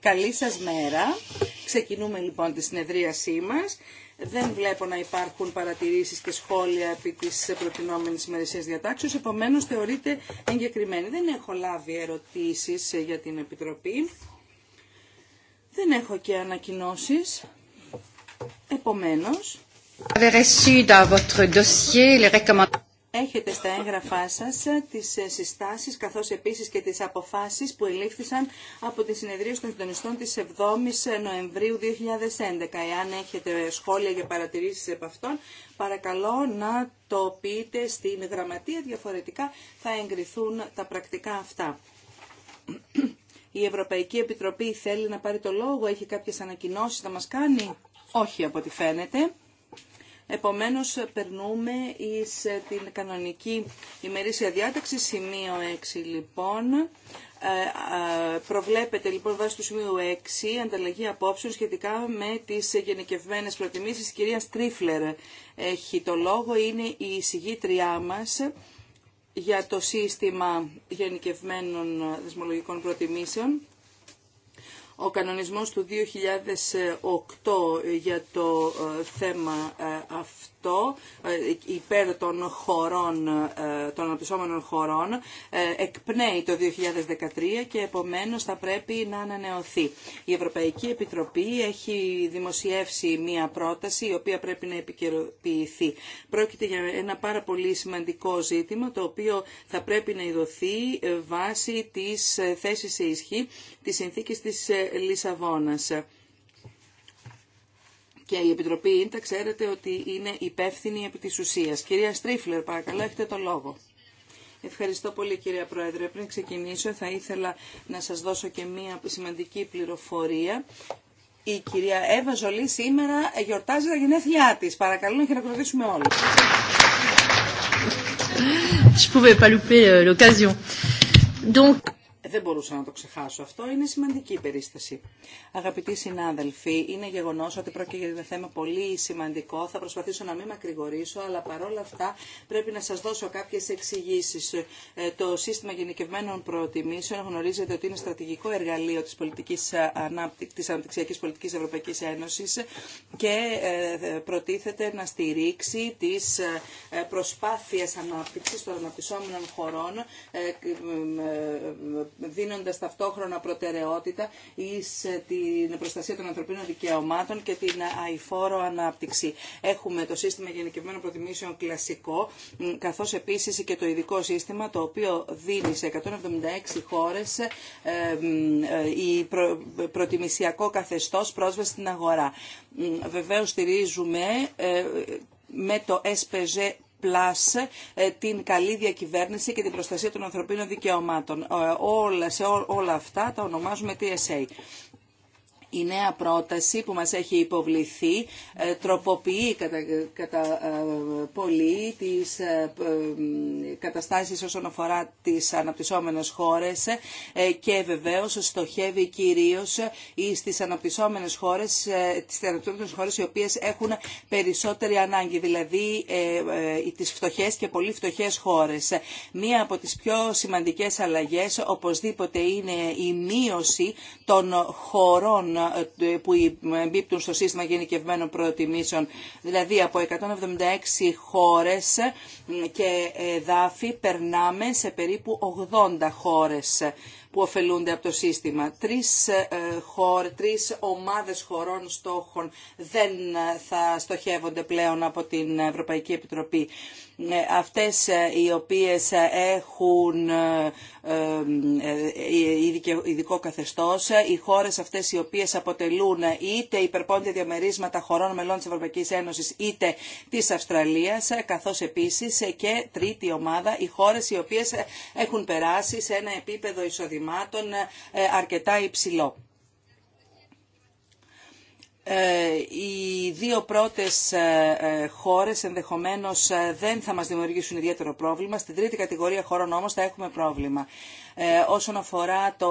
Καλή σας μέρα. Ξεκινούμε λοιπόν τη συνεδρίασή μας. Δεν βλέπω να υπάρχουν παρατηρήσεις και σχόλια επί τη προτινόμενης ημερησίας διατάξεως, επομένως θεωρείται εγκεκριμένη. Δεν έχω λάβει ερωτήσεις για την Επιτροπή. Δεν έχω και ανακοινώσεις. Επομένως... Avez reçu dans votre dossier Έχετε στα έγγραφά σας ε, τις ε, συστάσεις καθώς επίσης και τις αποφάσεις που ελήφθησαν από τη Συνεδρία των συντονιστών της 7ης ε, Νοεμβρίου 2011. Εάν έχετε σχόλια για παρατηρήσεις από αυτόν, παρακαλώ να το πείτε στην γραμματεία, διαφορετικά θα εγκριθούν τα πρακτικά αυτά. Η Ευρωπαϊκή Επιτροπή θέλει να πάρει το λόγο, έχει κάποιες ανακοινώσεις να μας κάνει. Όχι από ό,τι φαίνεται. Επομένως, περνούμε εις ε, την κανονική ημερήσια διάταξη, σημείο 6 λοιπόν. Ε, ε, προβλέπεται λοιπόν βάσει του σημείου 6 ανταλλαγή απόψεων σχετικά με τις γενικευμένες προτιμήσεις. Η κυρία Στρίφλερ έχει το λόγο, είναι η εισηγήτριά μας για το σύστημα γενικευμένων δεσμολογικών προτιμήσεων ο κανονισμός του 2008 για το ε, θέμα ε, αυτό αυτό ε, υπέρ των χωρών, ε, των αναπτυσσόμενων χωρών ε, εκπνέει το 2013 και επομένως θα πρέπει να ανανεωθεί. Η Ευρωπαϊκή Επιτροπή έχει δημοσιεύσει μία πρόταση η οποία πρέπει να επικαιροποιηθεί. Πρόκειται για ένα πάρα πολύ σημαντικό ζήτημα το οποίο θα πρέπει να ειδωθεί βάσει της θέσης σε ισχύ της συνθήκης της Λισαβόνας και η Επιτροπή Ίντα ξέρετε ότι είναι υπεύθυνη επί της ουσίας. Κυρία Στρίφλερ, παρακαλώ, έχετε το λόγο. Ευχαριστώ πολύ κυρία Πρόεδρε. Πριν ξεκινήσω θα ήθελα να σας δώσω και μία σημαντική πληροφορία. Η κυρία Εύα Ζολή σήμερα γιορτάζει τα γενέθλιά της. Παρακαλώ να χειροκροτήσουμε όλοι. Δεν μπορούσα να το ξεχάσω αυτό. Είναι σημαντική η περίσταση. Αγαπητοί συνάδελφοι, είναι γεγονός ότι πρόκειται για θέμα πολύ σημαντικό. Θα προσπαθήσω να μην μακρηγορήσω, αλλά παρόλα αυτά πρέπει να σας δώσω κάποιες εξηγήσει. Ε, το σύστημα γενικευμένων προτιμήσεων γνωρίζετε ότι είναι στρατηγικό εργαλείο της, πολιτικής, ε, της αναπτυξιακής πολιτικής Ευρωπαϊκής Ένωσης και ε, προτίθεται να στηρίξει τις προσπάθειες ανάπτυξης των αναπτυσσόμενων χωρών δίνοντας ταυτόχρονα προτεραιότητα εις ε, την προστασία των ανθρωπίνων δικαιωμάτων και την ε, αηφόρο ανάπτυξη. Έχουμε το σύστημα γενικευμένων προτιμήσεων κλασικό, καθώς επίσης και το ειδικό σύστημα το οποίο δίνει σε 176 χώρες ε, η προ, προτιμησιακό καθεστώς πρόσβαση στην αγορά. Βεβαίως στηρίζουμε με το SPG Plus ε, την καλή διακυβέρνηση και την προστασία των ανθρωπίνων δικαιωμάτων. Ε, όλα, σε όλα αυτά τα ονομάζουμε TSA. Η νέα πρόταση που μας έχει υποβληθεί ε, τροποποιεί κατά, κατά ε, πολύ τις ε, καταστάσεις όσον αφορά τις αναπτυσσόμενες χώρες και βεβαίως στοχεύει κυρίως στις αναπτυσσόμενες χώρες, τις αναπτυσσόμενες χώρες οι οποίες έχουν περισσότερη ανάγκη, δηλαδή τις φτωχές και πολύ φτωχές χώρες. Μία από τις πιο σημαντικές αλλαγές οπωσδήποτε είναι η μείωση των χωρών ε, που ε, εμπίπτουν στο σύστημα γενικευμένων προτιμήσεων. Δηλαδή από 176 χώρες ε, και εδάφη περνάμε σε περίπου 80 χώρες που ωφελούνται από το σύστημα. Τρεις, χώρ, τρεις ομάδες χωρών στόχων δεν θα στοχεύονται πλέον από την Ευρωπαϊκή Επιτροπή. Ναι, αυτές ε, οι οποίες ε, έχουν ε, ειδικό καθεστώς, οι χώρες αυτές οι οποίες αποτελούν είτε υπερπόντια διαμερίσματα χωρών μελών της Ευρωπαϊκής Ένωσης είτε της Αυστραλίας, καθώς επίσης και τρίτη ομάδα, οι χώρες οι οποίες έχουν περάσει σε ένα επίπεδο εισοδημάτων αρκετά υψηλό. Ε, οι δύο πρώτες ε, ε, χώρες ενδεχομένως δεν θα μας δημιουργήσουν ιδιαίτερο πρόβλημα. Στην τρίτη κατηγορία χώρων όμως θα έχουμε πρόβλημα. Ε, όσον αφορά το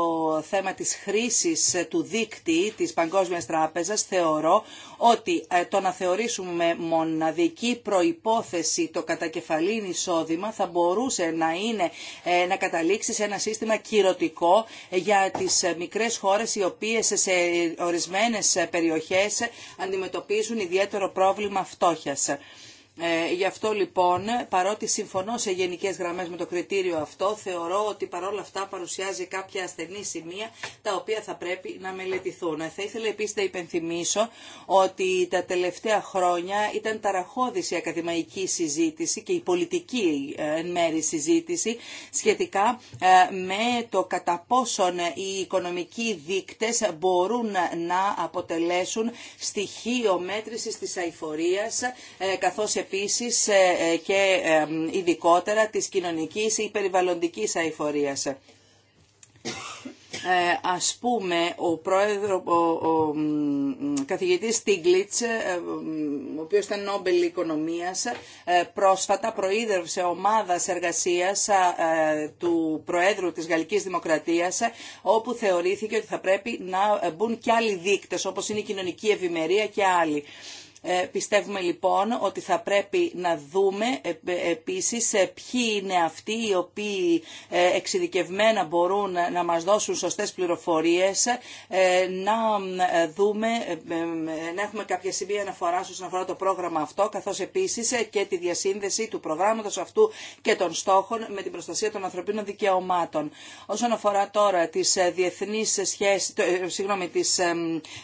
θέμα της χρήσης ε, του δίκτυ της Παγκόσμιας Τράπεζας θεωρώ ότι ε, το να θεωρήσουμε μοναδική προϋπόθεση το κατακεφαλήν εισόδημα θα μπορούσε να, είναι, να καταλήξει σε ένα σύστημα κυρωτικό για τις μικρές χώρες οι οποίες σε ορισμένες περιοχές αντιμετωπίζουν ιδιαίτερο πρόβλημα φτώχειας. Ε, γι' αυτό λοιπόν, παρότι συμφωνώ σε γενικές γραμμές με το κριτήριο αυτό, θεωρώ ότι παρόλα αυτά παρουσιάζει κάποια ασθενή σημεία τα οποία θα πρέπει να μελετηθούν. Θα ήθελα επίσης να υπενθυμίσω ότι τα τελευταία χρόνια ήταν ταραχώδης η ακαδημαϊκή συζήτηση και η πολιτική ε, εν μέρη συζήτηση σχετικά ε, με το κατά πόσον οι οικονομικοί δείκτες μπορούν να αποτελέσουν στοιχείο μέτρησης της αηφορίας επίσης ε, ε, και ε, ειδικότερα της κοινωνικής ή περιβαλλοντικής αηφορίας. Ε, ας πούμε, ο, πρόεδρο, ο, ο, ο καθηγητής Στίγκλιτς, ο οποίος ήταν Νόμπελ Οικονομίας, πρόσφατα προείδευσε ομάδας εργασίας του Προέδρου της Γαλλικής Δημοκρατίας, όπου θεωρήθηκε ότι θα πρέπει να μπουν και άλλοι δείκτες, όπως είναι η κοινωνική ευημερία και άλλοι. Ε, πιστεύουμε λοιπόν ότι θα πρέπει να δούμε ε, ε, επίσης ποιοι είναι αυτοί οι οποίοι εξειδικευμένα μπορούν να μας δώσουν σωστές πληροφορίες, να δούμε, να έχουμε κάποια σημεία αναφορά όσον αφορά το πρόγραμμα αυτό, καθώς επίσης και τη διασύνδεση του προγράμματος αυτού και των στόχων με την προστασία των ανθρωπίνων δικαιωμάτων. Όσον αφορά τώρα τις διεθνείς, τις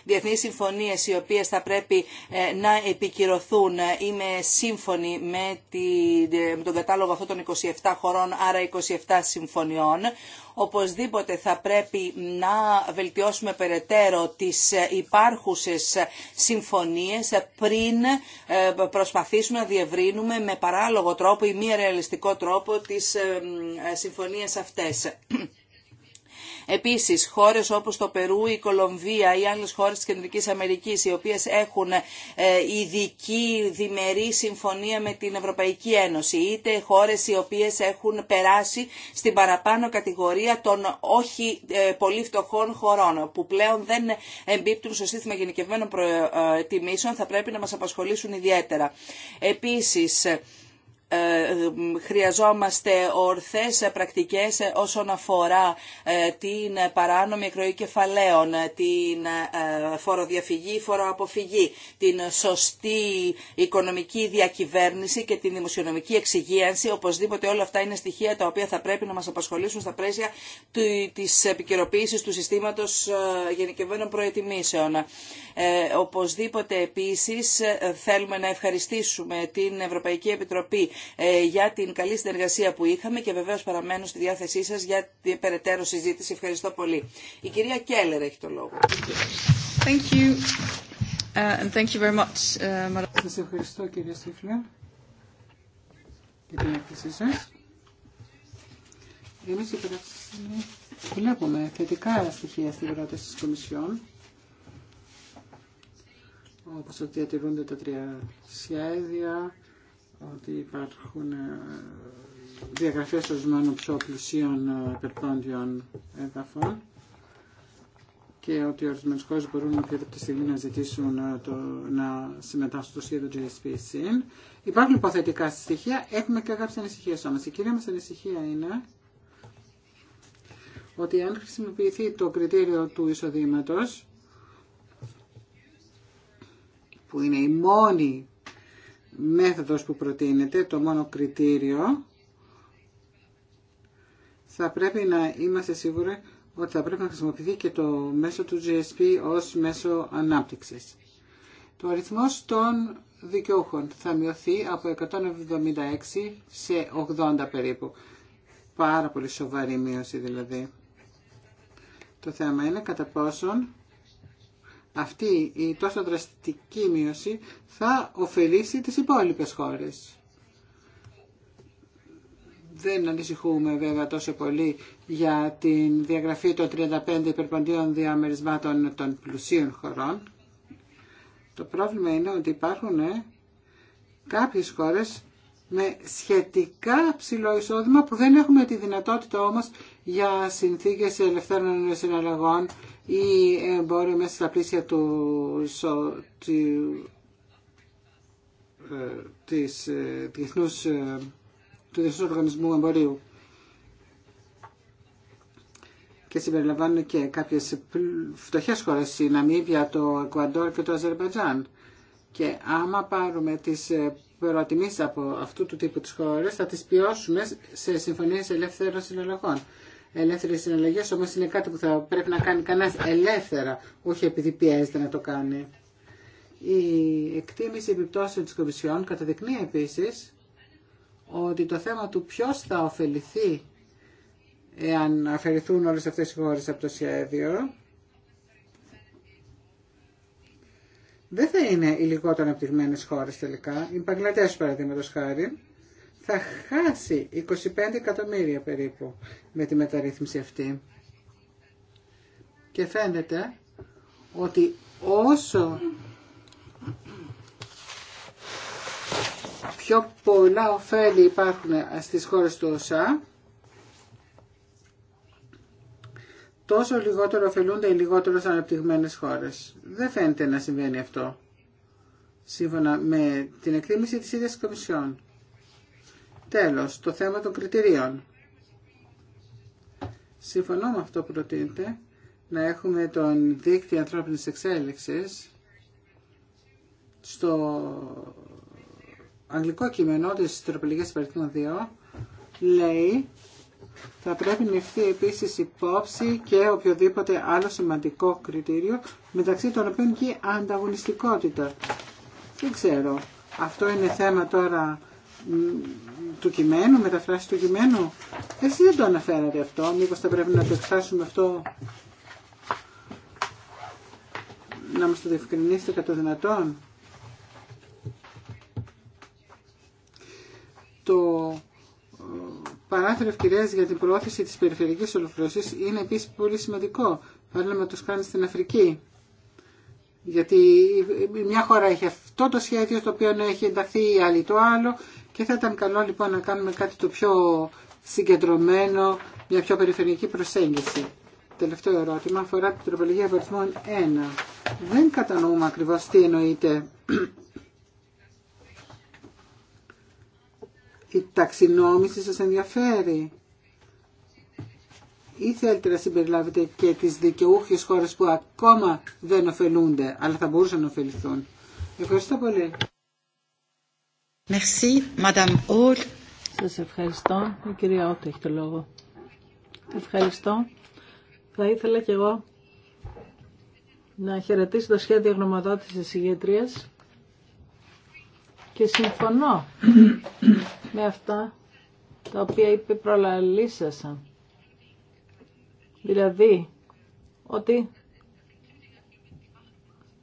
διεθνείς συμφωνίες οι οποίες θα πρέπει να να επικυρωθούν. Είμαι σύμφωνη με, με τον κατάλογο αυτών των 27 χωρών, άρα 27 συμφωνιών. Οπωσδήποτε θα πρέπει να βελτιώσουμε περαιτέρω τις υπάρχουσες συμφωνίες πριν ε, προσπαθήσουμε να διευρύνουμε με παράλογο τρόπο ή μη ρεαλιστικό τρόπο τις ε, ε, συμφωνίες αυτές. Επίσης, χώρες όπως το Περού, η Κολομβία ή άλλες χώρες τη Κεντρικής Αμερικής, οι οποίες έχουν ε, ειδική διμερή συμφωνία με την Ευρωπαϊκή Ένωση, είτε χώρες οι οποίες έχουν περάσει στην παραπάνω κατηγορία των όχι ε, πολύ φτωχών χωρών, που πλέον δεν εμπίπτουν στο σύστημα γενικευμένων ε, τιμήσεων, θα πρέπει να μα απασχολήσουν ιδιαίτερα. Επίσης, ε, χρειαζόμαστε ορθές πρακτικές όσον αφορά ε, την παράνομη εκροή κεφαλαίων, την ε, φοροδιαφυγή, φοροαποφυγή, την σωστή οικονομική διακυβέρνηση και την δημοσιονομική εξυγίανση. Οπωσδήποτε όλα αυτά είναι στοιχεία τα οποία θα πρέπει να μας απασχολήσουν στα πλαίσια της επικαιροποίησης του συστήματος γενικευμένων προετοιμήσεων. Οπωσδήποτε επίσης θέλουμε να ευχαριστήσουμε την Ευρωπαϊκή Επιτροπή ε, για την καλή συνεργασία που είχαμε και βεβαίως παραμένω στη διάθεσή σας για την περαιτέρω συζήτηση. Ευχαριστώ πολύ. Η κυρία Κέλλερ έχει το λόγο. Thank you. Uh, and thank you very much. Uh, σας ευχαριστώ κυρία Στίφλερ για την έκθεσή σα. Εμεί οι βλέπουμε θετικά στοιχεία στην πρόταση της Κομισιόν Όπω ότι διατηρούνται τα τρία σχέδια, ότι υπάρχουν ε, διαγραφές ορισμένων πιο πλουσίων υπερπόντιων ε, εδαφών και ότι ορισμένες χώρες μπορούν τη στιγμή να ζητήσουν ε, το, να συμμετάσχουν στο σχέδιο GSP συν. Υπάρχουν υποθετικά στοιχεία, έχουμε και κάποιες ανησυχίες όμως. Η κυρία μας ανησυχία είναι ότι αν χρησιμοποιηθεί το κριτήριο του εισοδήματος, που είναι η μόνη μέθοδος που προτείνεται, το μόνο κριτήριο, θα πρέπει να είμαστε σίγουροι ότι θα πρέπει να χρησιμοποιηθεί και το μέσο του GSP ως μέσο ανάπτυξης. Το αριθμός των δικαιούχων θα μειωθεί από 176 σε 80 περίπου. Πάρα πολύ σοβαρή μείωση δηλαδή. Το θέμα είναι κατά πόσον αυτή η τόσο δραστική μείωση θα ωφελήσει τις υπόλοιπες χώρες. Δεν ανησυχούμε βέβαια τόσο πολύ για την διαγραφή των 35 υπερπαντίων διαμερισμάτων των πλουσίων χωρών. Το πρόβλημα είναι ότι υπάρχουν ε, κάποιες χώρες με σχετικά ψηλό εισόδημα που δεν έχουμε τη δυνατότητα όμως για συνθήκες ελευθέρων συναλλαγών ή εμπόριο μέσα στα πλαίσια του, του, ε, της, ε, διεθνούς, ε, του Διεθνούς Οργανισμού Εμπορίου και συμπεριλαμβάνουν και κάποιες φτωχές χώρες, η Ναμίβια, το Εκουαντόρ και το Αζερβαϊτζάν. Και άμα πάρουμε τις προατιμήσεις από αυτού του τύπου τις χώρες, θα τις πιώσουμε σε συμφωνίες ελεύθερων συναλλαγών ελεύθερε συναλλαγέ, όμω είναι κάτι που θα πρέπει να κάνει κανένα ελεύθερα, όχι επειδή πιέζεται να το κάνει. Η εκτίμηση επιπτώσεων της Κομισιόν καταδεικνύει επίσης ότι το θέμα του ποιος θα ωφεληθεί εάν αφαιρεθούν όλες αυτές οι χώρες από το σχέδιο δεν θα είναι οι λιγότερο αναπτυγμένες χώρες τελικά. οι Παγκλατές παραδείγματος χάρη θα χάσει 25 εκατομμύρια περίπου με τη μεταρρύθμιση αυτή. Και φαίνεται ότι όσο πιο πολλά ωφέλη υπάρχουν στις χώρες του ΩΣΑ, τόσο λιγότερο ωφελούνται οι λιγότερο αναπτυγμένες χώρες. Δεν φαίνεται να συμβαίνει αυτό, σύμφωνα με την εκτίμηση της ίδιας Κομισιόν. Τέλος, το θέμα των κριτηρίων. Συμφωνώ με αυτό που προτείνετε, να έχουμε τον δίκτυο ανθρώπινης εξέλιξης στο αγγλικό κείμενο της Τροπολικής παρελθόν 2 λέει θα πρέπει να ληφθεί επίσης υπόψη και οποιοδήποτε άλλο σημαντικό κριτήριο μεταξύ των οποίων και η ανταγωνιστικότητα. Δεν ξέρω. Αυτό είναι θέμα τώρα του κειμένου, μεταφράσει του κειμένου. Εσείς δεν το αναφέρατε αυτό, μήπως θα πρέπει να το εξάσουμε αυτό, να μας το διευκρινίσετε κατά δυνατόν. Το ε, παράθυρο ευκαιρία για την προώθηση της περιφερειακής ολοκληρωσής είναι επίσης πολύ σημαντικό, το κάνει στην Αφρική. Γιατί μια χώρα έχει αυτό το σχέδιο στο οποίο έχει ενταχθεί η άλλη το άλλο και θα ήταν καλό λοιπόν να κάνουμε κάτι το πιο συγκεντρωμένο, μια πιο περιφερειακή προσέγγιση. Τελευταίο ερώτημα αφορά την τροπολογία βαριθμών 1. Δεν κατανοούμε ακριβώ τι εννοείται η ταξινόμηση σας ενδιαφέρει ή θέλετε να συμπεριλάβετε και τις δικαιούχες χώρες που ακόμα δεν ωφελούνται, αλλά θα μπορούσαν να ωφεληθούν. Ευχαριστώ πολύ ευχαριστώ. Η κυρία Ότ έχει το λόγο. Ευχαριστώ. Θα ήθελα κι εγώ να χαιρετήσω το σχέδιο γνωμοδότησης της ηγετρίας και συμφωνώ με αυτά τα οποία είπε προλαλήσασα. Δηλαδή, ότι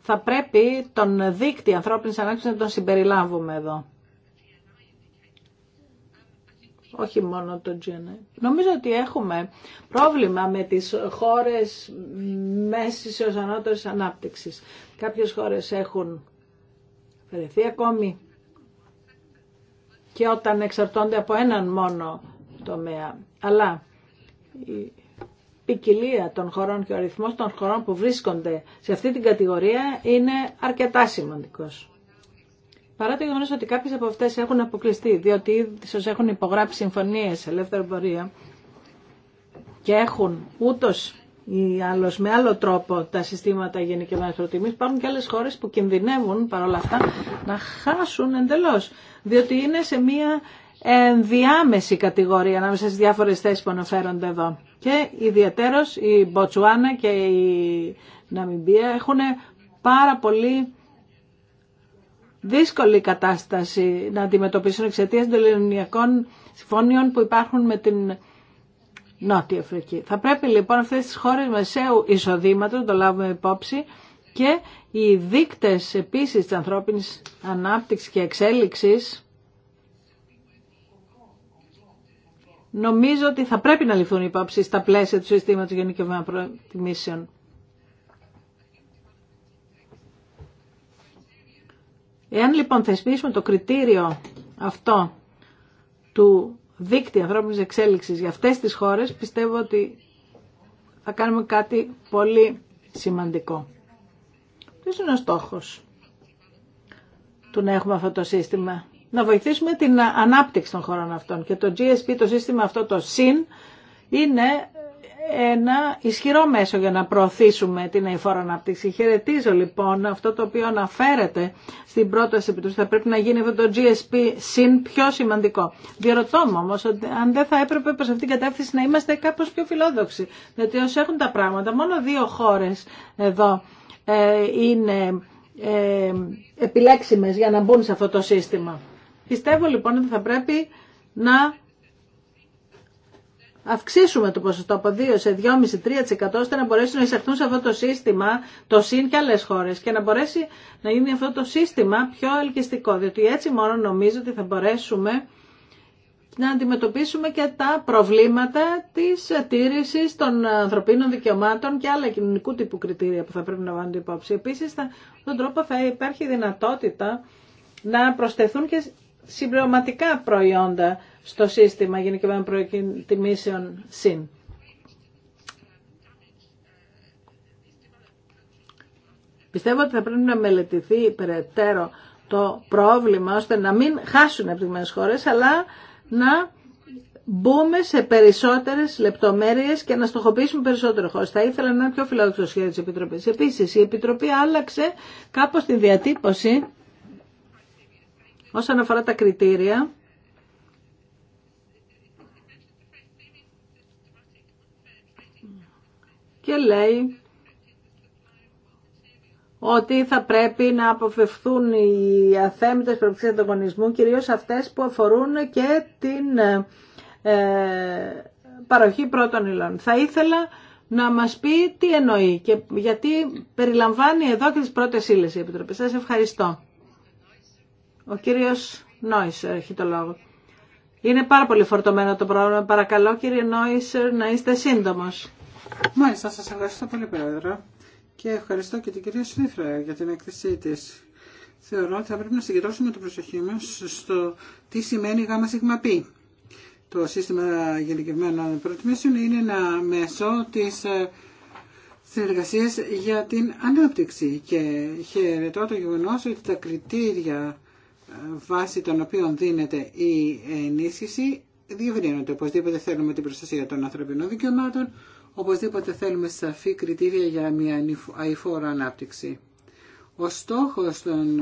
θα πρέπει τον δίκτυο ανθρώπινης ανάπτυξης να τον συμπεριλάβουμε εδώ όχι μόνο το GNI. Νομίζω ότι έχουμε πρόβλημα με τις χώρες μέσης σε ανώτερης ανάπτυξης. Κάποιες χώρες έχουν βρεθεί ακόμη και όταν εξαρτώνται από έναν μόνο τομέα. Αλλά η ποικιλία των χωρών και ο αριθμός των χωρών που βρίσκονται σε αυτή την κατηγορία είναι αρκετά σημαντικός παρά το γεγονό ότι κάποιε από αυτέ έχουν αποκλειστεί, διότι ίσω έχουν υπογράψει συμφωνίε ελεύθερη πορεία και έχουν ούτω ή άλλως με άλλο τρόπο τα συστήματα γενικευμένες προτιμής, υπάρχουν και άλλες χώρες που κινδυνεύουν παρόλα αυτά να χάσουν εντελώς, διότι είναι σε μία ενδιάμεση κατηγορία ανάμεσα στις διάφορες θέσεις που αναφέρονται εδώ. Και ιδιαίτερος η αλλως με αλλο τροπο τα συστηματα γενικής προτιμης υπαρχουν και αλλες χωρες που κινδυνευουν παρολα αυτα να χασουν εντελως διοτι ειναι σε μια ενδιαμεση κατηγορια αναμεσα στις διαφορες θεσεις που αναφερονται εδω και ιδιαιτερος η μποτσουανα και η Ναμιμπία έχουν πάρα πολύ δύσκολη κατάσταση να αντιμετωπίσουν εξαιτία των ελληνικών συμφώνιων που υπάρχουν με την Νότια Αφρική. Θα πρέπει λοιπόν αυτές τις χώρες μεσαίου εισοδήματος, το λάβουμε υπόψη, και οι δείκτες επίσης της ανθρώπινης ανάπτυξης και εξέλιξης νομίζω ότι θα πρέπει να ληφθούν υπόψη στα πλαίσια του συστήματος γενικευμένων προτιμήσεων. Εάν λοιπόν θεσπίσουμε το κριτήριο αυτό του δίκτυα ανθρώπινης εξέλιξης για αυτές τις χώρες, πιστεύω ότι θα κάνουμε κάτι πολύ σημαντικό. Ποιος είναι ο στόχος του να έχουμε αυτό το σύστημα. Να βοηθήσουμε την ανάπτυξη των χωρών αυτών. Και το GSP, το σύστημα αυτό το SIN, είναι ένα ισχυρό μέσο για να προωθήσουμε την αηφόρο ανάπτυξη. Χαιρετίζω λοιπόν αυτό το οποίο αναφέρεται στην πρόταση που θα πρέπει να γίνει αυτό το GSP συν πιο σημαντικό. Διερωτώ μου όμως ότι αν δεν θα έπρεπε προς αυτήν την κατεύθυνση να είμαστε κάπως πιο φιλόδοξοι. Διότι όσο έχουν τα πράγματα, μόνο δύο χώρες εδώ ε, είναι ε, επιλέξιμες για να μπουν σε αυτό το σύστημα. Πιστεύω λοιπόν ότι θα πρέπει να αυξήσουμε το ποσοστό από 2 σε 2,5-3% ώστε να μπορέσουν να εισαχθούν σε αυτό το σύστημα το ΣΥΝ και άλλε χώρε και να μπορέσει να γίνει αυτό το σύστημα πιο ελκυστικό. Διότι έτσι μόνο νομίζω ότι θα μπορέσουμε να αντιμετωπίσουμε και τα προβλήματα της τήρησης των ανθρωπίνων δικαιωμάτων και άλλα κοινωνικού τύπου κριτήρια που θα πρέπει να βάλουν υπόψη. Επίσης, θα, τον τρόπο θα υπάρχει δυνατότητα να προσθεθούν και συμπληρωματικά προϊόντα στο σύστημα γενικευμένων προεκτιμήσεων ΣΥΝ. Πιστεύω ότι θα πρέπει να μελετηθεί περαιτέρω το πρόβλημα ώστε να μην χάσουν επιδημένες χώρες αλλά να μπούμε σε περισσότερες λεπτομέρειες και να στοχοποιήσουμε περισσότερο χώρο. Θα ήθελα να είναι πιο φιλόδοξο σχέδιο της Επιτροπής. Επίσης, η Επιτροπή άλλαξε κάπως τη διατύπωση όσον αφορά τα κριτήρια και λέει ότι θα πρέπει να αποφευθούν οι αθέμητες προοπτικές ανταγωνισμού, κυρίως αυτές που αφορούν και την ε, παροχή πρώτων υλών. Θα ήθελα να μας πει τι εννοεί και γιατί περιλαμβάνει εδώ και τις πρώτες ύλες η Επιτροπή. Σας ευχαριστώ. Ο κύριος Νόισερ έχει το λόγο. Είναι πάρα πολύ φορτωμένο το πρόβλημα. Παρακαλώ κύριε Νόισερ να είστε σύντομος. Μάλιστα, σας ευχαριστώ πολύ Πρόεδρο και ευχαριστώ και την κυρία Σνίφρα για την έκθεσή της. Θεωρώ ότι θα πρέπει να συγκεντρώσουμε την προσοχή μας στο τι σημαίνει ΓΣΠ. Το σύστημα γενικευμένων προτιμήσεων είναι ένα μέσο της ε, συνεργασίας για την ανάπτυξη και χαιρετώ το γεγονός ότι τα κριτήρια ε, βάσει των οποίων δίνεται η ενίσχυση διευρύνονται. Οπωσδήποτε θέλουμε την προστασία των ανθρωπινών δικαιωμάτων, Οπωσδήποτε θέλουμε σαφή κριτήρια για μια αηφόρο ανάπτυξη. Ο στόχος των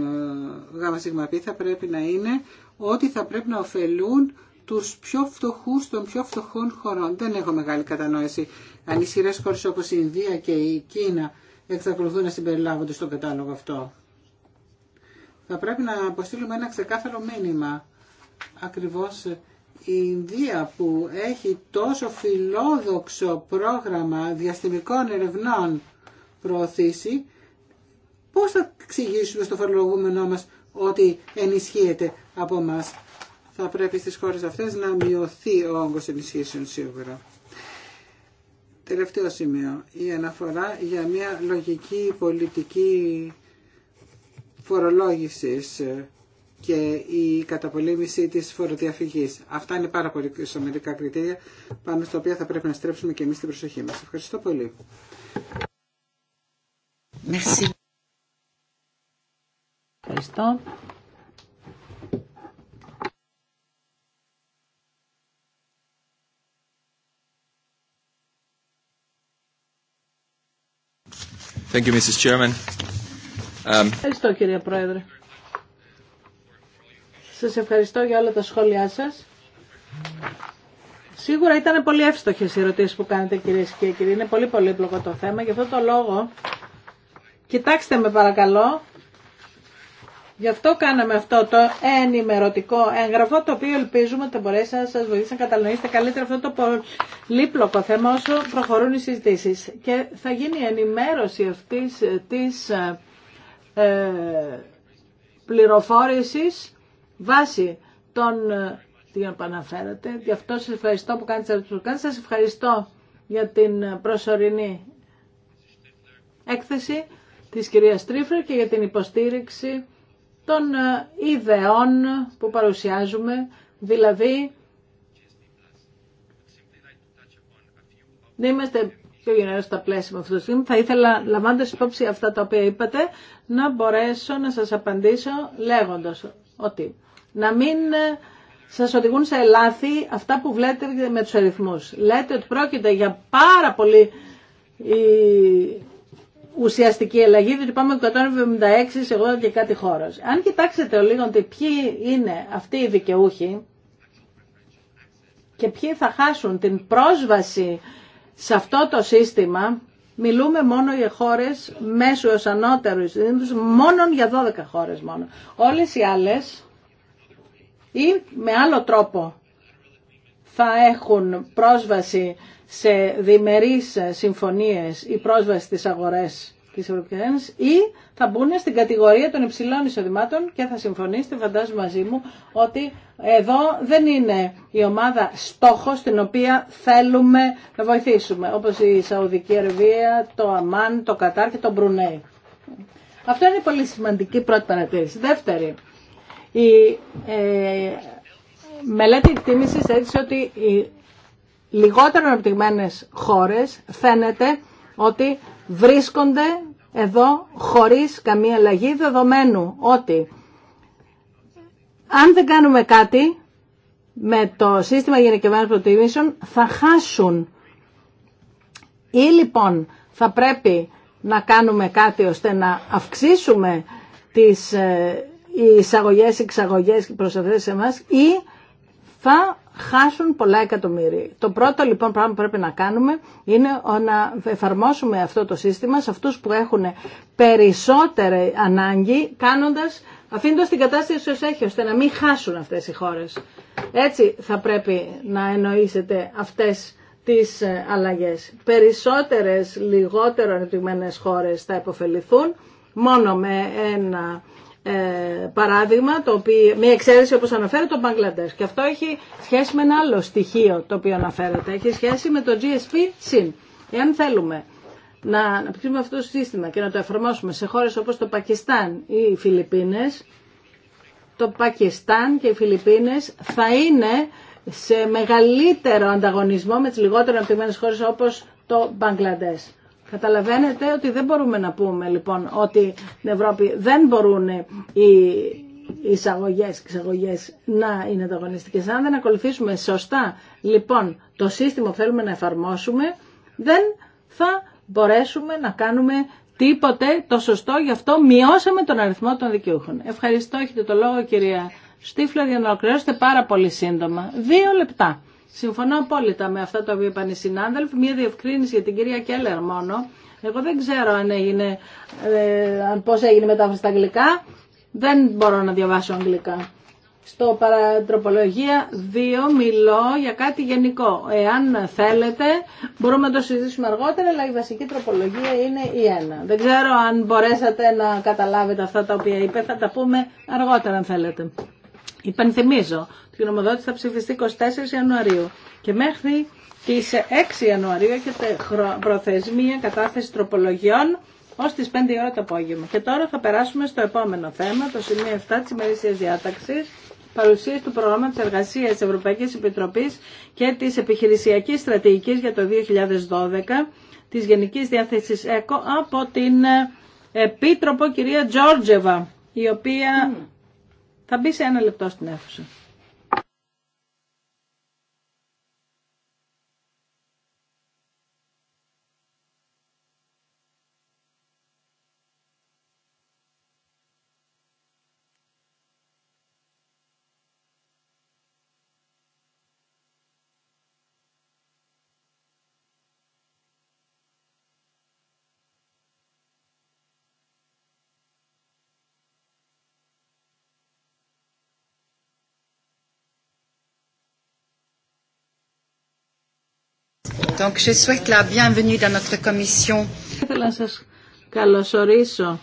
ε, ΓΣΠ θα πρέπει να είναι ότι θα πρέπει να ωφελούν τους πιο φτωχούς των πιο φτωχών χωρών. Δεν έχω μεγάλη κατανόηση αν ισχυρέ χώρε όπως η Ινδία και η Κίνα εξακολουθούν να συμπεριλάβονται στον κατάλογο αυτό. Θα πρέπει να αποστείλουμε ένα ξεκάθαρο μήνυμα ακριβώς ε, η Ινδία που έχει τόσο φιλόδοξο πρόγραμμα διαστημικών ερευνών προωθήσει, πώς θα εξηγήσουμε στο φορολογούμενό μας ότι ενισχύεται από μας. Θα πρέπει στις χώρες αυτές να μειωθεί ο όγκος ενισχύσεων σίγουρα. Τελευταίο σημείο, η αναφορά για μια λογική πολιτική φορολόγησης και η καταπολέμηση της φοροδιαφυγής. Αυτά είναι πάρα πολύ σωματικά κριτήρια πάνω στα οποία θα πρέπει να στρέψουμε και εμείς την προσοχή μας. Ευχαριστώ πολύ. Merci. Ευχαριστώ. Thank you, Mrs. Chairman. Um... Ευχαριστώ κύριε Πρόεδρε. Σας ευχαριστώ για όλα τα σχόλιά σας. Σίγουρα ήταν πολύ εύστοχες οι ερωτήσεις που κάνετε κυρίες και κύριοι. Είναι πολύ πολύπλοκο το θέμα. Γι' αυτό το λόγο, κοιτάξτε με παρακαλώ, γι' αυτό κάναμε αυτό το ενημερωτικό έγγραφο, το οποίο ελπίζουμε ότι θα μπορέσει να σας βοηθήσει να κατανοήσετε καλύτερα αυτό το πολύπλοκο θέμα όσο προχωρούν οι συζητήσεις. Και θα γίνει η ενημέρωση αυτής της ε, ε πληροφόρησης βάση των τι ε, που αναφέρατε. Γι' αυτό σας ευχαριστώ που κάνετε αυτό που κάνετε. Σας ευχαριστώ για την ε, προσωρινή έκθεση της κυρίας Τρίφρα και για την υποστήριξη των ε, ιδεών που παρουσιάζουμε, δηλαδή δεν είμαστε πιο γενναίο στα πλαίσια με αυτό το στιγμή. Θα ήθελα, λαμβάνοντα υπόψη αυτά τα οποία είπατε, να μπορέσω να σας απαντήσω λέγοντας ότι να μην ε, σας οδηγούν σε λάθη αυτά που βλέπετε με τους αριθμούς. Λέτε ότι πρόκειται για πάρα πολύ η ουσιαστική αλλαγή, διότι πάμε 176 σε 80 και κάτι χώρος. Αν κοιτάξετε λίγο ότι ποιοι είναι αυτοί οι δικαιούχοι και ποιοι θα χάσουν την πρόσβαση σε αυτό το σύστημα, μιλούμε μόνο για χώρες μέσου ως ανώτερου μόνο για 12 χώρες μόνο. Όλες οι άλλες ή με άλλο τρόπο θα έχουν πρόσβαση σε διμερείς συμφωνίες ή πρόσβαση στις αγορές της Ευρωπαϊκής Ένωσης ή θα μπουν στην κατηγορία των υψηλών εισοδημάτων και θα συμφωνήσετε φαντάζομαι μαζί μου ότι εδώ δεν είναι η ομάδα στόχος την οποία θέλουμε να βοηθήσουμε όπως η Σαουδική Αραβία, το Αμάν, το Κατάρ και το Μπρουνέι. Αυτό είναι πολύ σημαντική πρώτη παρατήρηση. Δεύτερη, η ε, μελέτη εκτίμηση έδειξε ότι οι λιγότερο αναπτυγμένε χώρες φαίνεται ότι βρίσκονται εδώ χωρίς καμία αλλαγή δεδομένου ότι αν δεν κάνουμε κάτι με το σύστημα γενικευμένων προτιμήσεων θα χάσουν. Ή λοιπόν θα πρέπει να κάνουμε κάτι ώστε να αυξήσουμε τις ε, οι εισαγωγέ, οι εξαγωγές και προσοδές σε εμά ή θα χάσουν πολλά εκατομμύρια. Το πρώτο λοιπόν πράγμα που πρέπει να κάνουμε είναι να εφαρμόσουμε αυτό το σύστημα σε αυτούς που έχουν περισσότερη ανάγκη κάνοντας, αφήνοντα την κατάσταση όσο έχει ώστε να μην χάσουν αυτέ οι χώρε. Έτσι θα πρέπει να εννοήσετε αυτές τι ε, αλλαγές. Περισσότερε, λιγότερο ανεπτυγμένε χώρε θα υποφεληθούν μόνο με ένα ε, παράδειγμα, το οποίο, μια εξαίρεση όπως αναφέρεται το Μπαγκλαντές. Και αυτό έχει σχέση με ένα άλλο στοιχείο το οποίο αναφέρεται. Έχει σχέση με το gsp Συν. Εάν θέλουμε να αναπτύξουμε αυτό το σύστημα και να το εφαρμόσουμε σε χώρες όπως το Πακιστάν ή οι Φιλιππίνες, το Πακιστάν και οι Φιλιππίνες θα είναι σε μεγαλύτερο ανταγωνισμό με τις λιγότερο αναπτυγμένες χώρες όπως το Μπαγκλαντές. Καταλαβαίνετε ότι δεν μπορούμε να πούμε λοιπόν ότι στην Ευρώπη δεν μπορούν οι εισαγωγέ και εξαγωγέ να είναι ανταγωνιστικέ. Αν δεν ακολουθήσουμε σωστά λοιπόν το σύστημα που θέλουμε να εφαρμόσουμε, δεν θα μπορέσουμε να κάνουμε τίποτε το σωστό. Γι' αυτό μειώσαμε τον αριθμό των δικαιούχων. Ευχαριστώ. Έχετε το λόγο κυρία Στίφλα για να ολοκληρώσετε πάρα πολύ σύντομα. Δύο λεπτά. Συμφωνώ απόλυτα με αυτά τα οποία είπαν οι συνάδελφοι. Μία διευκρίνηση για την κυρία Κέλλερ μόνο. Εγώ δεν ξέρω αν έγινε, ε, έγινε μετάφραση στα αγγλικά. Δεν μπορώ να διαβάσω αγγλικά. Στο παρατροπολογία 2 μιλώ για κάτι γενικό. Εάν θέλετε μπορούμε να το συζητήσουμε αργότερα, αλλά η βασική τροπολογία είναι η 1. Δεν ξέρω αν μπορέσατε να καταλάβετε αυτά τα οποία είπε, θα τα πούμε αργότερα αν θέλετε. Υπενθυμίζω, η νομοδότηση θα ψηφιστεί 24 Ιανουαρίου και μέχρι τις 6 Ιανουαρίου έχετε προθεσμία κατάθεση τροπολογιών ως τις 5 ώρα το απόγευμα. Και τώρα θα περάσουμε στο επόμενο θέμα, το σημείο 7 της ημερήσιας διάταξης, παρουσίαση του προγράμματος εργασίας της Ευρωπαϊκής Επιτροπής και της επιχειρησιακής στρατηγικής για το 2012 της Γενικής Διάθεσης ΕΚΟ από την ε, Επίτροπο κυρία Τζόρτζεβα, η οποία θα μπει σε ένα λεπτό στην αίθουσα. Donc, να σας καλωσορίσω,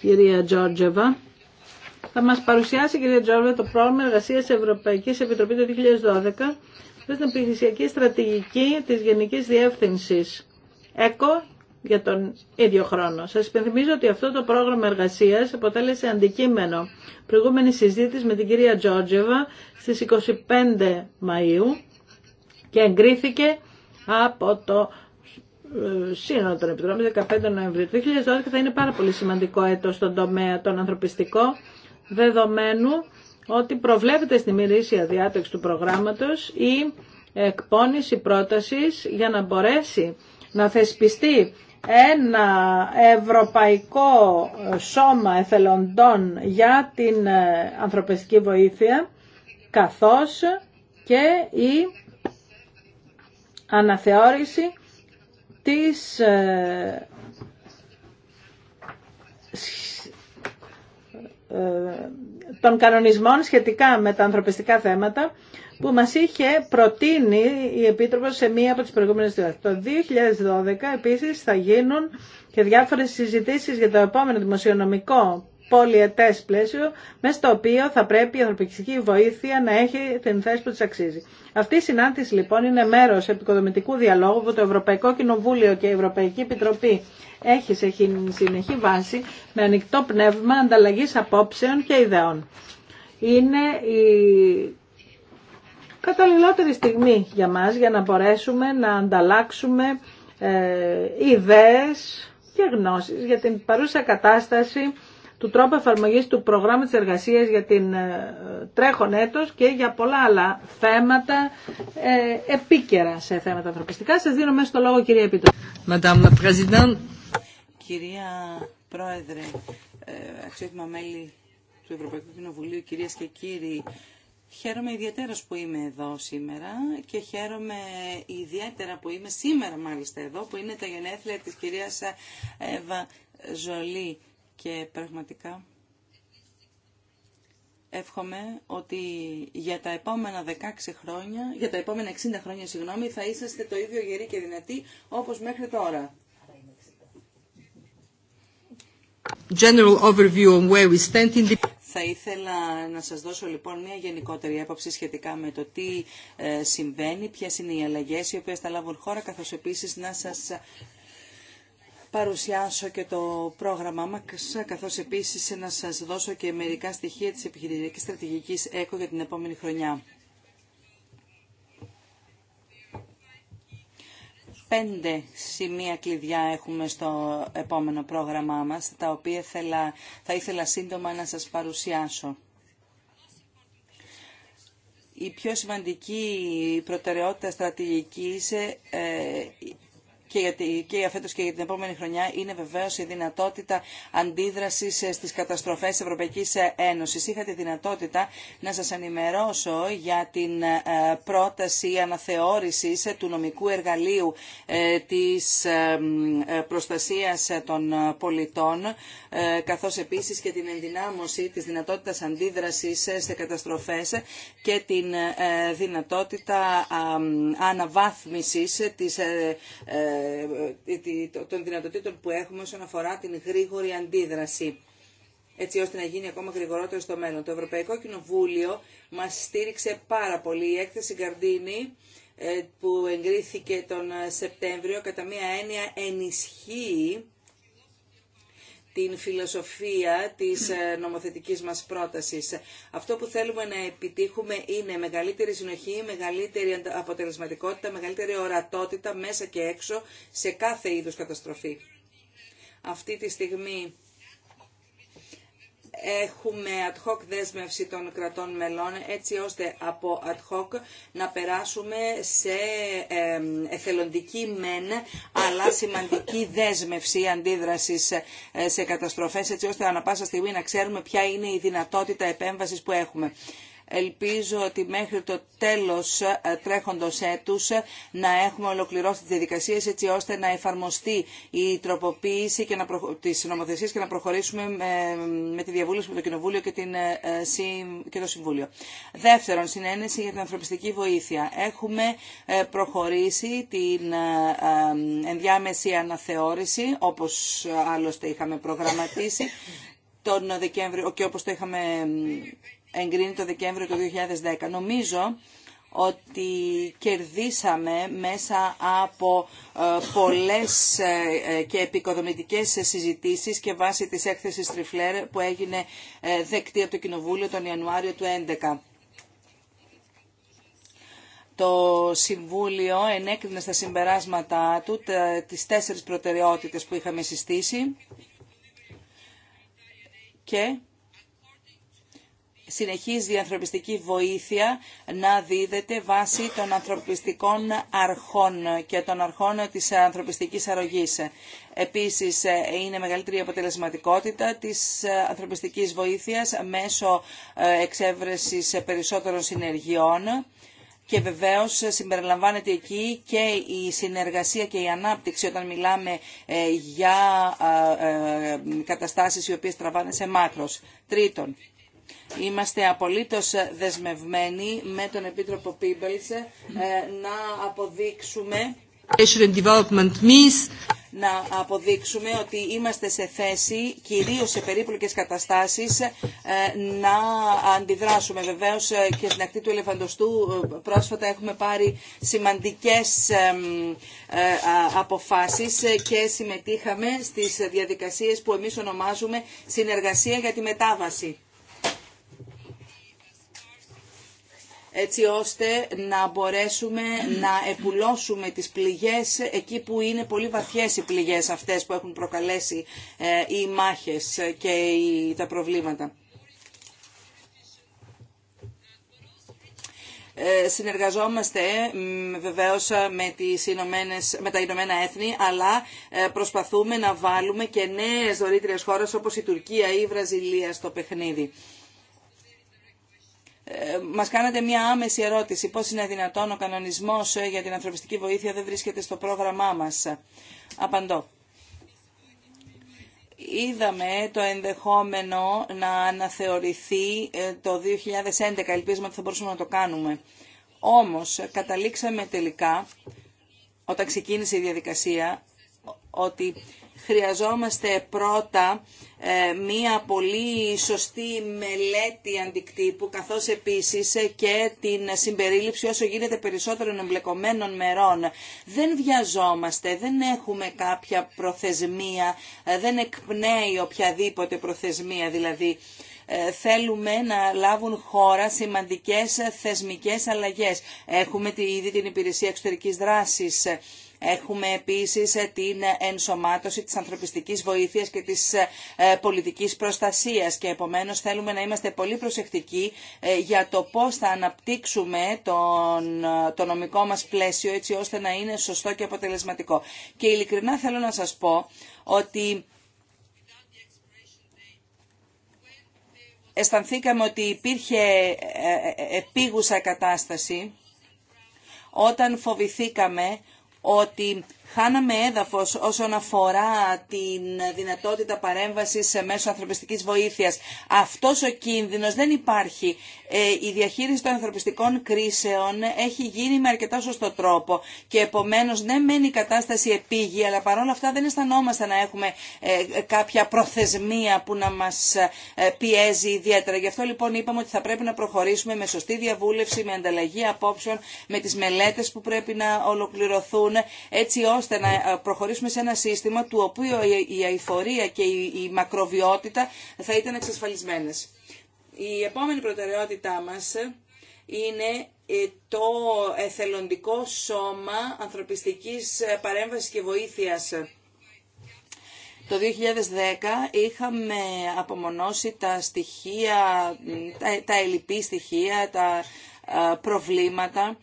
κυρία Τζόρτζεβα. Θα μας παρουσιάσει, κυρία Τζόρτζεβα, το πρόγραμμα εργασίας Ευρωπαϊκής Επιτροπής του 2012 με την επιχειρησιακή στρατηγική της Γενικής Διεύθυνσης ΕΚΟ για τον ίδιο χρόνο. Σας υπενθυμίζω ότι αυτό το πρόγραμμα εργασία αποτέλεσε αντικείμενο προηγούμενη συζήτηση με την κυρία Τζόρτζεβα στις 25 Μαΐου και εγκρίθηκε από το ε, Σύνολο των Επιτρόπων 15 Νοεμβρίου του 2012 θα είναι πάρα πολύ σημαντικό έτος στον τομέα τον ανθρωπιστικό δεδομένου ότι προβλέπεται στη μυρίσια διάταξη του προγράμματος η εκπόνηση πρότασης για να μπορέσει να θεσπιστεί ένα ευρωπαϊκό σώμα εθελοντών για την ε, ανθρωπιστική βοήθεια καθώς και η αναθεώρηση της ε, ε, των κανονισμών σχετικά με τα ανθρωπιστικά θέματα που μας είχε προτείνει η Επίτροπος σε μία από τις προηγούμενες δύο. Το 2012 επίσης θα γίνουν και διάφορες συζητήσεις για το επόμενο δημοσιονομικό πολιετές πλαίσιο, με στο οποίο θα πρέπει η ανθρωπιστική βοήθεια να έχει την θέση που τη αξίζει. Αυτή η συνάντηση λοιπόν είναι μέρος επικοδομητικού διαλόγου που το Ευρωπαϊκό Κοινοβούλιο και η Ευρωπαϊκή Επιτροπή έχει σε συνεχή βάση με ανοιχτό πνεύμα ανταλλαγής απόψεων και ιδεών. Είναι η καταλληλότερη στιγμή για μας για να μπορέσουμε να ανταλλάξουμε ε, ιδέες και γνώσεις για την παρούσα κατάσταση του τρόπου εφαρμογής του προγράμματος εργασίας για την ε, τρέχον έτος και για πολλά άλλα θέματα ε, επίκαιρα σε θέματα ανθρωπιστικά. Σας δίνω μέσα στο λόγο κυρία Επιτροπή. Κυρία Πρόεδρε, ε, αξιότιμα μέλη του Ευρωπαϊκού Κοινοβουλίου, κυρίες και κύριοι, Χαίρομαι ιδιαίτερα που είμαι εδώ σήμερα και χαίρομαι ιδιαίτερα που είμαι σήμερα μάλιστα εδώ που είναι τα γενέθλια της κυρίας Εύα Ζολή και πραγματικά εύχομαι ότι για τα επόμενα 16 χρόνια, για τα επόμενα 60 χρόνια, συγγνώμη, θα είσαστε το ίδιο γεροί και δυνατοί όπως μέχρι τώρα. General overview on where we stand in the... Θα ήθελα να σας δώσω λοιπόν μια γενικότερη έποψη σχετικά με το τι ε, συμβαίνει, ποιες είναι οι αλλαγές οι οποίες θα λάβουν χώρα, καθώς επίσης να σας παρουσιάσω και το πρόγραμμά μας, καθώς επίσης να σας δώσω και μερικά στοιχεία της επιχειρηματικής στρατηγικής ΕΚΟ για την επόμενη χρονιά. πέντε σημεία κλειδιά έχουμε στο επόμενο πρόγραμμά μας, τα οποία θέλα, θα ήθελα σύντομα να σας παρουσιάσω. Η πιο σημαντική προτεραιότητα στρατηγικής ε, και για, και για και για την επόμενη χρονιά είναι βεβαίως η δυνατότητα αντίδρασης ε, στις καταστροφές της Ευρωπαϊκής ε, Ένωσης. Είχα τη δυνατότητα να σας ενημερώσω για την ε, πρόταση αναθεώρησης του νομικού εργαλείου της προστασίας των πολιτών καθώς επίσης και την ενδυνάμωση της δυνατότητας αντίδρασης σε καταστροφές και την δυνατότητα αναβάθμισης της ε, των δυνατοτήτων που έχουμε όσον αφορά την γρήγορη αντίδραση έτσι ώστε να γίνει ακόμα γρηγορότερο στο μέλλον. Το Ευρωπαϊκό Κοινοβούλιο μας στήριξε πάρα πολύ. Η έκθεση Γκαρντίνη ε, που εγκρίθηκε τον Σεπτέμβριο κατά μία έννοια ενισχύει την φιλοσοφία της ε, νομοθετικής μας πρότασης. Αυτό που θέλουμε να επιτύχουμε είναι μεγαλύτερη συνοχή, μεγαλύτερη αποτελεσματικότητα, μεγαλύτερη ορατότητα μέσα και έξω σε κάθε είδους καταστροφή. Αυτή τη στιγμή έχουμε ad hoc δέσμευση των κρατών μελών έτσι ώστε από ad hoc να περάσουμε σε εθελοντική μεν αλλά σημαντική δέσμευση αντίδρασης ε, σε καταστροφές έτσι ώστε ανά πάσα στιγμή να ξέρουμε ποια είναι η δυνατότητα επέμβασης που έχουμε. Ελπίζω ότι μέχρι το τέλος ε, τρέχοντος έτους ε, να έχουμε ολοκληρώσει τις διαδικασίες έτσι ώστε να εφαρμοστεί η τροποποίηση και να της νομοθεσίας και να προχωρήσουμε με, με τη διαβούλευση με το Κοινοβούλιο και, την... Ε, και το Συμβούλιο. Δεύτερον, συνένεση για την ανθρωπιστική βοήθεια. Έχουμε προχωρήσει την ενδιάμεση αναθεώρηση, όπως άλλωστε είχαμε προγραμματίσει τον Δεκέμβριο και όπως το είχαμε εγκρίνει το Δεκέμβριο του 2010. Νομίζω ότι κερδίσαμε μέσα από ε, πολλές ε, ε, και επικοδομητικές συζητήσεις και βάσει της έκθεσης Τριφλέρ που έγινε δεκτή από το Κοινοβούλιο τον Ιανουάριο του 2011. Το Συμβούλιο ενέκρινε στα συμπεράσματά του τις τέσσερις προτεραιότητες που είχαμε συστήσει και συνεχίζει η ανθρωπιστική βοήθεια να δίδεται βάσει των ανθρωπιστικών αρχών και των αρχών της ανθρωπιστικής αρρωγής. Επίσης, είναι μεγαλύτερη η αποτελεσματικότητα της ανθρωπιστικής βοήθειας μέσω ε, εξέβρεσης περισσότερων συνεργειών και βεβαίως συμπεριλαμβάνεται εκεί και η συνεργασία και η ανάπτυξη όταν μιλάμε ε, για ε, καταστάσεις οι οποίες τραβάνε σε μάκρος. Τρίτον, Είμαστε απολύτως δεσμευμένοι με τον Επίτροπο Πίμπελς ε, να αποδείξουμε να αποδείξουμε ότι είμαστε σε θέση, κυρίως σε περίπλοκες καταστάσεις, ε, να αντιδράσουμε. Βεβαίως ε, και στην ακτή του Ελεφαντοστού πρόσφατα έχουμε πάρει σημαντικές αποφάσεις και συμμετείχαμε στις διαδικασίες που εμείς ονομάζουμε «Συνεργασία για τη μετάβαση». έτσι ώστε να μπορέσουμε να επουλώσουμε τις πληγές εκεί που είναι πολύ βαθιές οι πληγές αυτές που έχουν προκαλέσει ε, οι μάχες και τα προβλήματα. Ε, συνεργαζόμαστε βεβαίως με, τις με τα Ηνωμένα Έθνη, αλλά ε, προσπαθούμε να βάλουμε και νέες δωρήτριες χώρες όπως η Τουρκία ή η Βραζιλία στο παιχνίδι. Ε, μας κάνατε μια άμεση ερώτηση πώς είναι δυνατόν ο κανονισμός ε, για την ανθρωπιστική βοήθεια δεν βρίσκεται στο πρόγραμμά μας. Απαντώ. Είδαμε το ενδεχόμενο να αναθεωρηθεί ε, το 2011, ελπίζουμε ότι θα μπορούσαμε να το κάνουμε. Όμως καταλήξαμε τελικά, όταν ξεκίνησε η διαδικασία, ότι χρειαζόμαστε πρώτα ε, μία πολύ σωστή μελέτη αντικτύπου, καθώς επίσης ε, και την συμπερίληψη όσο γίνεται περισσότερων εμπλεκομένων μερών. Δεν βιαζόμαστε, δεν έχουμε κάποια προθεσμία, ε, δεν εκπνέει οποιαδήποτε προθεσμία δηλαδή θέλουμε να λάβουν χώρα σημαντικές θεσμικές αλλαγές. Έχουμε ήδη την υπηρεσία εξωτερικής δράσης Έχουμε επίσης ε, την ενσωμάτωση της ανθρωπιστικής βοήθειας και της ε, ε, πολιτικής προστασίας και επομένως θέλουμε να είμαστε πολύ προσεκτικοί για το πώς θα αναπτύξουμε τον, το νομικό μας πλαίσιο έτσι ώστε να είναι σωστό και αποτελεσματικό. Και ειλικρινά θέλω να σας πω ότι αισθανθήκαμε ότι υπήρχε επίγουσα κατάσταση όταν φοβηθήκαμε ότι Χάναμε έδαφος όσον αφορά την δυνατότητα παρέμβασης σε μέσω ανθρωπιστικής βοήθειας. Αυτός ο κίνδυνος δεν υπάρχει. Ε, η διαχείριση των ανθρωπιστικών κρίσεων έχει γίνει με αρκετά σωστό τρόπο και επομένως ναι μένει η κατάσταση επίγεια, αλλά παρόλα αυτά δεν αισθανόμαστε να έχουμε ε, κάποια προθεσμία που να μας ε, πιέζει ιδιαίτερα. Γι' αυτό λοιπόν είπαμε ότι θα πρέπει να προχωρήσουμε με σωστή διαβούλευση, με ανταλλαγή απόψεων, με τις μελέτες που πρέπει να ολοκληρωθούν, έτσι ώστε να ε, προχωρήσουμε σε ένα σύστημα του οποίου η αηφορία και η μακροβιότητα θα ήταν εξασφαλισμένες. Η επόμενη προτεραιότητά μας είναι ε, το εθελοντικό σώμα ανθρωπιστικής ε, παρέμβασης και βοήθειας. Το 2010 είχαμε απομονώσει τα στοιχεία, τα στοιχεία, τα προβλήματα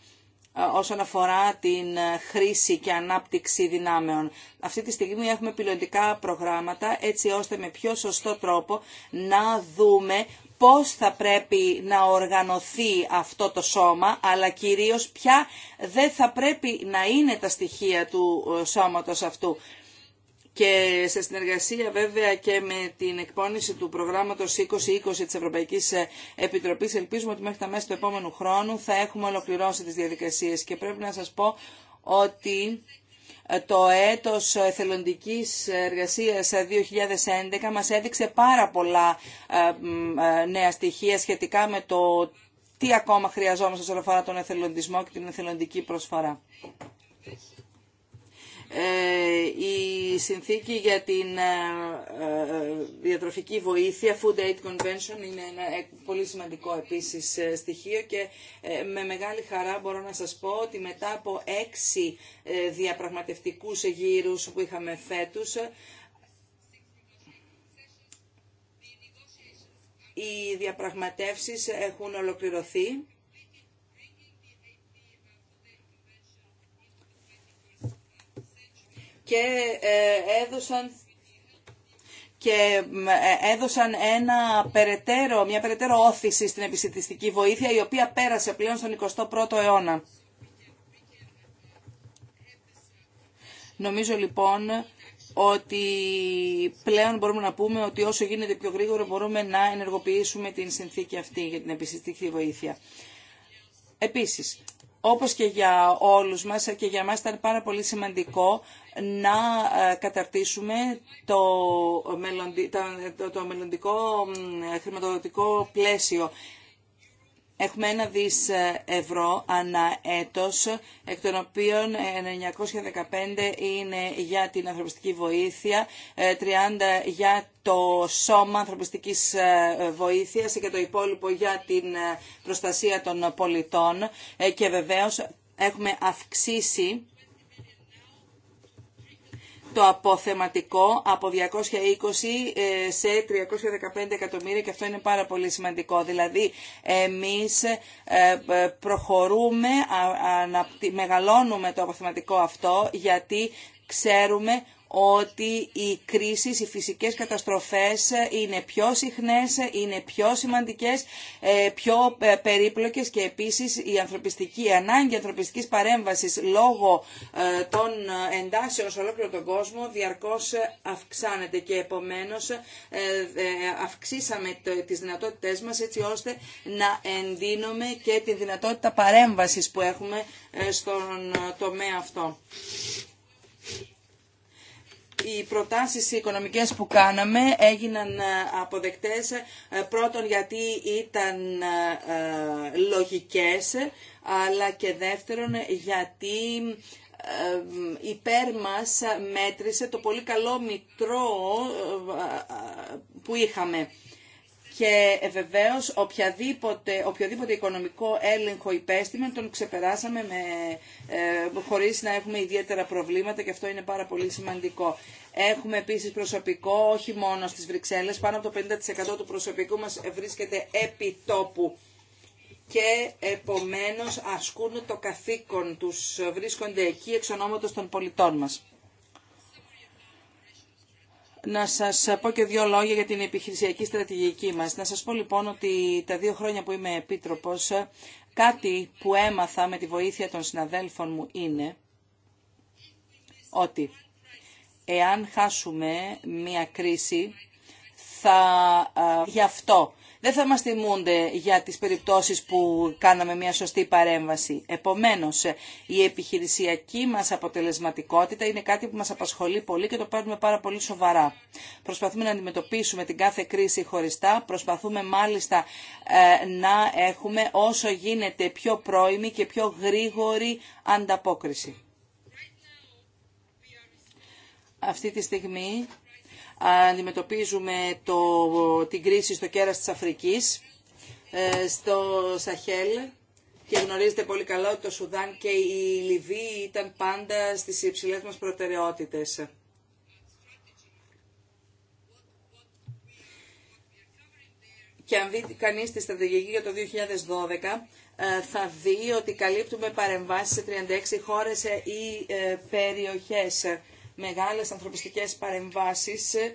ε, όσον αφορά την ε, χρήση και ανάπτυξη δυνάμεων. Αυτή τη στιγμή έχουμε πιλωτικά προγράμματα έτσι ώστε με πιο σωστό τρόπο να δούμε πώς θα πρέπει να οργανωθεί αυτό το σώμα, αλλά κυρίως ποια δεν θα πρέπει να είναι τα στοιχεία του ε, σώματος αυτού και σε συνεργασία βέβαια και με την εκπόνηση του προγράμματος 2020 της Ευρωπαϊκής Επιτροπής ελπίζουμε ότι μέχρι τα μέσα του επόμενου χρόνου θα έχουμε ολοκληρώσει τις διαδικασίες και πρέπει να σας πω ότι ε, το έτος εθελοντικής εργασίας 2011 μας έδειξε πάρα πολλά ε, ε, νέα στοιχεία σχετικά με το τι ακόμα χρειαζόμαστε όσον αφορά τον εθελοντισμό και την εθελοντική προσφορά. Ε, η συνθήκη για την ε, ε, διατροφική βοήθεια, Food Aid Convention, είναι ένα πολύ σημαντικό επίσης στοιχείο και με μεγάλη χαρά μπορώ να σας πω ότι μετά από έξι διαπραγματευτικούς γύρους που είχαμε φέτους, οι διαπραγματεύσεις έχουν ολοκληρωθεί και ε, έδωσαν και ε, έδωσαν ένα περαιτέρω, μια περαιτέρω όθηση στην επιστημιστική βοήθεια η οποία πέρασε πλέον στον 21ο αιώνα. Νομίζω λοιπόν ότι πλέον μπορούμε να πούμε ότι όσο γίνεται πιο γρήγορα μπορούμε να ενεργοποιήσουμε την συνθήκη αυτή για την επιστημιστική βοήθεια. Επίσης, όπως και για όλους μας και για μας ήταν πάρα πολύ σημαντικό να ε, καταρτήσουμε το, μελλοντικό χρηματοδοτικό πλαίσιο Έχουμε ένα δις ε, ευρώ ανά έτος, εκ των οποίων 915 ε, είναι για την ανθρωπιστική βοήθεια, 30 ε, για το σώμα ανθρωπιστικής βοήθειας και το υπόλοιπο για την προστασία των πολιτών και βεβαίως έχουμε αυξήσει το αποθεματικό από 220 ε, σε 315 εκατομμύρια και αυτό είναι πάρα πολύ σημαντικό. Δηλαδή εμείς ε, ε, προχωρούμε, να μεγαλώνουμε το αποθεματικό αυτό γιατί ξέρουμε ότι οι κρίσεις, οι φυσικές καταστροφές είναι πιο συχνές, είναι πιο σημαντικές, ε, πιο ε, περίπλοκες και επίσης η ανθρωπιστική η ανάγκη ανθρωπιστικής παρέμβασης λόγω ε, των εντάσεων σε ολόκληρο τον κόσμο διαρκώς αυξάνεται και επομένως αυξήσαμε τις δυνατότητές μας έτσι ώστε να ενδύνομαι και τη δυνατότητα παρέμβασης που έχουμε στον τομέα αυτό οι προτάσεις οι οικονομικές που κάναμε έγιναν ε, αποδεκτές ε, πρώτον γιατί ήταν ε, λογικές αλλά και δεύτερον γιατί υπέρ μας μέτρησε το πολύ καλό μητρό που είχαμε και ε, βεβαίω οποιαδήποτε, οποιοδήποτε οικονομικό έλεγχο υπέστημε τον ξεπεράσαμε με, ε, χωρίς να έχουμε ιδιαίτερα προβλήματα και αυτό είναι πάρα πολύ σημαντικό. Έχουμε επίσης προσωπικό όχι μόνο στις Βρυξέλλες, πάνω από το 50% του προσωπικού μας βρίσκεται επί τόπου και επομένως ασκούν το καθήκον τους, βρίσκονται εκεί εξ των πολιτών μας να σας πω και δύο λόγια για την επιχειρησιακή στρατηγική μας. Να σας πω λοιπόν ότι τα δύο χρόνια που είμαι επίτροπος, κάτι που έμαθα με τη βοήθεια των συναδέλφων μου είναι ότι εάν χάσουμε μία κρίση, θα γι' αυτό δεν θα μας τιμούνται για τις περιπτώσεις που κάναμε μια σωστή παρέμβαση. Επομένως, η επιχειρησιακή μας αποτελεσματικότητα είναι κάτι που μας απασχολεί πολύ και το παίρνουμε πάρα πολύ σοβαρά. Προσπαθούμε να αντιμετωπίσουμε την κάθε κρίση χωριστά, προσπαθούμε μάλιστα ε, να έχουμε όσο γίνεται πιο πρώιμη και πιο γρήγορη ανταπόκριση. Αυτή τη στιγμή αντιμετωπίζουμε το, την κρίση στο κέρας της Αφρικής, ε, στο Σαχέλ και γνωρίζετε πολύ καλά ότι το Σουδάν και η Λιβύη ήταν πάντα στις υψηλές μας προτεραιότητες. Και αν δει κανείς τη στρατηγική για το 2012, ε, θα δει ότι καλύπτουμε παρεμβάσεις σε 36 χώρες ή ε, περιοχές μεγάλες ανθρωπιστικές παρεμβάσεις ε,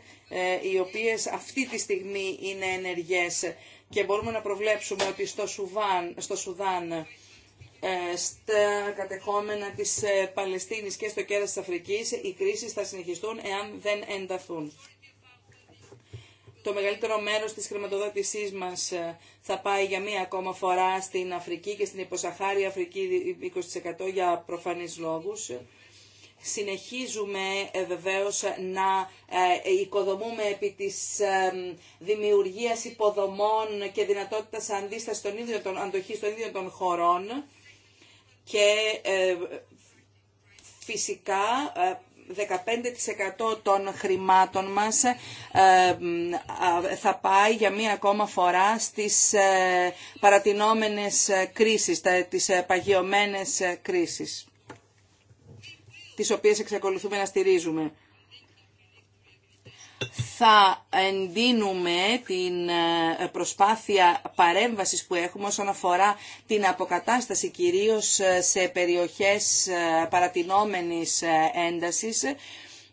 οι οποίες αυτή τη στιγμή είναι ενεργές και μπορούμε να προβλέψουμε ότι στο, στο Σουδάν ε, στα κατεχόμενα της ε, Παλαιστίνης και στο κέντρο της Αφρικής οι κρίσεις θα συνεχιστούν εάν δεν ενταθούν. Το μεγαλύτερο μέρος της χρηματοδότησής μας θα πάει για μία ακόμα φορά στην Αφρική και στην υποσαχάρη Αφρική 20% για προφανείς λόγους Συνεχίζουμε ε, βεβαίως να ε, οικοδομούμε επί της ε, δημιουργίας υποδομών και δυνατότητας αντίσταση των ίδιων των αντοχή των ίδιων των χωρών και φυσικά 15% των χρημάτων μας θα πάει για μία ακόμα φορά στις παρατηνόμενες κρίσεις, τις παγιωμένες κρίσεις τις οποίες εξακολουθούμε να στηρίζουμε. Θα εντείνουμε την ε, προσπάθεια παρέμβασης που έχουμε όσον αφορά την αποκατάσταση κυρίως ε, σε περιοχές ε, παρατηνόμενης έντασης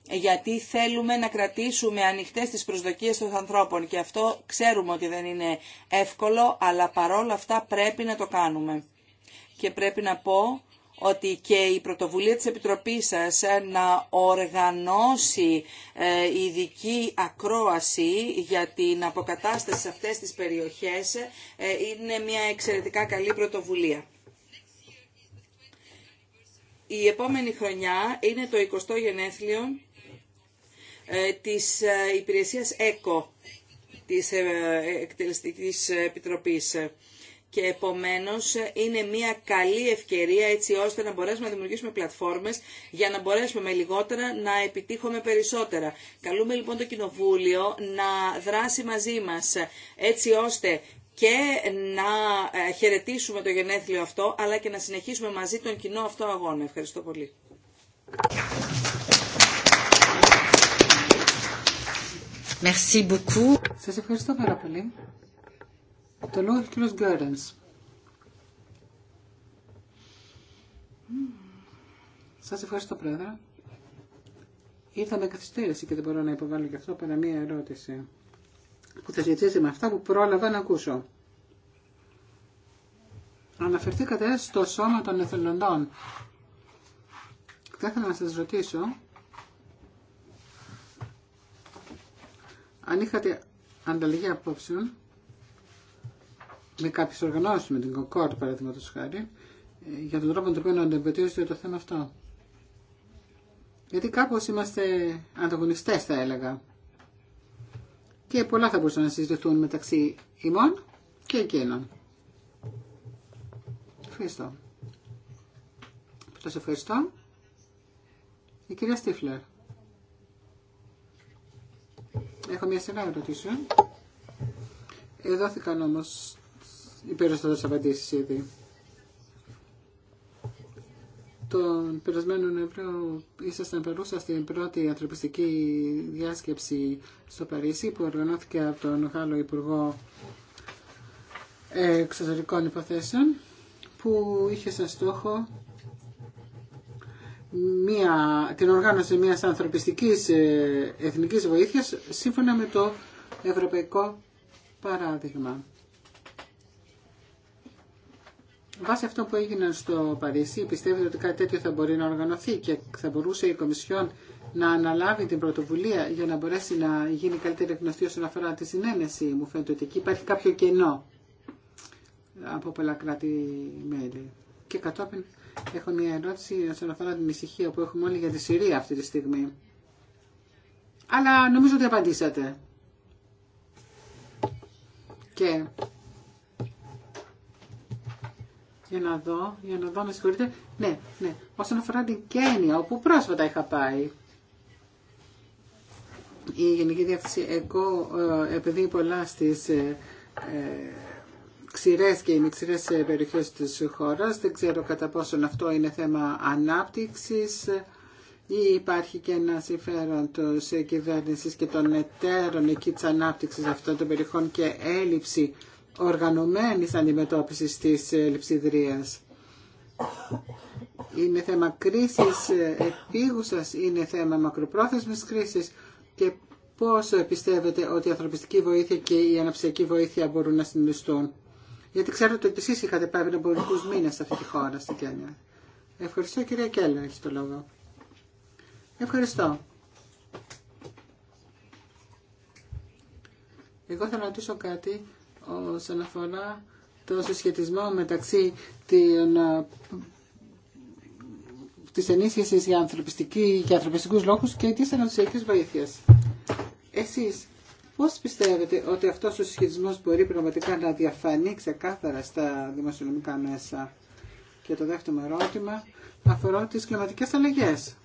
γιατί θέλουμε να κρατήσουμε ανοιχτές τις προσδοκίες των ανθρώπων και αυτό ξέρουμε ότι δεν είναι εύκολο αλλά παρόλα αυτά πρέπει να το κάνουμε. Και πρέπει να πω ότι και η πρωτοβουλία της Επιτροπής σας να οργανώσει ε, ειδική ακρόαση για την αποκατάσταση σε αυτές τις περιοχές ε, είναι μια εξαιρετικά καλή πρωτοβουλία. Η επόμενη χρονιά είναι το 20ο γενέθλιο ε, της υπηρεσίας ΕΚΟ, της Εκτελεστικής Επιτροπής και επομένως είναι μια καλή ευκαιρία έτσι ώστε να μπορέσουμε να δημιουργήσουμε πλατφόρμες για να μπορέσουμε με λιγότερα να επιτύχουμε περισσότερα. Καλούμε λοιπόν το Κοινοβούλιο να δράσει μαζί μας έτσι ώστε και να ε, χαιρετήσουμε το γενέθλιο αυτό αλλά και να συνεχίσουμε μαζί τον κοινό αυτό αγώνα. Ευχαριστώ πολύ. Merci beaucoup. Σας πολύ. Το λόγο του κ. Σας ευχαριστώ, Πρόεδρε. Ήρθα με καθυστέρηση και δεν μπορώ να υποβάλω και αυτό παρά μία ερώτηση που θα συζητήσει με αυτά που πρόλαβα να ακούσω. Αναφερθήκατε στο σώμα των εθελοντών. Θα ήθελα να σας ρωτήσω αν είχατε ανταλλαγή απόψεων με κάποιε οργανώσει με την Κοκόρτ παραδείγματο χάρη, ε, για τον τρόπο με τον οποίο αντιμετωπίζεται το θέμα αυτό. Γιατί κάπω είμαστε ανταγωνιστές θα έλεγα. Και πολλά θα μπορούσαν να συζητηθούν μεταξύ ημών και εκείνων. Ευχαριστώ. Σας ευχαριστώ. Η κυρία Στίφλερ. Έχω μια σειρά ερωτήσεων. Εδώθηκαν όμως οι περισσότερες απαντήσει ήδη. Τον περασμένο Νοεμβρίο ήσασταν παρούσα στην πρώτη ανθρωπιστική διάσκεψη στο Παρίσι που οργανώθηκε από τον Γάλλο Υπουργό Εξωτερικών Υποθέσεων που είχε σαν στόχο μια, την οργάνωση μιας ανθρωπιστικής ε, εθνικής βοήθειας σύμφωνα με το ευρωπαϊκό παράδειγμα. Βάσει αυτό που έγινε στο Παρίσι, πιστεύετε ότι κάτι τέτοιο θα μπορεί να οργανωθεί και θα μπορούσε η Κομισιόν να αναλάβει την πρωτοβουλία για να μπορέσει να γίνει καλύτερη γνωστή όσον αφορά τη συνένεση. Μου φαίνεται ότι εκεί υπάρχει κάποιο κενό από πολλά κράτη-μέλη. Και κατόπιν έχω μια ερώτηση όσον αφορά την ησυχία που έχουμε όλοι για τη Συρία αυτή τη στιγμή. Αλλά νομίζω ότι απαντήσατε. Και για να δω, για να δω, να συγχωρείτε. Ναι, ναι. Όσον αφορά την Κένια, όπου πρόσφατα είχα πάει. Η Γενική Διεύθυνση εγώ, ε, επειδή πολλά στις ε, ε, ξηρές και ημιξηρές περιοχές της χώρας. Δεν ξέρω κατά πόσον αυτό είναι θέμα ανάπτυξης ή υπάρχει και ένα συμφέρον τη κυβέρνηση και των εταίρων εκεί τη ανάπτυξη αυτών των περιοχών και έλλειψη οργανωμένης αντιμετώπισης της ε, λειψιδρίας. Είναι θέμα κρίσης ε, επίγουσας, είναι θέμα μακροπρόθεσμης κρίσης και πώς πιστεύετε ότι η ανθρωπιστική βοήθεια και η αναψιακή βοήθεια μπορούν να συνδυστούν. Γιατί ξέρετε ότι εσείς είχατε πάει πριν από μήνε μήνες σε αυτή τη χώρα, στην Κένια. Ευχαριστώ κυρία Κέλλα, έχει το λόγο. Ευχαριστώ. Εγώ θα ρωτήσω κάτι όσον αφορά το συσχετισμό μεταξύ ε, της ενίσχυσης για ανθρωπιστική και ανθρωπιστικούς λόγους και της αναπτυξιακής βοήθειας. Εσείς πώς πιστεύετε ότι αυτός ο συσχετισμός μπορεί πραγματικά να διαφανεί ξεκάθαρα στα δημοσιονομικά μέσα. Και το δεύτερο ερώτημα αφορά τις κλιματικές αλλαγές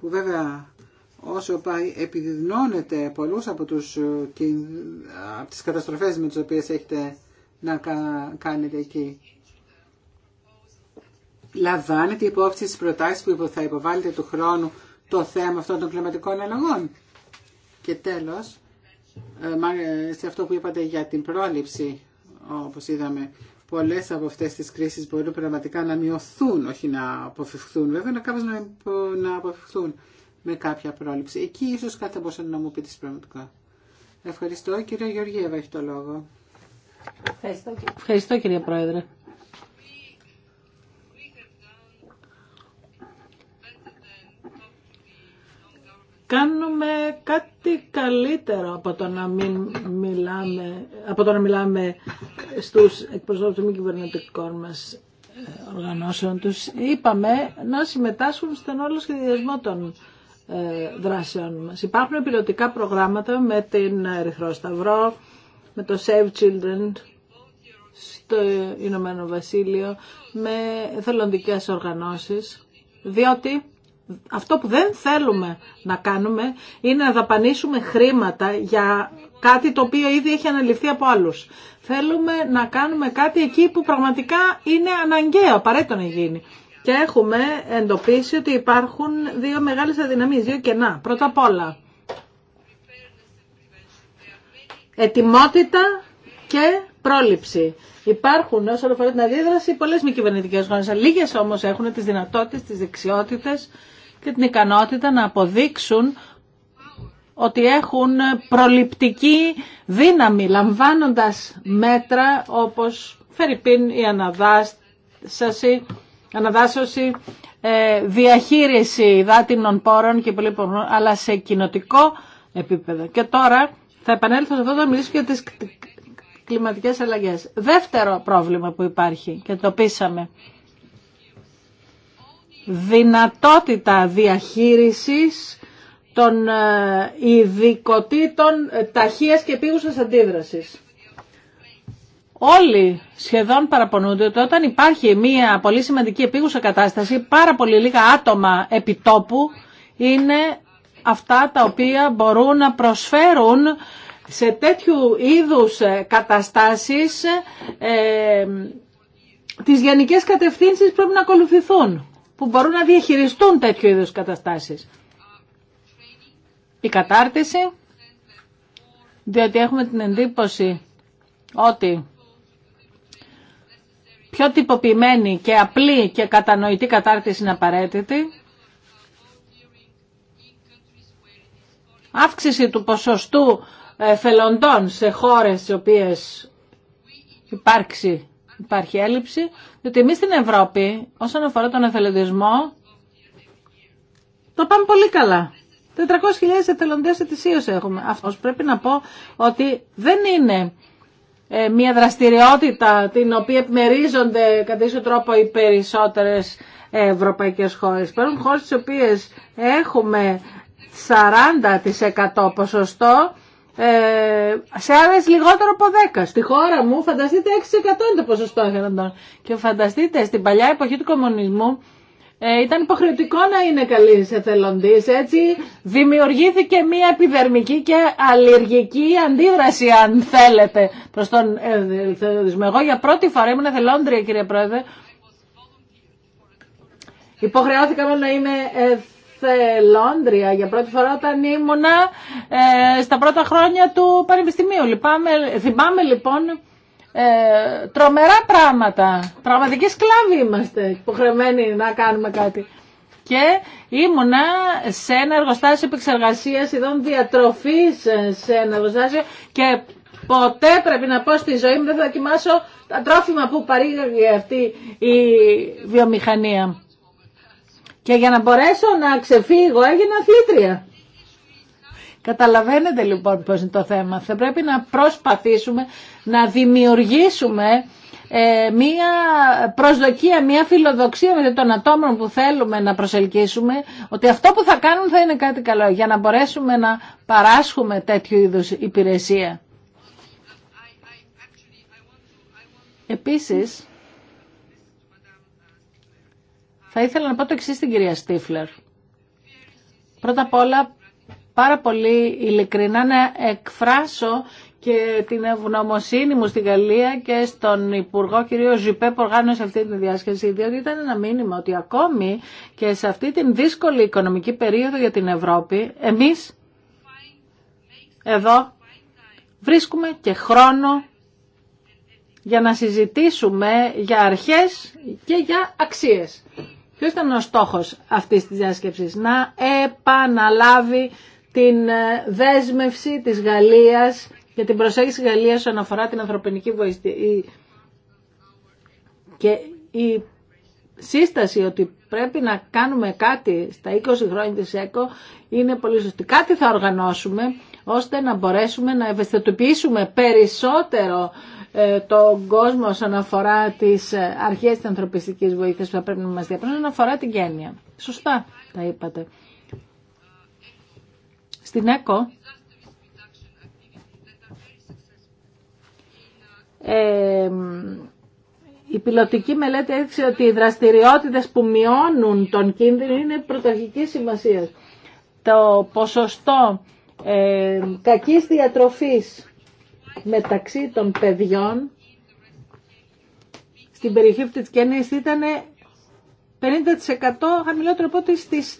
που βέβαια όσο πάει επιδεινώνεται πολλού από, τους, ε, από τις καταστροφές με τις οποίες έχετε να κάνετε εκεί. Λαμβάνετε υπόψη στις προτάσεις που θα υποβάλλετε του χρόνου το θέμα αυτών των κλιματικών αλλαγών. Και τέλος, ε, ε, σε αυτό που είπατε για την πρόληψη, όπως είδαμε, πολλές από αυτές τις κρίσεις μπορούν πραγματικά να μειωθούν, όχι να αποφευχθούν. Βέβαια, να να αποφευχθούν με κάποια πρόληψη. Εκεί ίσως κάτι μπορούσατε να μου πείτε πραγματικά. Ευχαριστώ. Κυρία Γεωργίευα έχει το λόγο. Ευχαριστώ, κύριε, Ευχαριστώ, Πρόεδρε. Κάνουμε κάτι καλύτερο από το να, μην μιλάμε, από το να μιλάμε στους εκπροσώπους των μη κυβερνητικών μας ε, οργανώσεων τους. Είπαμε να συμμετάσχουν στον όλο σχεδιασμό των ε, δράσεων μας. Υπάρχουν πιλωτικά προγράμματα με την Ερυθρό Σταυρό, με το Save Children στο Ηνωμένο Βασίλειο, με θελοντικές οργανώσεις, διότι αυτό που δεν θέλουμε να κάνουμε είναι να δαπανίσουμε χρήματα για κάτι το οποίο ήδη έχει αναλυφθεί από άλλους. Θέλουμε να κάνουμε κάτι εκεί που πραγματικά είναι αναγκαίο, απαραίτητο να γίνει και έχουμε εντοπίσει ότι υπάρχουν δύο μεγάλες αδυναμίες, δύο κενά. Πρώτα απ' όλα, ετοιμότητα και πρόληψη. Υπάρχουν όσον αφορά την αντίδραση πολλές μη κυβερνητικέ γνώσεις. λίγες όμως έχουν τις δυνατότητες, τις δεξιότητες και την ικανότητα να αποδείξουν ότι έχουν προληπτική δύναμη λαμβάνοντας μέτρα όπως φερειπίν η αναδάσταση αναδάσωση, ε, διαχείριση υδάτινων πόρων και πολύ αλλά σε κοινοτικό επίπεδο. Και τώρα θα επανέλθω σε αυτό να μιλήσω για τις κλιματικές αλλαγές. Δεύτερο πρόβλημα που υπάρχει και το πείσαμε. Δυνατότητα διαχείρισης των ε, ειδικοτήτων ε, ταχείας και επίγουσας αντίδρασης. Όλοι σχεδόν παραπονούνται ότι όταν υπάρχει μια πολύ σημαντική επίγουσα κατάσταση, πάρα πολύ λίγα άτομα επιτόπου είναι αυτά τα οποία μπορούν να προσφέρουν σε τέτοιου είδους ε, καταστάσεις ε, τις γενικές κατευθύνσεις πρέπει να ακολουθηθούν, που μπορούν να διαχειριστούν τέτοιου είδους καταστάσεις. Η κατάρτιση, διότι έχουμε την εντύπωση ότι πιο τυποποιημένη και απλή και κατανοητή κατάρτιση είναι απαραίτητη. Αύξηση του ποσοστού θελοντών ε, σε χώρες στις οποίες υπάρξει, υπάρχει έλλειψη, διότι εμείς στην Ευρώπη, όσον αφορά τον εθελοντισμό, το πάμε πολύ καλά. 400.000 εθελοντές ετησίως έχουμε. Αυτός πρέπει να πω ότι δεν είναι ε, μια δραστηριότητα την οποία επιμερίζονται κατά ίσο τρόπο οι περισσότερες ευρωπαϊκές χώρες. Παίρνουν χώρες τις οποίες έχουμε 40% ποσοστό, ε, σε άλλες λιγότερο από 10. Στη χώρα μου φανταστείτε 6% είναι το ποσοστό Και φανταστείτε στην παλιά εποχή του κομμουνισμού ε, ήταν υποχρεωτικό να είναι σε εθελοντή. έτσι δημιουργήθηκε μια επιδερμική και αλλεργική αντίδραση, αν θέλετε, προ τον ε, εθελοντισμό. Εγώ για πρώτη φορά ήμουν εθελόντρια, κύριε Πρόεδρε. Υποχρεώθηκα να είμαι εθελόντρια για πρώτη φορά όταν ήμουνα ε, στα πρώτα χρόνια του Πανεπιστημίου. Λυπάμαι, θυμάμαι λοιπόν ε, τρομερά πράγματα. Πραγματικοί σκλάβοι είμαστε υποχρεωμένοι να κάνουμε κάτι. Και ήμουνα σε ένα εργοστάσιο επεξεργασία ειδών διατροφής ε, σε ένα εργοστάσιο και ποτέ πρέπει να πω στη ζωή μου δεν θα δοκιμάσω τα τρόφιμα που παρήγαγε αυτή η βιομηχανία. Και για να μπορέσω να ξεφύγω έγινα αθλήτρια. Καταλαβαίνετε λοιπόν πώς είναι το θέμα. Θα πρέπει να προσπαθήσουμε να δημιουργήσουμε ε, μία προσδοκία, μία φιλοδοξία με τον ατόμων που θέλουμε να προσελκύσουμε, ότι αυτό που θα κάνουν θα είναι κάτι καλό για να μπορέσουμε να παράσχουμε τέτοιου είδους υπηρεσία. Επίσης, θα ήθελα να πω το εξή στην κυρία Στίφλερ. Πρώτα απ' όλα πάρα πολύ ειλικρινά να εκφράσω και την ευγνωμοσύνη μου στην Γαλλία και στον Υπουργό κ. Ζιπέ που οργάνωσε αυτή τη διάσκεψη, διότι ήταν ένα μήνυμα ότι ακόμη και σε αυτή την δύσκολη οικονομική περίοδο για την Ευρώπη, εμείς εδώ βρίσκουμε και χρόνο για να συζητήσουμε για αρχές και για αξίες. Ποιος ήταν ο στόχος αυτής της διάσκεψης, να επαναλάβει την ε, δέσμευση της Γαλλίας για την προσέγγιση της Γαλλίας όσον αφορά την ανθρωπινική βοήθεια. Και η σύσταση ότι πρέπει να κάνουμε κάτι στα 20 χρόνια της ΕΚΟ είναι πολύ σωστή. Κάτι θα οργανώσουμε ώστε να μπορέσουμε να ευαισθητοποιήσουμε περισσότερο ε, τον κόσμο όσον αφορά τις ε, αρχές της ανθρωπιστικής βοήθειας που θα πρέπει να μας διαπρόσουν, όσον αφορά την γένεια. Σωστά τα είπατε στην ΕΚΟ ε, η πιλωτική μελέτη έδειξε ότι οι δραστηριότητες που μειώνουν τον κίνδυνο είναι πρωταρχική σημασία. Το ποσοστό ε, κακής διατροφής μεταξύ των παιδιών στην περιοχή αυτή της Κέννης ήταν 50% χαμηλότερο από ό,τι στις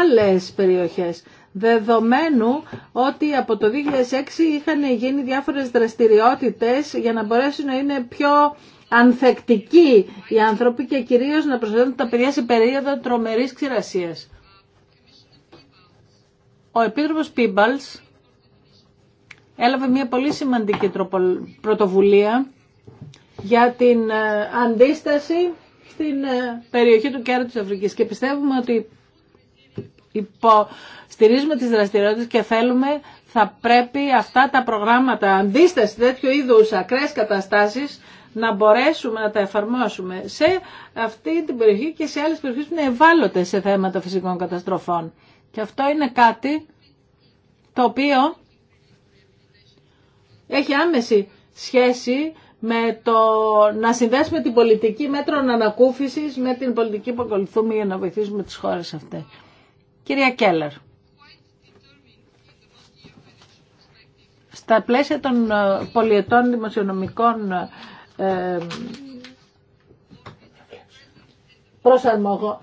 άλλες περιοχές δεδομένου ότι από το 2006 είχαν γίνει διάφορες δραστηριότητες για να μπορέσουν να είναι πιο ανθεκτικοί οι άνθρωποι και κυρίως να προσθέτουν τα παιδιά σε περίοδο τρομερής ξηρασίας. Ο Επίτροπος Πίμπαλς έλαβε μια πολύ σημαντική πρωτοβουλία για την ε, αντίσταση στην ε, περιοχή του κέρατος της Αφρικής και πιστεύουμε ότι υποστηρίζουμε τις δραστηριότητες και θέλουμε θα πρέπει αυτά τα προγράμματα αντίσταση τέτοιου είδους ακραίες καταστάσεις να μπορέσουμε να τα εφαρμόσουμε σε αυτή την περιοχή και σε άλλες περιοχές που είναι ευάλωτες σε θέματα φυσικών καταστροφών. Και αυτό είναι κάτι το οποίο έχει άμεση σχέση με το να συνδέσουμε την πολιτική μέτρων ανακούφισης με την πολιτική που ακολουθούμε για να βοηθήσουμε τις χώρες αυτές. Κυρία Κέλλερ. Στα πλαίσια των ε, πολιετών δημοσιονομικών ε, προσαρμογών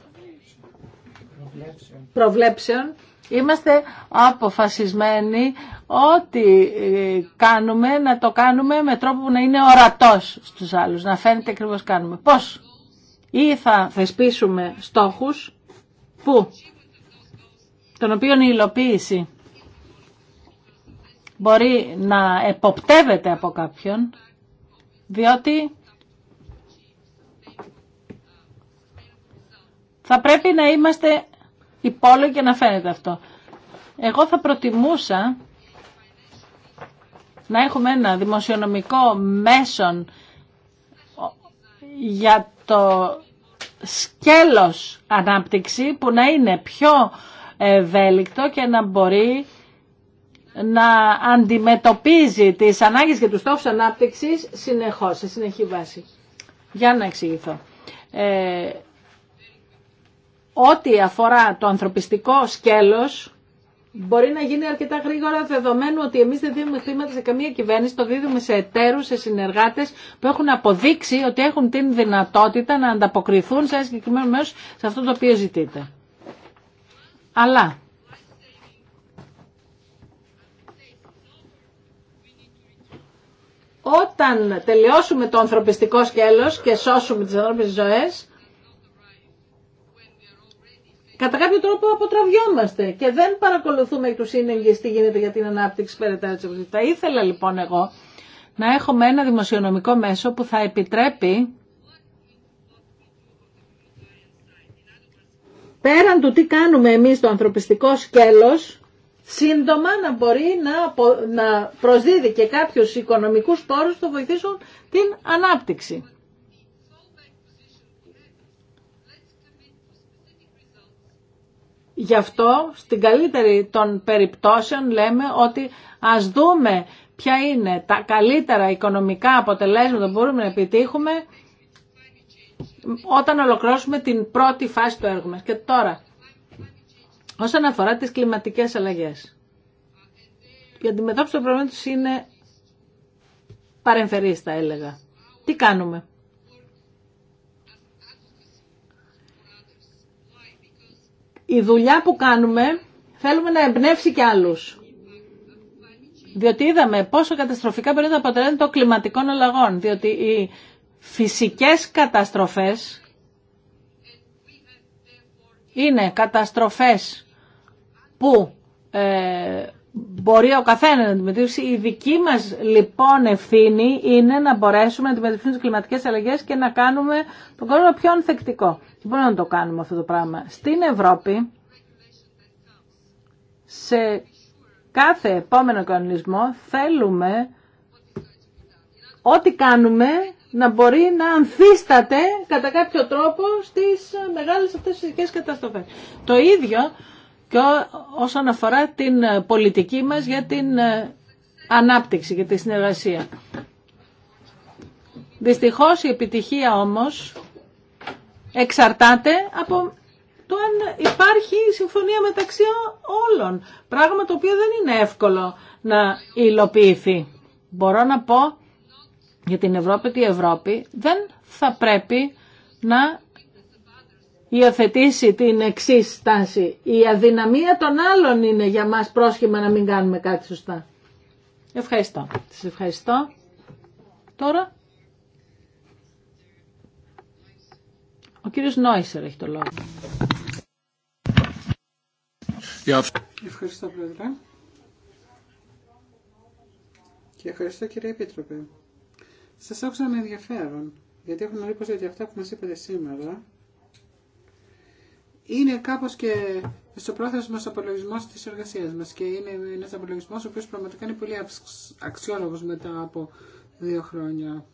προβλέψεων Είμαστε αποφασισμένοι ότι ε, κάνουμε να το κάνουμε με τρόπο που να είναι ορατός στους άλλους, να φαίνεται ακριβώ κάνουμε. Πώς? Ή θα θεσπίσουμε στόχους που τον οποίο η υλοποίηση μπορεί να εποπτεύεται από κάποιον, διότι θα πρέπει να είμαστε υπόλογοι και να φαίνεται αυτό. Εγώ θα προτιμούσα να έχουμε ένα δημοσιονομικό μέσον για το σκέλος ανάπτυξη που να είναι πιο ευέλικτο και να μπορεί να αντιμετωπίζει τις ανάγκες και τους στόχους ανάπτυξης συνεχώς, σε συνεχή βάση. Για να εξηγηθώ. Ε, ό,τι αφορά το ανθρωπιστικό σκέλος μπορεί να γίνει αρκετά γρήγορα δεδομένου ότι εμείς δεν δίνουμε χρήματα σε καμία κυβέρνηση, το δίνουμε σε εταίρους, σε συνεργάτες που έχουν αποδείξει ότι έχουν την δυνατότητα να ανταποκριθούν σε ένα συγκεκριμένο μέρος σε αυτό το οποίο ζητείτε. Αλλά όταν τελειώσουμε το ανθρωπιστικό σκέλος και σώσουμε τις ανθρώπινες ζωές, κατά κάποιο τρόπο αποτραβιόμαστε και δεν παρακολουθούμε του σύνεγγες τι γίνεται για την ανάπτυξη περαιτέρω Θα ήθελα λοιπόν εγώ να έχουμε ένα δημοσιονομικό μέσο που θα επιτρέπει πέραν του τι κάνουμε εμείς το ανθρωπιστικό σκέλος, σύντομα να μπορεί να προσδίδει και κάποιους οικονομικούς πόρους που βοηθήσουν την ανάπτυξη. Γι' αυτό στην καλύτερη των περιπτώσεων λέμε ότι ας δούμε ποια είναι τα καλύτερα οικονομικά αποτελέσματα που μπορούμε να επιτύχουμε όταν ολοκληρώσουμε την πρώτη φάση του έργου μας. Και τώρα, όσον αφορά τις κλιματικές αλλαγές, η αντιμετώπιση των προβλήματος είναι παρεμφερής, θα έλεγα. Τι κάνουμε. Η δουλειά που κάνουμε θέλουμε να εμπνεύσει και άλλους. Διότι είδαμε πόσο καταστροφικά μπορεί να αποτελέσουν το κλιματικών αλλαγών. Διότι η φυσικές καταστροφές είναι καταστροφές που ε, μπορεί ο καθένα να αντιμετωπίσει. Η δική μας λοιπόν ευθύνη είναι να μπορέσουμε να αντιμετωπίσουμε τις κλιματικές αλλαγές και να κάνουμε τον κόσμο πιο ανθεκτικό. Και μπορούμε να το κάνουμε αυτό το πράγμα. Στην Ευρώπη, σε κάθε επόμενο κανονισμό θέλουμε ό,τι κάνουμε να μπορεί να ανθίσταται κατά κάποιο τρόπο στις μεγάλες αυτές ειδικές καταστροφές. Το ίδιο και όσον αφορά την πολιτική μας για την ε, ανάπτυξη και τη συνεργασία. Δυστυχώς η επιτυχία όμως εξαρτάται από το αν υπάρχει συμφωνία μεταξύ όλων. Πράγμα το οποίο δεν είναι εύκολο να υλοποιηθεί. Μπορώ να πω για την Ευρώπη ότι η Ευρώπη δεν θα πρέπει να υιοθετήσει την εξή στάση. Η αδυναμία των άλλων είναι για μας πρόσχημα να μην κάνουμε κάτι σωστά. Ευχαριστώ. Σας ευχαριστώ. Τώρα. Ο κύριος Νόισερ έχει το λόγο. Ευχαριστώ, Πρόεδρε. Και ευχαριστώ, κύριε Επίτροπε. Σας άκουσα με ενδιαφέρον, γιατί έχουμε ρίξει ότι αυτά που μας είπατε σήμερα είναι κάπως και στο πρόθεσμο απολογισμός της εργασίας μας και είναι ένας απολογισμός ο οποίος πραγματικά είναι πολύ αξιόλογος μετά από δύο χρόνια.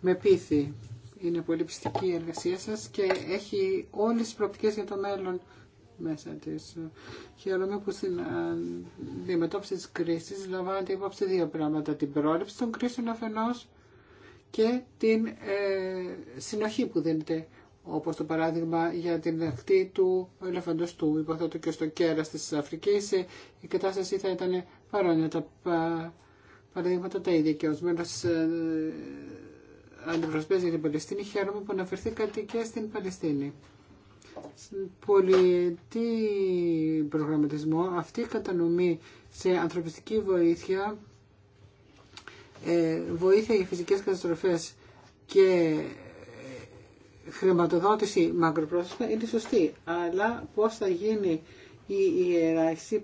Με πείθη Είναι πολύ πιστική η εργασία σας και έχει όλες τις προοπτικές για το μέλλον μέσα της. Χαίρομαι που στην αντιμετώπιση της κρίσης λαμβάνεται υπόψη δύο πράγματα. Την πρόληψη των κρίσεων αφενός και την ε, συνοχή που δίνεται, όπως το παράδειγμα για την δεχτή του ελεφαντοστού. Υποθέτω και στο κέρας της Αφρικής ε, η κατάσταση θα ήταν παρόνια. Τα πα, παραδείγματα τα ίδια και ως μέλος ε, αντιπροσπέζει για την Παλαιστίνη χαίρομαι που αναφερθήκατε και στην Παλαιστίνη. Πολιετή προγραμματισμό, αυτή η κατανομή σε ανθρωπιστική βοήθεια ε, βοήθεια για φυσικές καταστροφές και ε, χρηματοδότηση μακροπρόθεσμα είναι σωστή. Αλλά πώς θα γίνει η ιεραρχία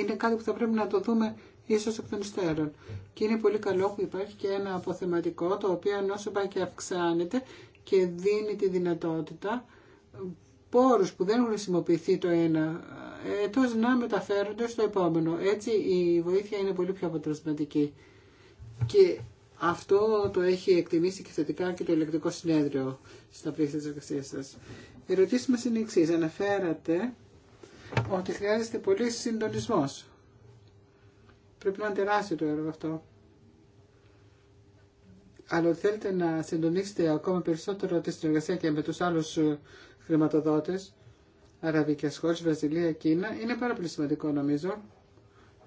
είναι κάτι που θα πρέπει να το δούμε ίσως εκ τον υστέρων. Και είναι πολύ καλό που υπάρχει και ένα αποθεματικό το οποίο όσο πάει και αυξάνεται και δίνει τη δυνατότητα πόρους που δεν έχουν χρησιμοποιηθεί το ένα έτος ε, να μεταφέρονται στο επόμενο. Έτσι η βοήθεια είναι πολύ πιο αποτελεσματική. Και αυτό το έχει εκτιμήσει και θετικά και το ηλεκτρικό συνέδριο στα πλήρε της εργασίας σας. Η ερωτήση μας είναι εξής. Αναφέρατε ότι χρειάζεται πολύ συντονισμός. Πρέπει να είναι τεράστιο το έργο αυτό. Αλλά ότι θέλετε να συντονίσετε ακόμα περισσότερο τη συνεργασία και με τους άλλους ε, χρηματοδότες, αραβικές χώρες, Βραζιλία, Κίνα, είναι πάρα πολύ σημαντικό νομίζω,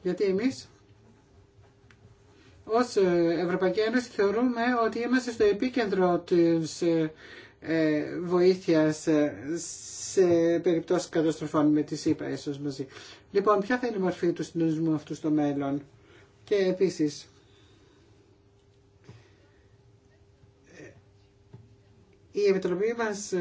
γιατί εμείς ως Ευρωπαϊκή Ένωση θεωρούμε ότι είμαστε στο επίκεντρο της ε, ε, βοήθειας ε, σε περιπτώσει καταστροφών με τη σύπα ίσως μαζί. Λοιπόν, ποια θα είναι η μορφή του συντονισμού αυτού στο μέλλον. Και επίσης, η Επιτροπή μας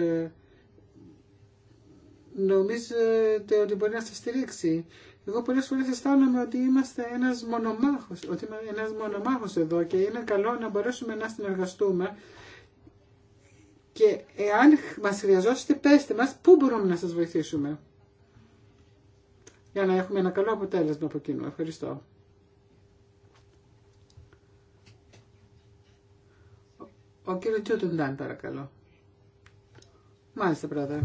νομίζετε ότι μπορεί να σας στηρίξει. Εγώ πολλέ φορέ αισθάνομαι ότι είμαστε ένα μονομάχο, ότι είμαστε ένας μονομάχος εδώ και είναι καλό να μπορέσουμε να συνεργαστούμε και εάν μα χρειαζόσετε πέστε μα πού μπορούμε να σα βοηθήσουμε για να έχουμε ένα καλό αποτέλεσμα από κοινού. Ευχαριστώ. Ο κύριο Τζούτουντάν, παρακαλώ. Μάλιστα, πρόεδρε.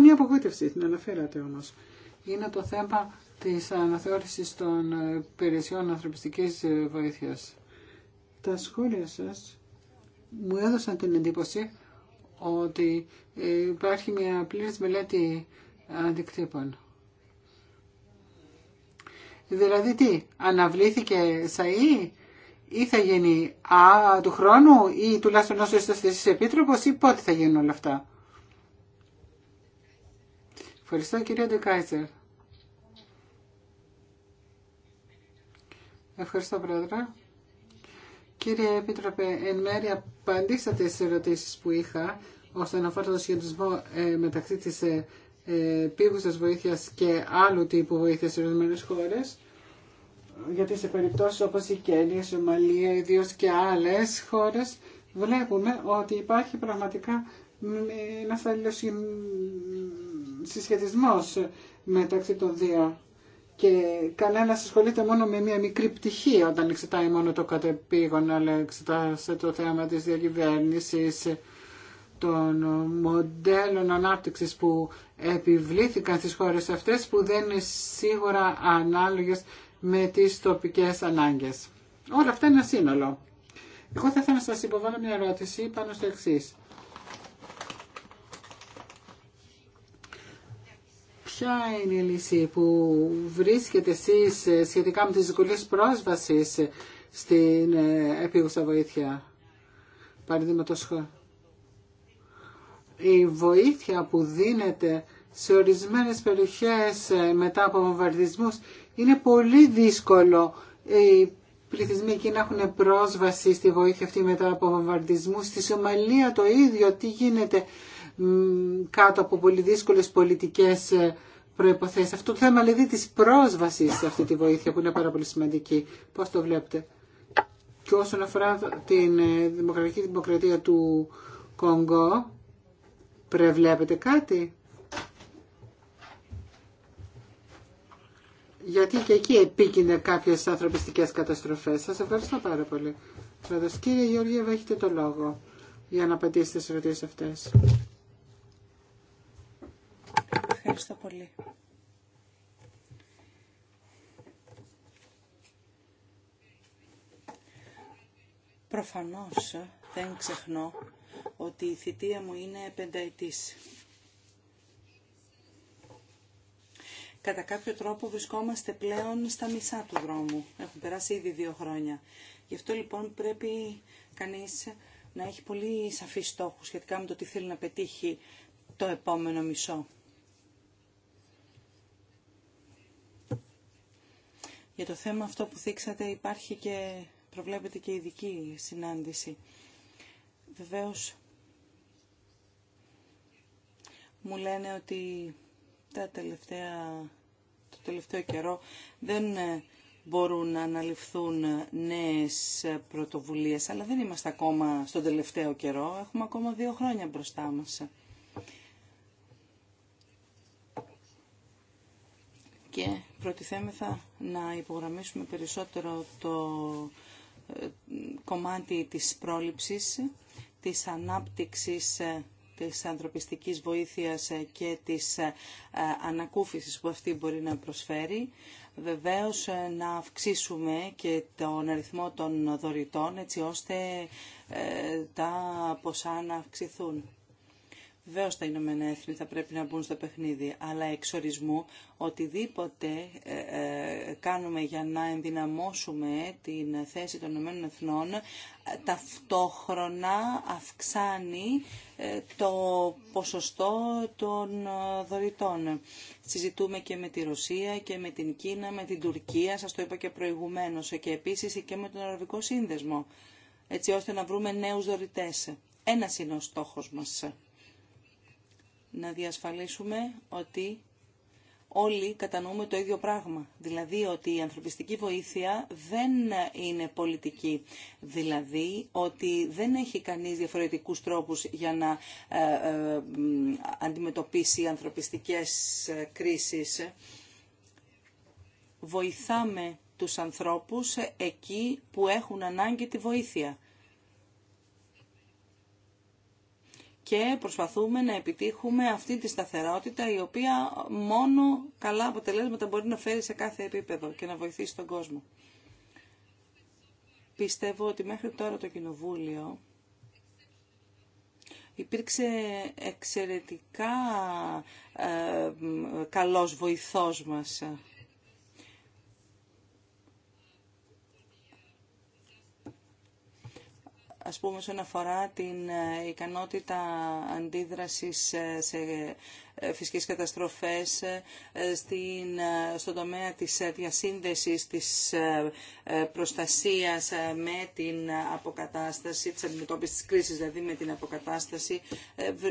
καμία απογοήτευση, την αναφέρατε όμως. Είναι το θέμα της αναθεώρησης των περιεσιών ανθρωπιστικής βοήθειας. Τα σχόλια σας μου έδωσαν την εντύπωση ότι υπάρχει μια πλήρης μελέτη αντικτύπων. Δηλαδή τι, αναβλήθηκε ΣΑΗ ή θα γίνει α, του χρόνου ή τουλάχιστον όσο είστε στις Επίτροπος ή πότε θα γίνουν όλα αυτά. Ευχαριστώ κυρία Ντεκάιτσερ. Ευχαριστώ πρόεδρε. Κύριε Επίτροπε, εν μέρει απαντήσατε στις ερωτήσεις που είχα όσον αφορά το σχετισμό ε, μεταξύ της ε, ε πήγουσας βοήθειας και άλλου τύπου βοήθειας σε ορισμένε χώρες γιατί σε περιπτώσεις όπως η Κένια, η Σομαλία, ιδίω και άλλες χώρες βλέπουμε ότι υπάρχει πραγματικά ένα συσχετισμός μεταξύ των δύο και κανένα ασχολείται μόνο με μια μικρή πτυχή όταν εξετάει μόνο το κατεπήγον, αλλά εξετάσε το θέμα της διακυβέρνησης των μοντέλων ανάπτυξης που επιβλήθηκαν στις χώρες αυτές που δεν είναι σίγουρα ανάλογες με τις τοπικές ανάγκες. Όλα αυτά είναι ένα σύνολο. Εγώ θα ήθελα να σας υποβάλω μια ερώτηση πάνω στο εξή. Ποια είναι η λύση που βρίσκετε εσείς ε, σχετικά με τις δυσκολίες πρόσβασης στην ε, επίγουσα βοήθεια. Παραδείγματο η βοήθεια που δίνεται σε ορισμένες περιοχές ε, μετά από βομβαρδισμούς είναι πολύ δύσκολο οι πληθυσμοί εκεί να έχουν πρόσβαση στη βοήθεια αυτή μετά από βομβαρδισμούς. Στη Σομαλία το ίδιο, τι γίνεται κάτω από πολύ δύσκολες πολιτικές αυτό το Θέμα δηλαδή της πρόσβασης σε αυτή τη βοήθεια που είναι πάρα πολύ σημαντική. Πώς το βλέπετε. Και όσον αφορά την ε, δημοκρατική δημοκρατία του Κονγκό, προβλέπετε κάτι. Γιατί και εκεί επίκυνε κάποιες ανθρωπιστικές καταστροφές. Σας ευχαριστώ πάρα πολύ. Κύριε Γεωργίευα, έχετε το λόγο για να απαντήσετε στις ερωτήσεις αυτές. Ευχαριστώ πολύ. Προφανώς δεν ξεχνώ ότι η θητεία μου είναι πενταετής. Κατά κάποιο τρόπο βρισκόμαστε πλέον στα μισά του δρόμου. Έχουν περάσει ήδη δύο χρόνια. Γι' αυτό λοιπόν πρέπει κανείς να έχει πολύ σαφείς στόχους σχετικά με το τι θέλει να πετύχει το επόμενο μισό. Για το θέμα αυτό που θίξατε υπάρχει και προβλέπεται και ειδική συνάντηση. Βεβαίως μου λένε ότι τα τελευταία, το τελευταίο καιρό δεν ε, μπορούν να αναλυφθούν ε, νέες ε, πρωτοβουλίες, αλλά δεν είμαστε ακόμα στον τελευταίο καιρό, έχουμε ακόμα δύο χρόνια μπροστά μας. Και προτιθέμεθα να υπογραμμίσουμε περισσότερο το ε, κομμάτι της πρόληψης, της ανάπτυξης ε, της ανθρωπιστικής βοήθειας ε, και της ανακούφισης που αυτή μπορεί να προσφέρει. Βεβαίως να αυξήσουμε και τον αριθμό των δωρητών έτσι ώστε τα ποσά να αυξηθούν. Βεβαίω τα Ηνωμένα Έθνη θα πρέπει να μπουν στο παιχνίδι, αλλά εξ ορισμού οτιδήποτε ε, ε, κάνουμε για να ενδυναμώσουμε την θέση των Ηνωμένων Εθνών ε, ταυτόχρονα αυξάνει το ποσοστό των δωρητών. Συζητούμε και με τη Ρωσία και με την Κίνα, με την Τουρκία, σας το είπα και προηγουμένως, και επίσης και με τον Αραβικό Σύνδεσμο, έτσι ώστε να βρούμε νέους δωρητές. Ένας είναι ο στόχος μας να διασφαλίσουμε ότι όλοι κατανοούμε το ίδιο πράγμα. Δηλαδή ότι η ανθρωπιστική βοήθεια δεν είναι πολιτική. Δηλαδή ότι δεν έχει κανείς διαφορετικούς τρόπους για να ε, ε, αντιμετωπίσει ανθρωπιστικές ε, κρίσεις. Βοηθάμε τους ανθρώπους εκεί που έχουν ανάγκη τη βοήθεια. και προσπαθούμε να επιτύχουμε αυτή τη σταθερότητα η οποία μόνο καλά αποτελέσματα μπορεί να φέρει σε κάθε επίπεδο και να βοηθήσει τον κόσμο. Πιστεύω ότι μέχρι τώρα το Κοινοβούλιο υπήρξε εξαιρετικά ε, καλός βοηθός μας ας πούμε όσον αφορά την ε, ικανότητα αντίδρασης ε, σε ε, φυσικές καταστροφές στην, στον τομέα της διασύνδεσης, της προστασίας με την αποκατάσταση, της αντιμετώπισης της κρίσης δηλαδή με την αποκατάσταση.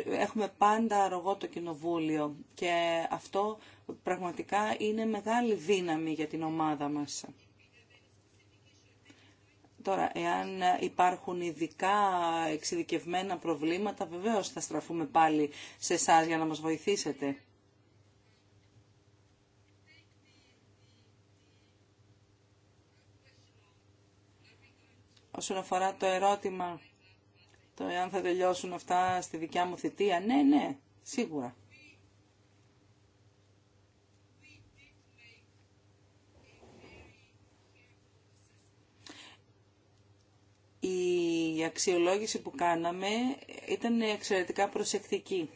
Έχουμε πάντα αργό το κοινοβούλιο και αυτό πραγματικά είναι μεγάλη δύναμη για την ομάδα μας. Τώρα, εάν υπάρχουν ειδικά εξειδικευμένα προβλήματα, βεβαίως θα στραφούμε πάλι σε εσά για να μας βοηθήσετε. Όσον αφορά το ερώτημα, το εάν θα τελειώσουν αυτά στη δικιά μου θητεία, ναι, ναι, σίγουρα. η αξιολόγηση που κάναμε ήταν εξαιρετικά προσεκτική.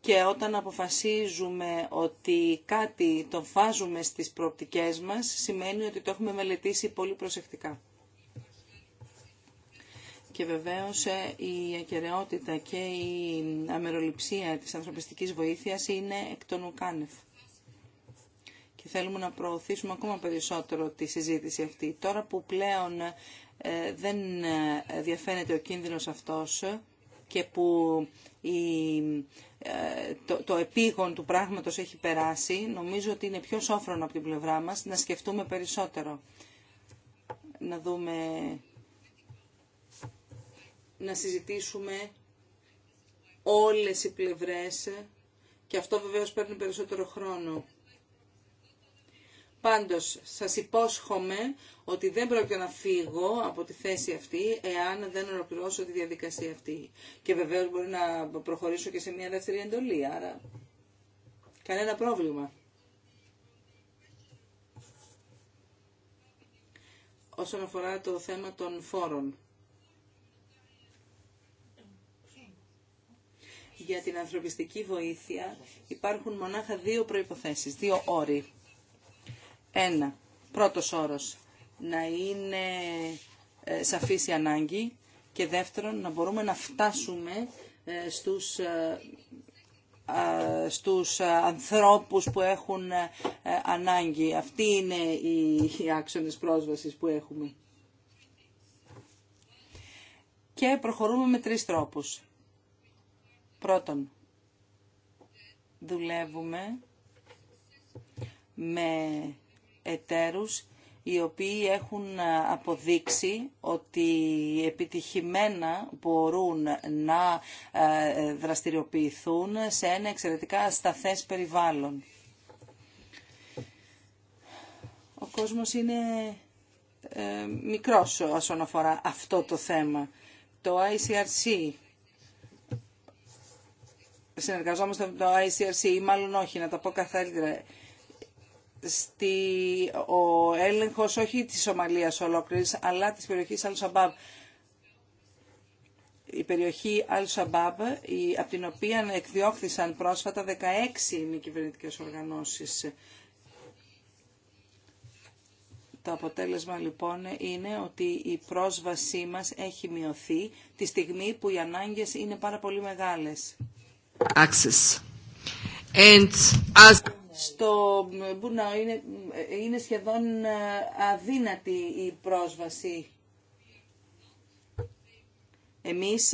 Και όταν αποφασίζουμε ότι κάτι το φάζουμε στις προοπτικές μας, σημαίνει ότι το έχουμε μελετήσει πολύ προσεκτικά. Και βεβαίως ε, η ακεραιότητα και η αμεροληψία της ανθρωπιστικής βοήθειας είναι εκ των ουκάνευ. Και θέλουμε να προωθήσουμε ακόμα περισσότερο τη συζήτηση αυτή. Τώρα που πλέον ε, δεν ε, διαφαίνεται ο κίνδυνος αυτός και που ε, το, το επίγον του πράγματος έχει περάσει, νομίζω ότι είναι πιο σόφρονο από την πλευρά μας να σκεφτούμε περισσότερο. Να δούμε, να συζητήσουμε όλες οι πλευρές και αυτό βεβαίως παίρνει περισσότερο χρόνο. Πάντως, σας υπόσχομαι ότι δεν πρόκειται να φύγω από τη θέση αυτή εάν δεν ολοκληρώσω τη διαδικασία αυτή. Και βεβαίως μπορεί να προχωρήσω και σε μια δεύτερη εντολή, άρα κανένα πρόβλημα. Όσον αφορά το θέμα των φόρων. Για την ανθρωπιστική βοήθεια υπάρχουν μονάχα δύο προϋποθέσεις, δύο όροι. Ένα, Πρώτος όρος, να είναι ε, σαφής η ανάγκη και δεύτερον να μπορούμε να φτάσουμε ε, στους ε, στους ανθρώπους που έχουν ανάγκη. αυτή είναι οι άξονες πρόσβασης που έχουμε. Και προχωρούμε με τρεις τρόπους. Πρώτον, δουλεύουμε με εταίρους οι οποίοι έχουν αποδείξει ότι επιτυχημένα μπορούν να ε, δραστηριοποιηθούν σε ένα εξαιρετικά σταθές περιβάλλον. Ο κόσμος είναι ε, μικρός όσον αφορά αυτό το θέμα. Το ICRC συνεργαζόμαστε με το ICRC ή μάλλον όχι, να τα πω καθαρίτερα στη, ο έλεγχος όχι της Σομαλίας ολόκληρης, αλλά της περιοχής Al-Shabaab. Η περιοχή Al-Shabaab, από την οποία εκδιώχθησαν πρόσφατα 16 μη κυβερνητικέ οργανώσεις. Το αποτέλεσμα λοιπόν είναι ότι η πρόσβασή μας έχει μειωθεί τη στιγμή που οι ανάγκες είναι πάρα πολύ μεγάλες. Access. And as στο Μπουνάου είναι, είναι σχεδόν ε, αδύνατη η πρόσβαση. Εμείς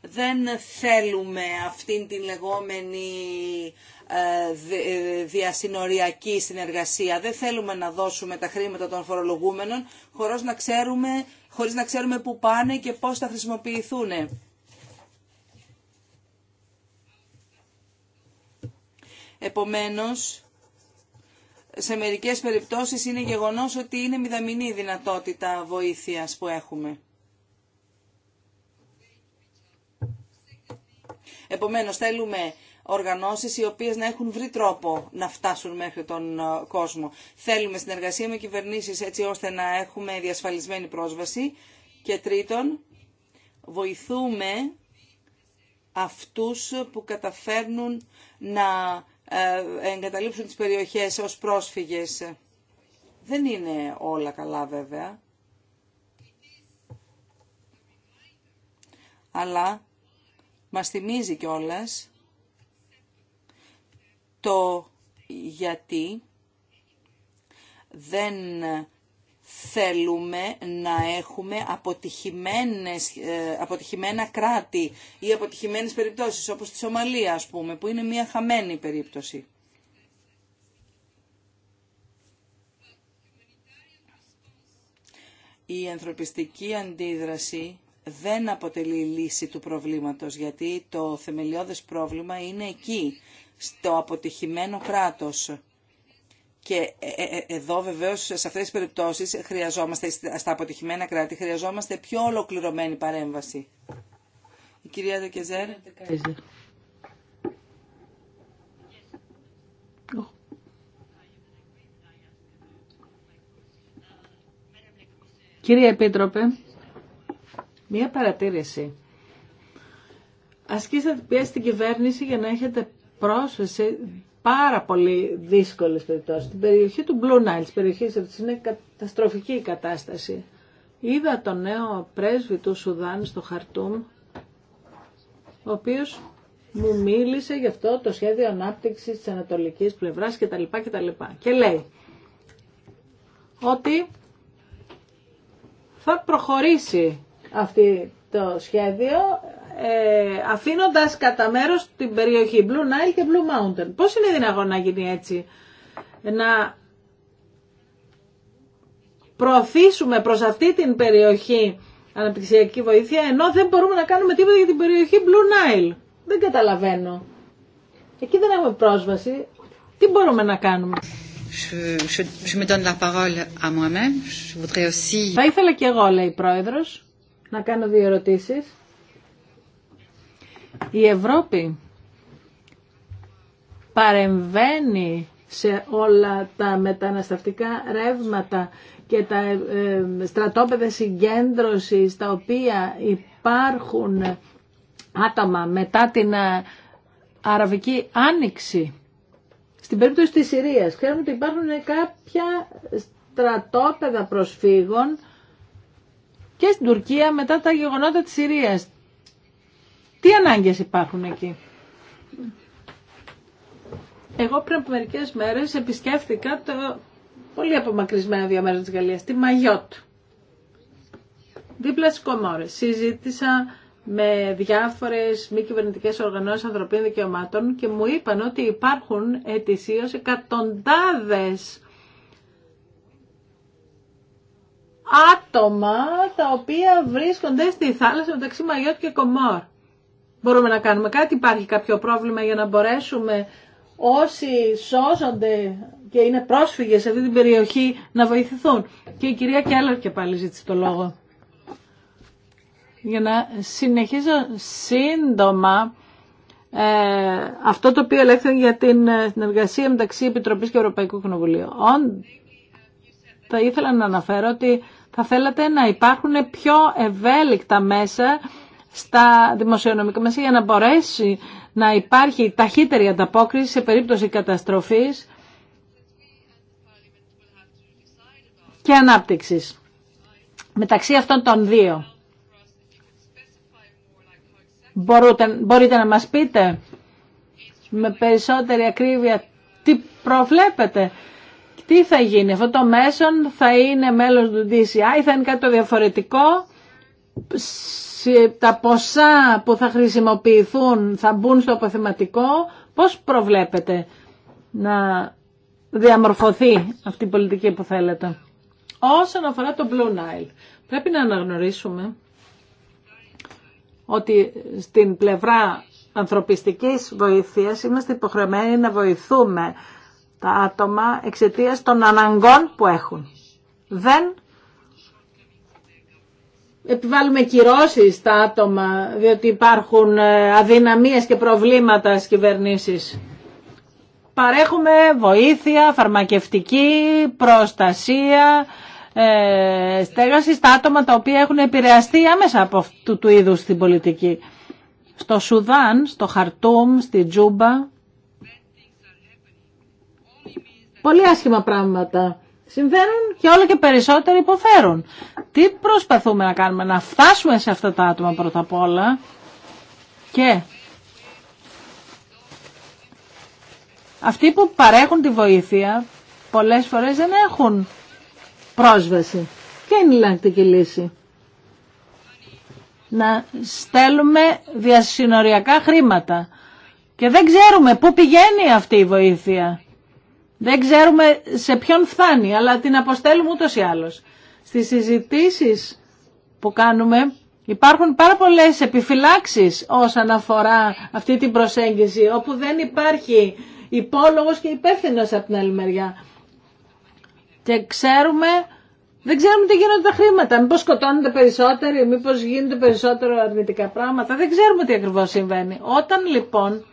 δεν θέλουμε αυτήν την λεγόμενη ε, ε, διασυνοριακή συνεργασία. Δεν θέλουμε να δώσουμε τα χρήματα των φορολογούμενων χωρίς να ξέρουμε, χωρίς να ξέρουμε πού πάνε και πώς θα χρησιμοποιηθούν. Επομένως, σε μερικές περιπτώσεις είναι γεγονός ότι είναι μηδαμινή η δυνατότητα βοήθειας που έχουμε. Επομένως, θέλουμε οργανώσεις οι οποίες να έχουν βρει τρόπο να φτάσουν μέχρι τον ε, κόσμο. Θέλουμε συνεργασία με κυβερνήσεις έτσι ώστε να έχουμε διασφαλισμένη πρόσβαση. Και τρίτον, βοηθούμε αυτούς που καταφέρνουν να ε, εγκαταλείψουν τις περιοχές ως πρόσφυγες. Δεν είναι όλα καλά βέβαια. Αλλά μας θυμίζει κιόλας το γιατί δεν θέλουμε να έχουμε αποτυχημένες, ε, αποτυχημένα κράτη ή αποτυχημένες περιπτώσεις όπως τη Σομαλία ας πούμε που είναι μια χαμένη περίπτωση. Η ανθρωπιστική αντίδραση δεν αποτελεί λύση του προβλήματος γιατί το θεμελιώδες πρόβλημα είναι εκεί, στο αποτυχημένο κράτος και ε, ε, ε, εδώ βεβαίως σε αυτές τις περιπτώσεις χρειαζόμαστε, στα αποτυχημένα κράτη, χρειαζόμαστε πιο ολοκληρωμένη παρέμβαση. Η κυρία Δεκεζέρ. Κύριε Επίτροπε, μία παρατήρηση. Ασκήσατε πια στην κυβέρνηση για να έχετε πρόσβαση πάρα πολύ δύσκολες περιπτώσεις. Στην περιοχή του Blue Nile, στην περιοχή της είναι καταστροφική η κατάσταση. Είδα τον νέο πρέσβη του Σουδάν στο Χαρτούμ, ο οποίος μου μίλησε γι' αυτό το σχέδιο ανάπτυξης της ανατολικής πλευράς κτλ. και, Και λέει ότι θα προχωρήσει αυτή το σχέδιο ε, αφήνοντας κατά μέρος την περιοχή Blue Nile και Blue Mountain. Πώς είναι δυνατόν να γίνει έτσι, να προωθήσουμε προς αυτή την περιοχή αναπτυξιακή βοήθεια, ενώ δεν μπορούμε να κάνουμε τίποτα για την περιοχή Blue Nile. Δεν καταλαβαίνω. Εκεί δεν έχουμε πρόσβαση. Τι μπορούμε να κάνουμε. Θα ήθελα και εγώ, λέει η Πρόεδρος, να κάνω δύο ερωτήσεις η Ευρώπη παρεμβαίνει σε όλα τα μετανασταυτικά ρεύματα και τα ε, ε, στρατόπεδα συγκέντρωσης τα οποία υπάρχουν άτομα μετά την ε, Αραβική Άνοιξη. Στην περίπτωση της Συρίας ξέρουμε ότι υπάρχουν κάποια στρατόπεδα προσφύγων και στην Τουρκία μετά τα γεγονότα της Συρίας. Τι ανάγκες υπάρχουν εκεί. Εγώ πριν από μερικές μέρες επισκέφθηκα το πολύ απομακρυσμένο διαμέρισμα της Γαλλίας, τη Μαγιότ. Δίπλα στις Κομόρες. Συζήτησα με διάφορες μη κυβερνητικέ οργανώσεις ανθρωπίνων δικαιωμάτων και μου είπαν ότι υπάρχουν ετησίως εκατοντάδες άτομα τα οποία βρίσκονται στη θάλασσα μεταξύ Μαγιότ και Κομόρ. Μπορούμε να κάνουμε κάτι, υπάρχει κάποιο πρόβλημα για να μπορέσουμε όσοι σώζονται και είναι πρόσφυγες σε αυτή την περιοχή να βοηθηθούν. Και η κυρία Κέλλαρ και πάλι ζήτησε το λόγο. Για να συνεχίζω σύντομα ε, αυτό το οποίο ελέγχθηκε για την συνεργασία ε, μεταξύ Επιτροπής και Ευρωπαϊκού Κοινοβουλίου. Όν; θα ήθελα να αναφέρω ότι θα θέλατε να υπάρχουν πιο ευέλικτα μέσα στα δημοσιονομικά μέσα για να μπορέσει να υπάρχει ταχύτερη ανταπόκριση σε περίπτωση καταστροφής και ανάπτυξης μεταξύ αυτών των δύο. Μπορείτε, μπορείτε να μας πείτε με περισσότερη ακρίβεια τι προβλέπετε, τι θα γίνει. Αυτό το μέσον θα είναι μέλος του DCI, θα είναι κάτι το διαφορετικό τα ποσά που θα χρησιμοποιηθούν θα μπουν στο αποθεματικό, πώς προβλέπετε να διαμορφωθεί αυτή η πολιτική που θέλετε. Όσον αφορά το Blue Nile, πρέπει να αναγνωρίσουμε ότι στην πλευρά ανθρωπιστικής βοήθειας είμαστε υποχρεωμένοι να βοηθούμε τα άτομα εξαιτίας των αναγκών που έχουν. Δεν επιβάλλουμε κυρώσεις στα άτομα, διότι υπάρχουν ε, αδυναμίες και προβλήματα στις κυβερνήσεις. Παρέχουμε βοήθεια, φαρμακευτική, προστασία, ε, στέγαση στα άτομα τα οποία έχουν επηρεαστεί άμεσα από αυτού του είδους την πολιτική. Στο Σουδάν, στο Χαρτούμ, στη Τζούμπα. Πολύ άσχημα πράγματα συμβαίνουν και όλο και περισσότερο υποφέρουν. Τι προσπαθούμε να κάνουμε, να φτάσουμε σε αυτά τα άτομα πρώτα απ' όλα και αυτοί που παρέχουν τη βοήθεια πολλές φορές δεν έχουν πρόσβαση. Ποια είναι η λακτική λύση. Να στέλνουμε διασυνοριακά χρήματα. Και δεν ξέρουμε πού πηγαίνει αυτή η βοήθεια. Δεν ξέρουμε σε ποιον φτάνει, αλλά την αποστέλουμε ούτως ή άλλως. Στις συζητήσεις που κάνουμε υπάρχουν πάρα πολλές επιφυλάξεις όσον αφορά αυτή την προσέγγιση, όπου δεν υπάρχει υπόλογος και υπεύθυνο από την άλλη μεριά. Και ξέρουμε, δεν ξέρουμε τι γίνονται τα χρήματα, μήπως σκοτώνονται περισσότεροι, μήπως γίνονται περισσότερο αρνητικά πράγματα, δεν ξέρουμε τι ακριβώς συμβαίνει. Όταν λοιπόν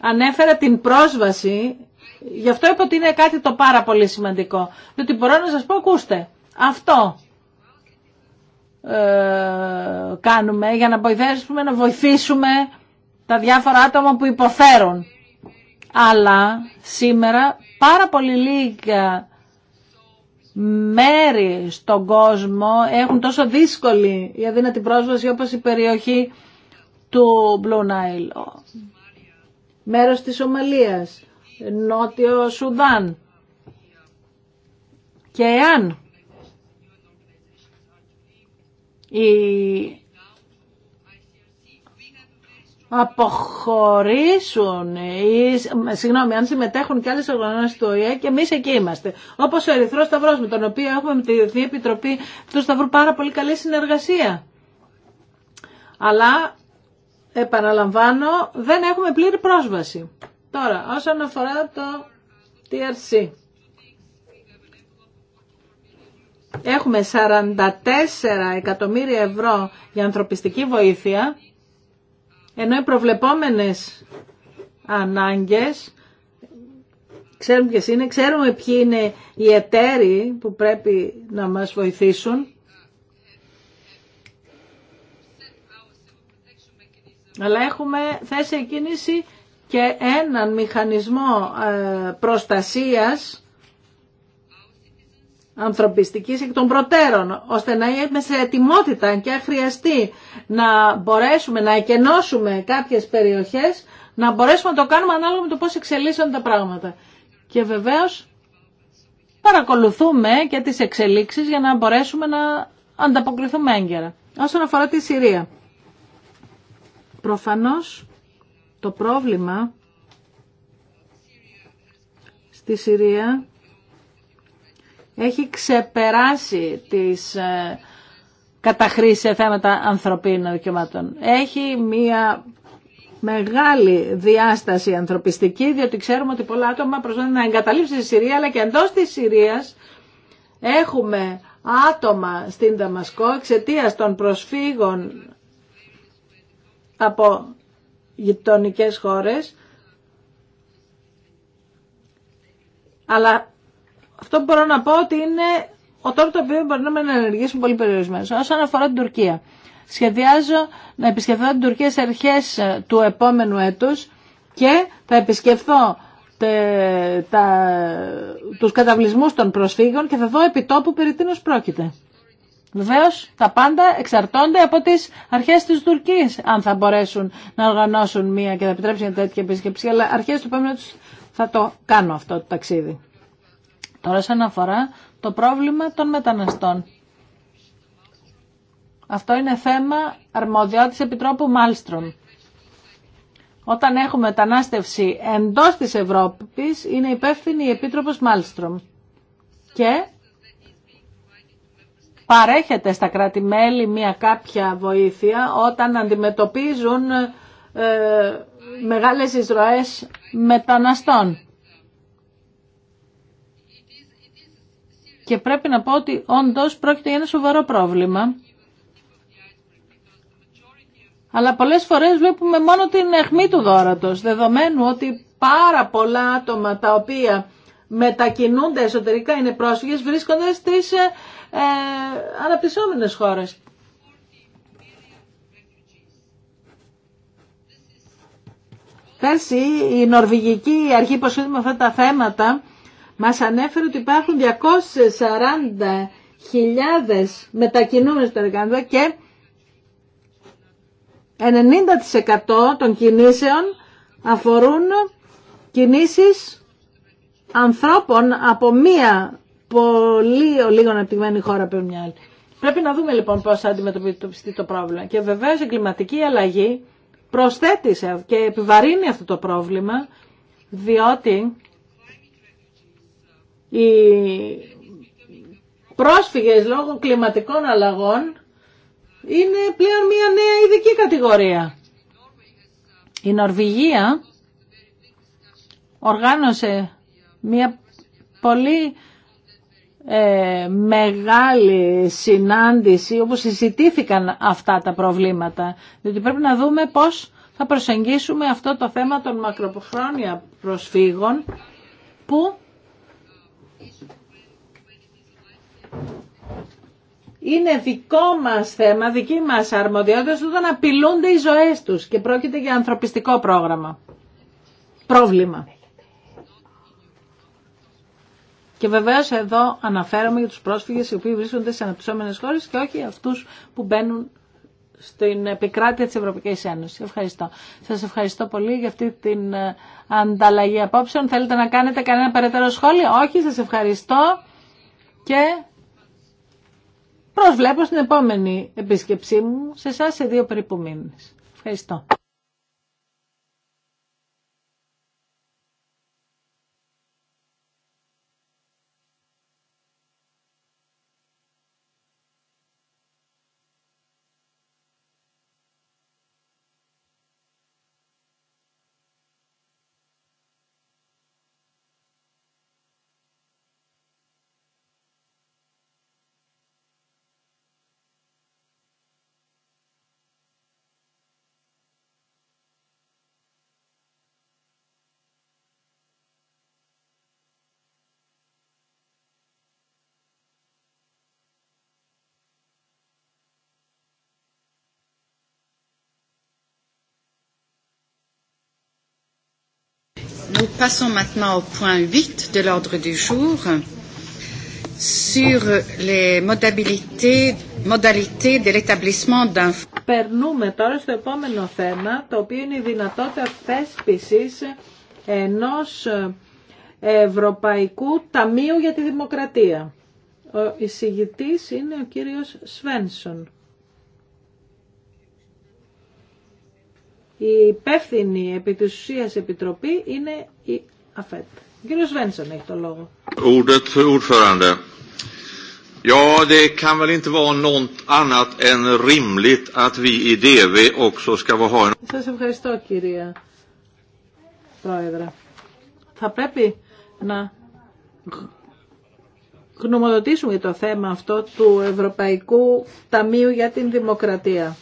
ανέφερα την πρόσβαση Γι' αυτό είπα ότι είναι κάτι το πάρα πολύ σημαντικό. Διότι μπορώ να σας πω, ακούστε, αυτό ε, κάνουμε για να βοηθήσουμε, να βοηθήσουμε τα διάφορα άτομα που υποφέρουν. Αλλά σήμερα πάρα πολύ λίγα μέρη στον κόσμο έχουν τόσο δύσκολη η αδύνατη πρόσβαση όπως η περιοχή του Blue Nile. Μέρος της Ομαλίας, Νότιο Σουδάν. Και εάν η αποχωρήσουν, ή, συγγνώμη, αν συμμετέχουν και άλλες οργανώσεις του ΟΗΕ και εμείς εκεί είμαστε. Όπως ο Ερυθρός Σταυρός, με τον οποίο έχουμε με τη Διεθνή Επιτροπή του Σταυρού πάρα πολύ καλή συνεργασία. Αλλά, επαναλαμβάνω, δεν έχουμε πλήρη πρόσβαση. Τώρα, όσον αφορά το TRC. Έχουμε 44 εκατομμύρια ευρώ για ανθρωπιστική βοήθεια, ενώ οι προβλεπόμενες ανάγκες, ξέρουμε ποιες είναι, ξέρουμε ποιοι είναι οι εταίροι που πρέπει να μας βοηθήσουν. Αλλά έχουμε θέση εκκίνηση και έναν μηχανισμό ε, προστασίας ανθρωπιστικής εκ των προτέρων, ώστε να είμαι σε ετοιμότητα και αν χρειαστεί να μπορέσουμε να εκενώσουμε κάποιες περιοχές, να μπορέσουμε να το κάνουμε ανάλογα με το πώς εξελίσσονται τα πράγματα. Και βεβαίως παρακολουθούμε και τις εξελίξεις για να μπορέσουμε να ανταποκριθούμε έγκαιρα. Όσον αφορά τη Συρία, προφανώς το πρόβλημα στη Συρία έχει ξεπεράσει τις ε, καταχρήσεις σε θέματα ανθρωπίνων δικαιωμάτων. Έχει μία μεγάλη διάσταση ανθρωπιστική, διότι ξέρουμε ότι πολλά άτομα προσπαθούν να εγκαταλείψουν τη Συρία, αλλά και εντός της Συρίας έχουμε άτομα στην Δαμασκό εξαιτία των προσφύγων από γειτονικέ χώρες. Αλλά αυτό που μπορώ να πω ότι είναι ο τρόπο το οποίο μπορούμε να ενεργήσουμε πολύ περιορισμένο. Όσον αφορά την Τουρκία. Σχεδιάζω να επισκεφθώ την Τουρκία σε αρχές ε, του επόμενου έτους και θα επισκεφθώ του τα, τους καταβλισμούς των προσφύγων και θα δω επιτόπου περί τίνος πρόκειται. Βεβαίω, τα πάντα εξαρτώνται από τι αρχέ τη Τουρκία, αν θα μπορέσουν να οργανώσουν μία και θα επιτρέψουν μια τέτοια επισκέψη. Αλλά αρχέ του επόμενου θα το κάνω αυτό το ταξίδι. Τώρα, σαν αφορά το πρόβλημα των μεταναστών. Αυτό είναι θέμα αρμοδιότητας Επιτρόπου Μάλστρομ. Όταν έχουμε μετανάστευση εντός της Ευρώπης, είναι υπεύθυνη η Επίτροπος Μάλστρομ. Και παρέχεται στα κράτη-μέλη μια κάποια βοήθεια όταν αντιμετωπίζουν ε, μεγάλες εισρωές μεταναστών. Και πρέπει να πω ότι όντως πρόκειται για ένα σοβαρό πρόβλημα. Αλλά πολλές φορές βλέπουμε μόνο την αιχμή του δώρατος, δεδομένου ότι πάρα πολλά άτομα τα οποία μετακινούνται εσωτερικά, είναι πρόσφυγες, βρίσκονται στις ε, ε, αναπτυσσόμενες χώρες. Πέρσι η Νορβηγική η Αρχή που με αυτά τα θέματα μας ανέφερε ότι υπάρχουν 240.000 μετακινούμενες στο Ρεκάνδα και 90% των κινήσεων αφορούν κινήσεις ανθρώπων από μία πολύ λίγο αναπτυγμένη χώρα από μια άλλη. Πρέπει να δούμε λοιπόν πώς θα αντιμετωπιστεί το πρόβλημα. Και βεβαίως η κλιματική αλλαγή προσθέτει και επιβαρύνει αυτό το πρόβλημα, διότι οι πρόσφυγες λόγω κλιματικών αλλαγών είναι πλέον μια νέα ειδική κατηγορία. Η Νορβηγία οργάνωσε μια πολύ ε, μεγάλη συνάντηση όπου συζητήθηκαν αυτά τα προβλήματα. Διότι πρέπει να δούμε πώς θα προσεγγίσουμε αυτό το θέμα των μακροχρόνια προσφύγων που είναι δικό μας θέμα, δική μας αρμοδιότητα όταν απειλούνται οι ζωές τους και πρόκειται για ανθρωπιστικό πρόγραμμα. Πρόβλημα. Και βεβαίω εδώ αναφέρομαι για του πρόσφυγε οι οποίοι βρίσκονται σε αναπτυσσόμενε χώρε και όχι αυτού που μπαίνουν στην επικράτεια της Ευρωπαϊκής Ένωσης. Ευχαριστώ. Σας ευχαριστώ πολύ για αυτή την ε, ανταλλαγή απόψεων. Θέλετε να κάνετε κανένα περαιτέρω σχόλιο. Όχι, σας ευχαριστώ και προσβλέπω στην επόμενη επίσκεψή μου σε εσά σε δύο περίπου μήνε. Ευχαριστώ. Nous passons maintenant au point 8 de l'ordre du jour sur les modalités, modalités de l'établissement d'un Περνούμε τώρα στο επόμενο θέμα, το οποίο είναι η δυνατότητα θέσπισης ενός Ευρωπαϊκού Ταμείου για τη Δημοκρατία. Ο εισηγητής είναι ο κύριος Σβένσον. Η υπεύθυνη επί επιτροπή είναι η ΑΦΕΤ. Ο κύριος Βένσον έχει το λόγο. Ja, det kan väl inte vara något annat än rimligt att vi i DV också ska ha Σας ευχαριστώ κυρία Πρόεδρε. Θα πρέπει να γνωμοδοτήσουμε το θέμα αυτό του Ευρωπαϊκού Ταμείου για την Δημοκρατία.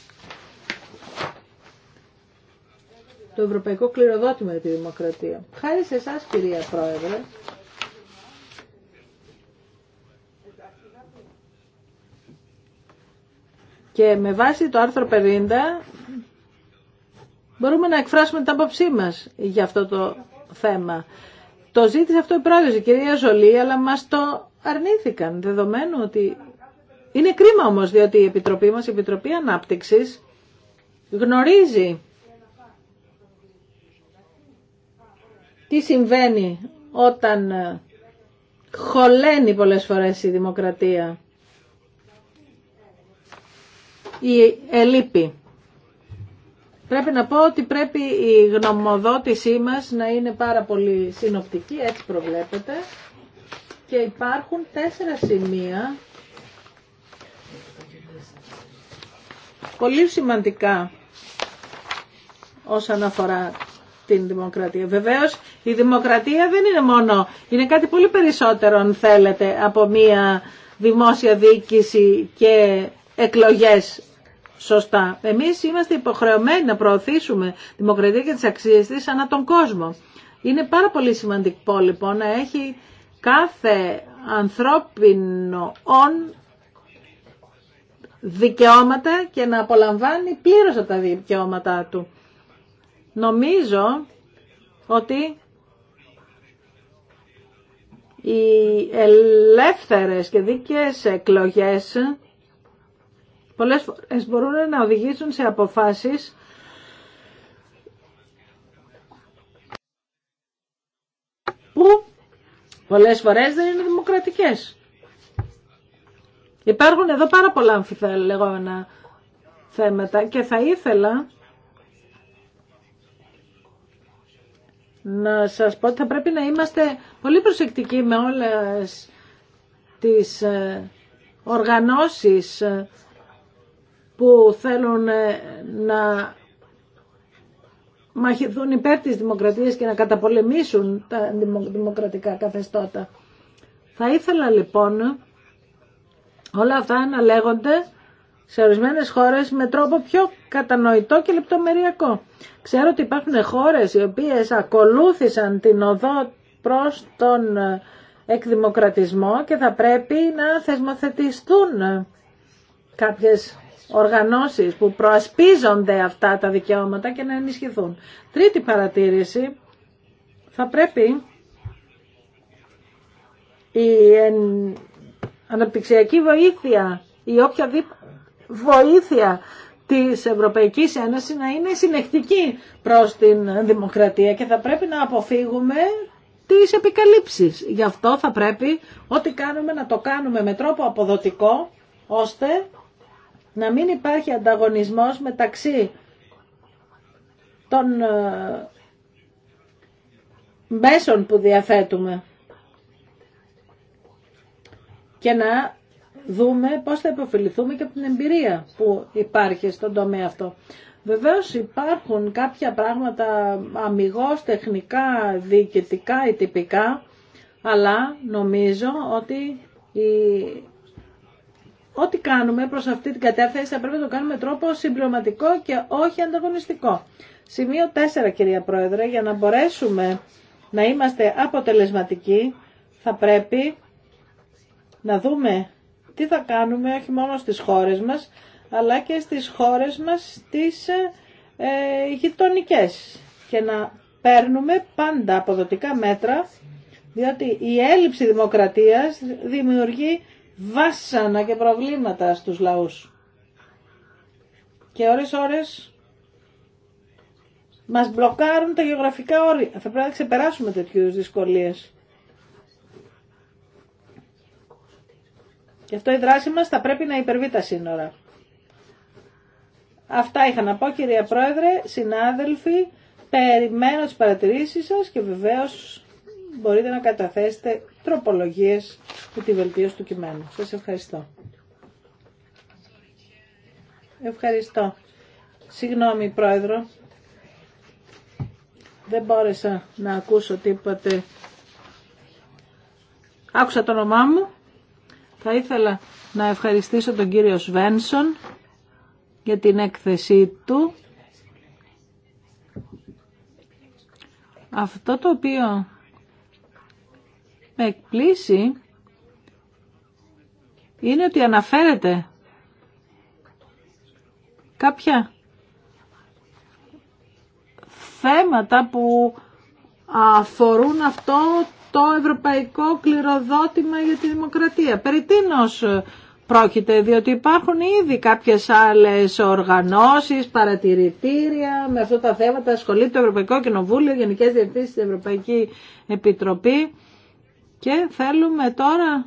το ευρωπαϊκό κληροδότημα για τη δημοκρατία. Χάρη σε εσά, κυρία Πρόεδρε, και με βάση το άρθρο 50 μπορούμε να εκφράσουμε την άποψή μας για αυτό το θέμα. Το ζήτησε αυτό η πρόεδρος, η κυρία Ζολή, αλλά μας το αρνήθηκαν, δεδομένου ότι... Είναι κρίμα όμως, διότι η Επιτροπή μας, η Επιτροπή Ανάπτυξης, γνωρίζει τι συμβαίνει όταν ε, χωλαίνει πολλές φορές η δημοκρατία η ελίπη. Πρέπει να πω ότι πρέπει η γνωμοδότησή μας να είναι πάρα πολύ συνοπτική, έτσι προβλέπετε. Και υπάρχουν τέσσερα σημεία πολύ σημαντικά όσον αφορά την δημοκρατία. Βεβαίως η δημοκρατία δεν είναι μόνο, είναι κάτι πολύ περισσότερο αν θέλετε από μια δημόσια διοίκηση και εκλογές σωστά. Εμείς είμαστε υποχρεωμένοι να προωθήσουμε δημοκρατία και τι αξίε τη ανά τον κόσμο. Είναι πάρα πολύ σημαντικό λοιπόν να έχει κάθε ανθρώπινο όν δικαιώματα και να απολαμβάνει πλήρως από τα δικαιώματά του. Νομίζω ότι οι ελεύθερες και δίκαιες εκλογές πολλές φορές μπορούν να οδηγήσουν σε αποφάσεις που πολλές φορές δεν είναι δημοκρατικές. Υπάρχουν εδώ πάρα πολλά αμφιθελεγόμενα θέματα και θα ήθελα να σας πω ότι θα πρέπει να είμαστε πολύ προσεκτικοί με όλες τις ε, οργανώσεις ε, που θέλουν ε, να μαχηθούν υπέρ της δημοκρατίας και να καταπολεμήσουν τα δημοκρατικά καθεστώτα. Θα ήθελα λοιπόν όλα αυτά να λέγονται σε ορισμένε χώρες με τρόπο πιο κατανοητό και λεπτομεριακό. Ξέρω ότι υπάρχουν χώρες οι οποίες ακολούθησαν την οδό προς τον ε, εκδημοκρατισμό και θα πρέπει να θεσμοθετιστούν ε, κάποιε οργανώσεις που προασπίζονται αυτά τα δικαιώματα και να ενισχυθούν. Τρίτη παρατήρηση, θα πρέπει η αναπτυξιακή βοήθεια ή οποιαδήποτε βοήθεια της Ευρωπαϊκής Ένωσης να είναι συνεχτική προς την δημοκρατία και θα πρέπει να αποφύγουμε τις επικαλύψεις. Γι' αυτό θα πρέπει ό,τι κάνουμε να το κάνουμε με τρόπο αποδοτικό, ώστε να μην υπάρχει ανταγωνισμός μεταξύ των ε, μέσων που διαθέτουμε και να δούμε πώς θα υποφεληθούμε και από την εμπειρία που υπάρχει στον τομέα αυτό. Βεβαίως υπάρχουν κάποια πράγματα αμυγός, τεχνικά, διοικητικά ή τυπικά, αλλά νομίζω ότι η... ό,τι οτι κανουμε προς αυτή την κατεύθυνση θα πρέπει να το κάνουμε με τρόπο συμπληρωματικό και όχι ανταγωνιστικό. Σημείο 4, κυρία Πρόεδρε, για να μπορέσουμε να είμαστε αποτελεσματικοί, θα πρέπει να δούμε τι θα κάνουμε όχι μόνο στις χώρες μας, αλλά και στις χώρες μας τις ε, ε και να παίρνουμε πάντα αποδοτικά μέτρα, διότι η έλλειψη δημοκρατίας δημιουργεί βάσανα και προβλήματα στους λαούς. Και ώρες ώρες μας μπλοκάρουν τα γεωγραφικά όρια. Θα πρέπει να ξεπεράσουμε τέτοιου δυσκολίες. Γι' αυτό η δράση μας θα πρέπει να υπερβεί τα σύνορα. Αυτά είχα να πω κυρία Πρόεδρε, συνάδελφοι, περιμένω τις παρατηρήσεις σας και βεβαίως μπορείτε να καταθέσετε τροπολογίες για τη βελτίωση του κειμένου. Σας ευχαριστώ. Ευχαριστώ. Συγγνώμη Πρόεδρο, δεν μπόρεσα να ακούσω τίποτε. Άκουσα το όνομά μου. Θα ήθελα να ευχαριστήσω τον κύριο Σβένσον για την έκθεσή του. Αυτό το οποίο με εκπλήσει είναι ότι αναφέρεται κάποια θέματα που αφορούν αυτό το ευρωπαϊκό κληροδότημα για τη δημοκρατία. Περί τίνος ε, πρόκειται, διότι υπάρχουν ήδη κάποιες άλλες οργανώσεις, παρατηρητήρια, με αυτά τα θέματα ασχολείται το Ευρωπαϊκό Κοινοβούλιο, Γενικές Διευθύνσεις της Ευρωπαϊκή Επιτροπή και θέλουμε τώρα...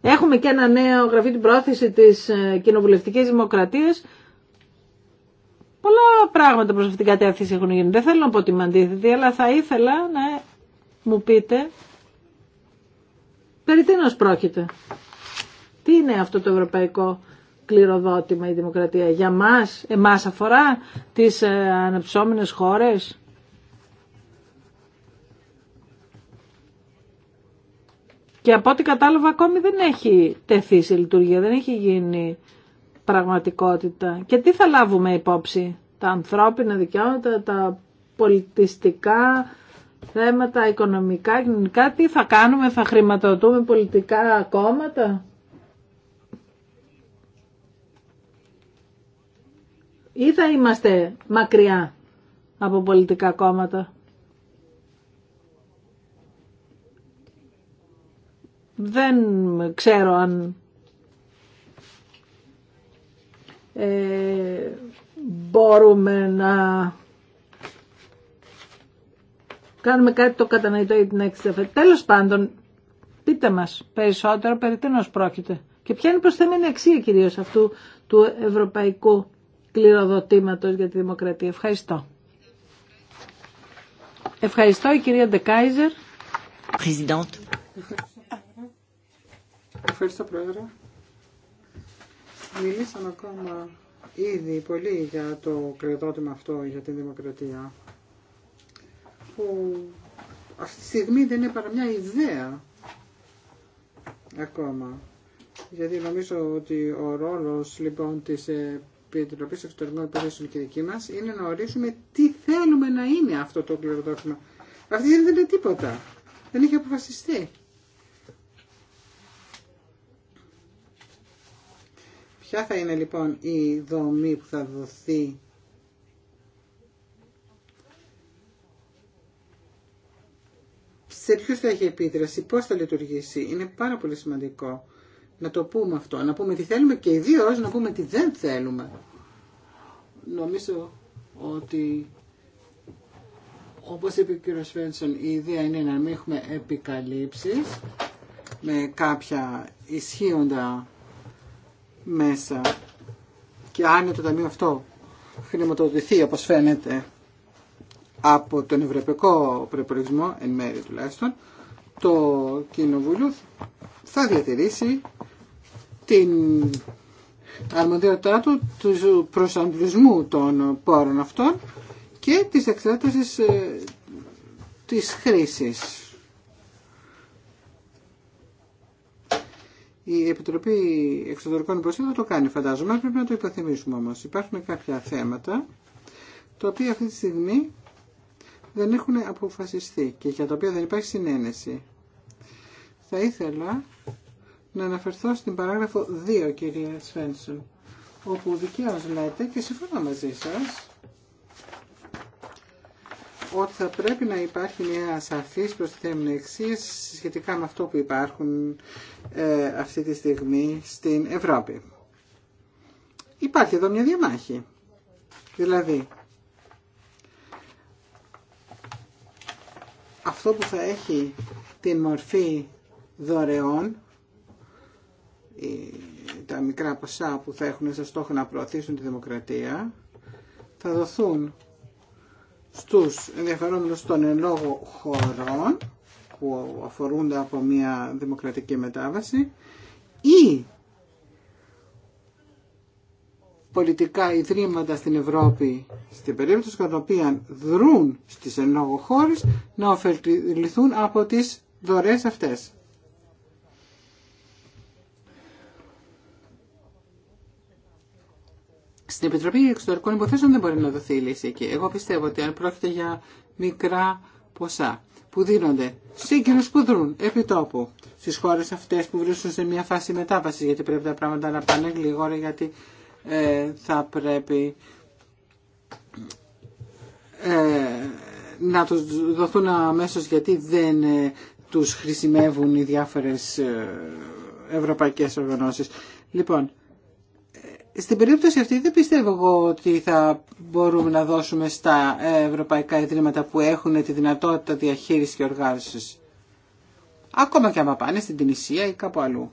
Έχουμε και ένα νέο γραφείο την πρόθεση της ε, κοινοβουλευτικής δημοκρατίας. Πολλά πράγματα προς αυτήν την κατεύθυνση έχουν γίνει. Δεν θέλω να πω αλλά θα ήθελα να μου πείτε Περί τίνος πρόκειται. Τι είναι αυτό το ευρωπαϊκό κληροδότημα η δημοκρατία για μας, εμάς αφορά τις ε, αναψώμενες χώρες. Και από ό,τι κατάλαβα ακόμη δεν έχει τεθεί σε λειτουργία, δεν έχει γίνει πραγματικότητα. Και τι θα λάβουμε υπόψη, τα ανθρώπινα δικαιώματα, τα πολιτιστικά, θέματα οικονομικά, κοινωνικά, τι θα κάνουμε, θα χρηματοδοτούμε πολιτικά κόμματα. Ή θα είμαστε μακριά από πολιτικά κόμματα. Δεν ξέρω αν ε, μπορούμε να κάνουμε κάτι το κατανοητό για την έκθεση. Τέλος πάντων, πείτε μας περισσότερο περί τίνος πρόκειται. Και ποια είναι η προσθέμενη αξία κυρίως αυτού του ευρωπαϊκού κληροδοτήματος για τη δημοκρατία. Ευχαριστώ. Ευχαριστώ η κυρία Ντεκάιζερ. Ευχαριστώ πρόεδρε. Μιλήσαμε ακόμα ήδη πολύ για το κρεδότημα αυτό για τη δημοκρατία που αυτή τη στιγμή δεν είναι παρά μια ιδέα ακόμα. Γιατί νομίζω ότι ο ρόλος λοιπόν της Επιτροπής Εξωτερικών Υποθέσεων και δική μας είναι να ορίσουμε τι θέλουμε να είναι αυτό το κληροδόχημα. Αυτή δεν είναι τίποτα. Δεν έχει αποφασιστεί. Ποια θα είναι λοιπόν η δομή που θα δοθεί σε ποιο θα έχει επίδραση, πώ θα λειτουργήσει. Είναι πάρα πολύ σημαντικό να το πούμε αυτό, να πούμε τι θέλουμε και ιδίω να πούμε τι δεν θέλουμε. Νομίζω ότι όπως είπε ο κύριος Φένσον, η ιδέα είναι να μην έχουμε επικαλύψεις με κάποια ισχύοντα μέσα και αν το ταμείο αυτό χρηματοδοτηθεί όπως φαίνεται από τον ευρωπαϊκό προπολογισμό, εν μέρει τουλάχιστον, το Κοινοβούλιο θα διατηρήσει την αρμοδιότητά του του προσανατολισμού των πόρων αυτών και της εξέτασης ε, της χρήσης. Η Επιτροπή Εξωτερικών Υποσχέσεων το κάνει, φαντάζομαι. Πρέπει να το υποθυμίσουμε όμως. Υπάρχουν κάποια θέματα τα οποία αυτή τη στιγμή δεν έχουν αποφασιστεί και για τα οποία δεν υπάρχει συνένεση. Θα ήθελα να αναφερθώ στην παράγραφο 2, κυρία Σφένσον, όπου δικαίως λέτε και συμφωνώ μαζί σας ότι θα πρέπει να υπάρχει μια σαφής προσθέμενη εξής σχετικά με αυτό που υπάρχουν ε, αυτή τη στιγμή στην Ευρώπη. Υπάρχει εδώ μια διαμάχη. Δηλαδή, αυτό που θα έχει την μορφή δωρεών, τα μικρά ποσά που θα έχουν σε στόχο να προωθήσουν τη δημοκρατία, θα δοθούν στους ενδιαφερόμενους των εν χωρών που αφορούνται από μια δημοκρατική μετάβαση ή πολιτικά ιδρύματα στην Ευρώπη, στην περίπτωση κατά οποία δρούν στις εν λόγω χώρες, να ωφεληθούν από τις δωρές αυτές. Στην Επιτροπή Εξωτερικών Υποθέσεων δεν μπορεί να δοθεί η λύση εκεί. Εγώ πιστεύω ότι αν πρόκειται για μικρά ποσά που δίνονται σε που δρούν επί τόπου, στι χώρε αυτέ που βρίσκονται σε μια φάση μετάβαση, γιατί πρέπει τα πράγματα να πάνε γλίγορα, γιατί ε, θα πρέπει ε, να τους δοθούν αμέσως γιατί δεν ε, τους χρησιμεύουν οι διάφορες ευρωπαϊκές οργανώσεις. Λοιπόν, στην περίπτωση αυτή δεν πιστεύω εγώ ότι θα μπορούμε να δώσουμε στα ευρωπαϊκά ιδρύματα που έχουν τη δυνατότητα διαχείρισης και οργάνωσης. Ακόμα και άμα πάνε στην Τινησία ή κάπου αλλού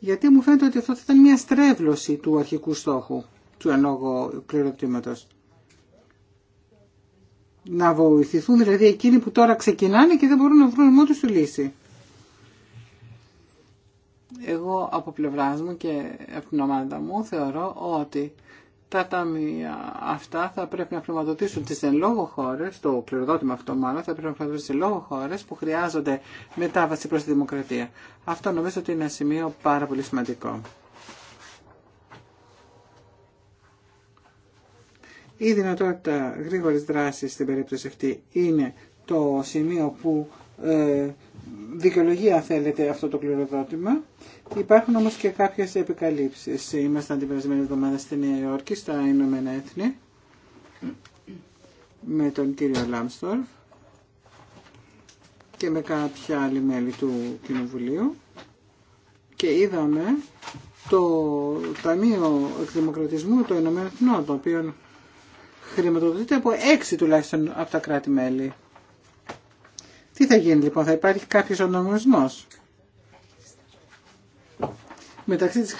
γιατί μου φαίνεται ότι αυτό θα ήταν μια στρέβλωση του αρχικού στόχου του ενόγω κληροτήματο. Να βοηθηθούν δηλαδή εκείνοι που τώρα ξεκινάνε και δεν μπορούν να βρουν μόνο τους τη λύση. Εγώ από πλευράς μου και από την ομάδα μου θεωρώ ότι τα ταμεία αυτά θα πρέπει να χρηματοδοτήσουν τις εν λόγω χώρες, το πληροδότημα αυτό μάλλον, θα πρέπει να χρηματοδοτήσουν τις εν λόγω χώρες που χρειάζονται μετάβαση προς τη δημοκρατία. Αυτό νομίζω ότι είναι ένα σημείο πάρα πολύ σημαντικό. Η δυνατότητα γρήγορης δράσης στην περίπτωση αυτή είναι το σημείο που ε, δικαιολογία θέλετε αυτό το πληροδότημα Υπάρχουν όμως και κάποιες επικαλύψεις. Ήμασταν την περασμένη εβδομάδα στη Νέα Υόρκη, στα Ηνωμένα Έθνη, με τον κύριο Λάμστορφ και με κάποια άλλη μέλη του Κοινοβουλίου και είδαμε το Ταμείο Εκδημοκρατισμού των Ηνωμένων Εθνών, το οποίο χρηματοδοτείται από έξι τουλάχιστον από τα κράτη-μέλη. Τι θα γίνει λοιπόν, θα υπάρχει κάποιος οργανισμός μεταξύ της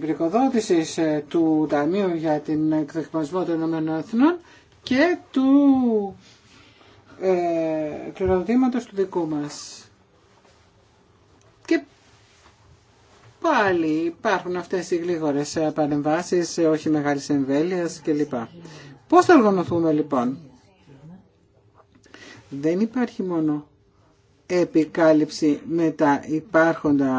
πρικοδότησης ε, του Ταμείου για την εκδοχημασμό των Ηνωμένων Εθνών και του ε, κληροδοτήματος του δικού μας. Και πάλι υπάρχουν αυτές οι γλίγορες ε, παρεμβάσεις, ε, όχι μεγάλης εμβέλειας κλπ. Πώς θα οργανωθούμε λοιπόν. Δεν υπάρχει μόνο επικάλυψη με τα υπάρχοντα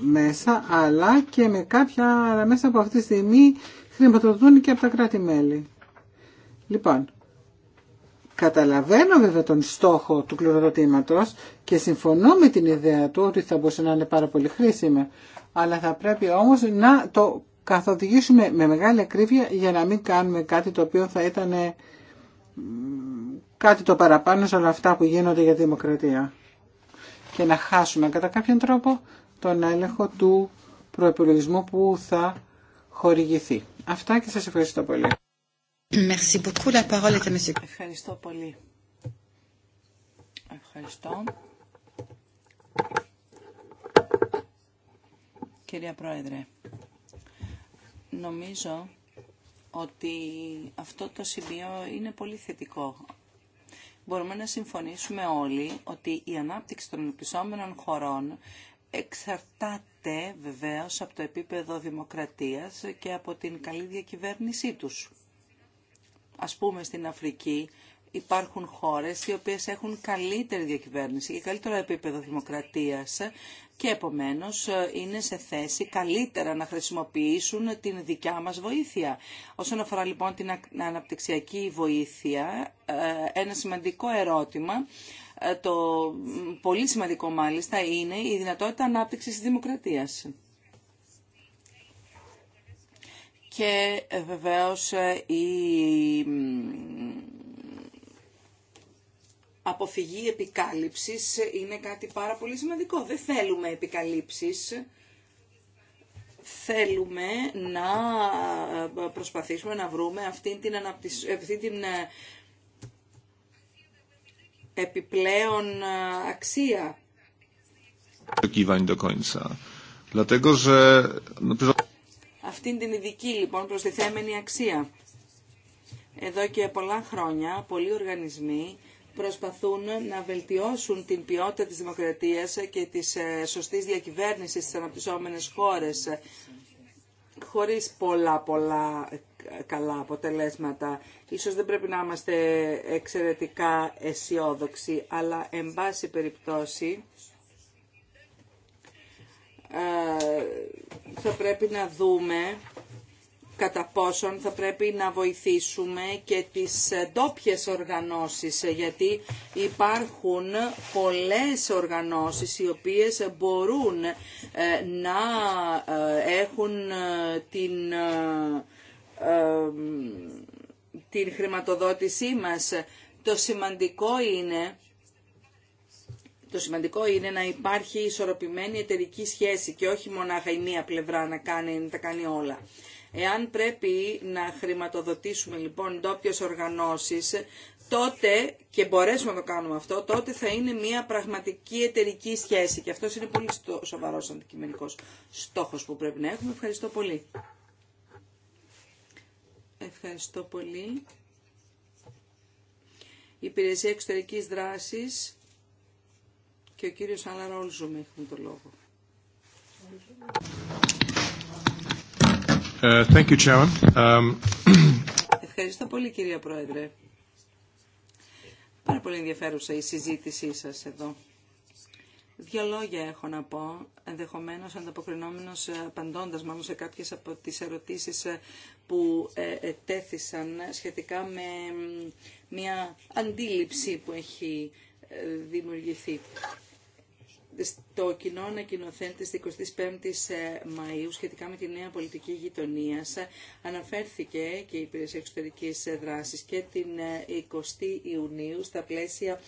μέσα αλλά και με κάποια μέσα που αυτή τη στιγμή χρηματοδοτούν και από τα κράτη-μέλη. Λοιπόν, καταλαβαίνω βέβαια τον στόχο του κληροδοτήματος και συμφωνώ με την ιδέα του ότι θα μπορούσε να είναι πάρα πολύ χρήσιμο, αλλά θα πρέπει όμως να το καθοδηγήσουμε με μεγάλη ακρίβεια για να μην κάνουμε κάτι το οποίο θα ήταν κάτι το παραπάνω σε όλα αυτά που γίνονται για δημοκρατία και να χάσουμε κατά κάποιον τρόπο τον έλεγχο του προεπιλογισμού που θα χορηγηθεί. Αυτά και σας ευχαριστώ πολύ. Ευχαριστώ πολύ. Ευχαριστώ. Κυρία Πρόεδρε, νομίζω ότι αυτό το σημείο είναι πολύ θετικό. Μπορούμε να συμφωνήσουμε όλοι ότι η ανάπτυξη των ελπισόμενων χωρών εξαρτάται βεβαίως από το επίπεδο δημοκρατίας και από την καλή διακυβέρνησή τους. Ας πούμε στην Αφρική υπάρχουν χώρες οι οποίες έχουν καλύτερη διακυβέρνηση και καλύτερο επίπεδο δημοκρατίας και επομένως ε, είναι σε θέση καλύτερα να χρησιμοποιήσουν την δικιά μας βοήθεια. Όσον αφορά λοιπόν την αναπτυξιακή βοήθεια, ε, ένα σημαντικό ερώτημα ε, το πολύ σημαντικό μάλιστα είναι η δυνατότητα ανάπτυξης της δημοκρατίας. Και ε, βεβαίως ε, η αποφυγή επικάλυψης είναι κάτι πάρα πολύ σημαντικό. Δεν θέλουμε επικαλύψεις. Θέλουμε να προσπαθήσουμε να βρούμε αυτή την, αυτή την επιπλέον αξία. είναι ε, την ειδική λοιπόν προστιθέμενη αξία. Εδώ και πολλά χρόνια πολλοί οργανισμοί προσπαθούν να βελτιώσουν την ποιότητα της δημοκρατίας και της ε, σωστής διακυβέρνησης στις αναπτυσσόμενες χώρες χωρίς πολλά πολλά καλά αποτελέσματα. Ίσως δεν πρέπει να είμαστε εξαιρετικά αισιόδοξοι, αλλά εν πάση περιπτώσει ε, θα πρέπει να δούμε κατά πόσον θα πρέπει να βοηθήσουμε και τις ντόπιε οργανώσεις, γιατί υπάρχουν πολλές οργανώσεις οι οποίες μπορούν ε, να ε, έχουν την την χρηματοδότησή μας. Το σημαντικό είναι... Το σημαντικό είναι να υπάρχει ισορροπημένη εταιρική σχέση και όχι μονάχα η μία πλευρά να, κάνει, να τα κάνει όλα. Εάν πρέπει να χρηματοδοτήσουμε λοιπόν τόποιε οργανώσεις, τότε και μπορέσουμε να το κάνουμε αυτό, τότε θα είναι μια πραγματική εταιρική σχέση. Και αυτό είναι πολύ σοβαρός αντικειμενικός στόχος που πρέπει να έχουμε. Ευχαριστώ πολύ. Ευχαριστώ πολύ. Η Υπηρεσία Εξωτερικής Δράσης και ο κύριος Άννα Ρόλζουμ έχουν το λόγο. Ε, you, um, Ευχαριστώ πολύ κυρία Πρόεδρε. Πάρα πολύ ενδιαφέρουσα η συζήτησή σας εδώ. Δύο λόγια έχω να πω, ενδεχομένω, ανταποκρινόμενος ε, απαντώντας μάλλον σε κάποιες από τις ερωτήσεις ε, που ε, τέθησαν σχετικά με μια αντίληψη που έχει δημιουργηθεί. Στο κοινό ανακοινωθέν 25 η Μαΐου σχετικά με τη νέα πολιτική γειτονία αναφέρθηκε και η Υπηρεσία εξωτερική Δράσης και την 20η Ιουνίου στα πλαίσια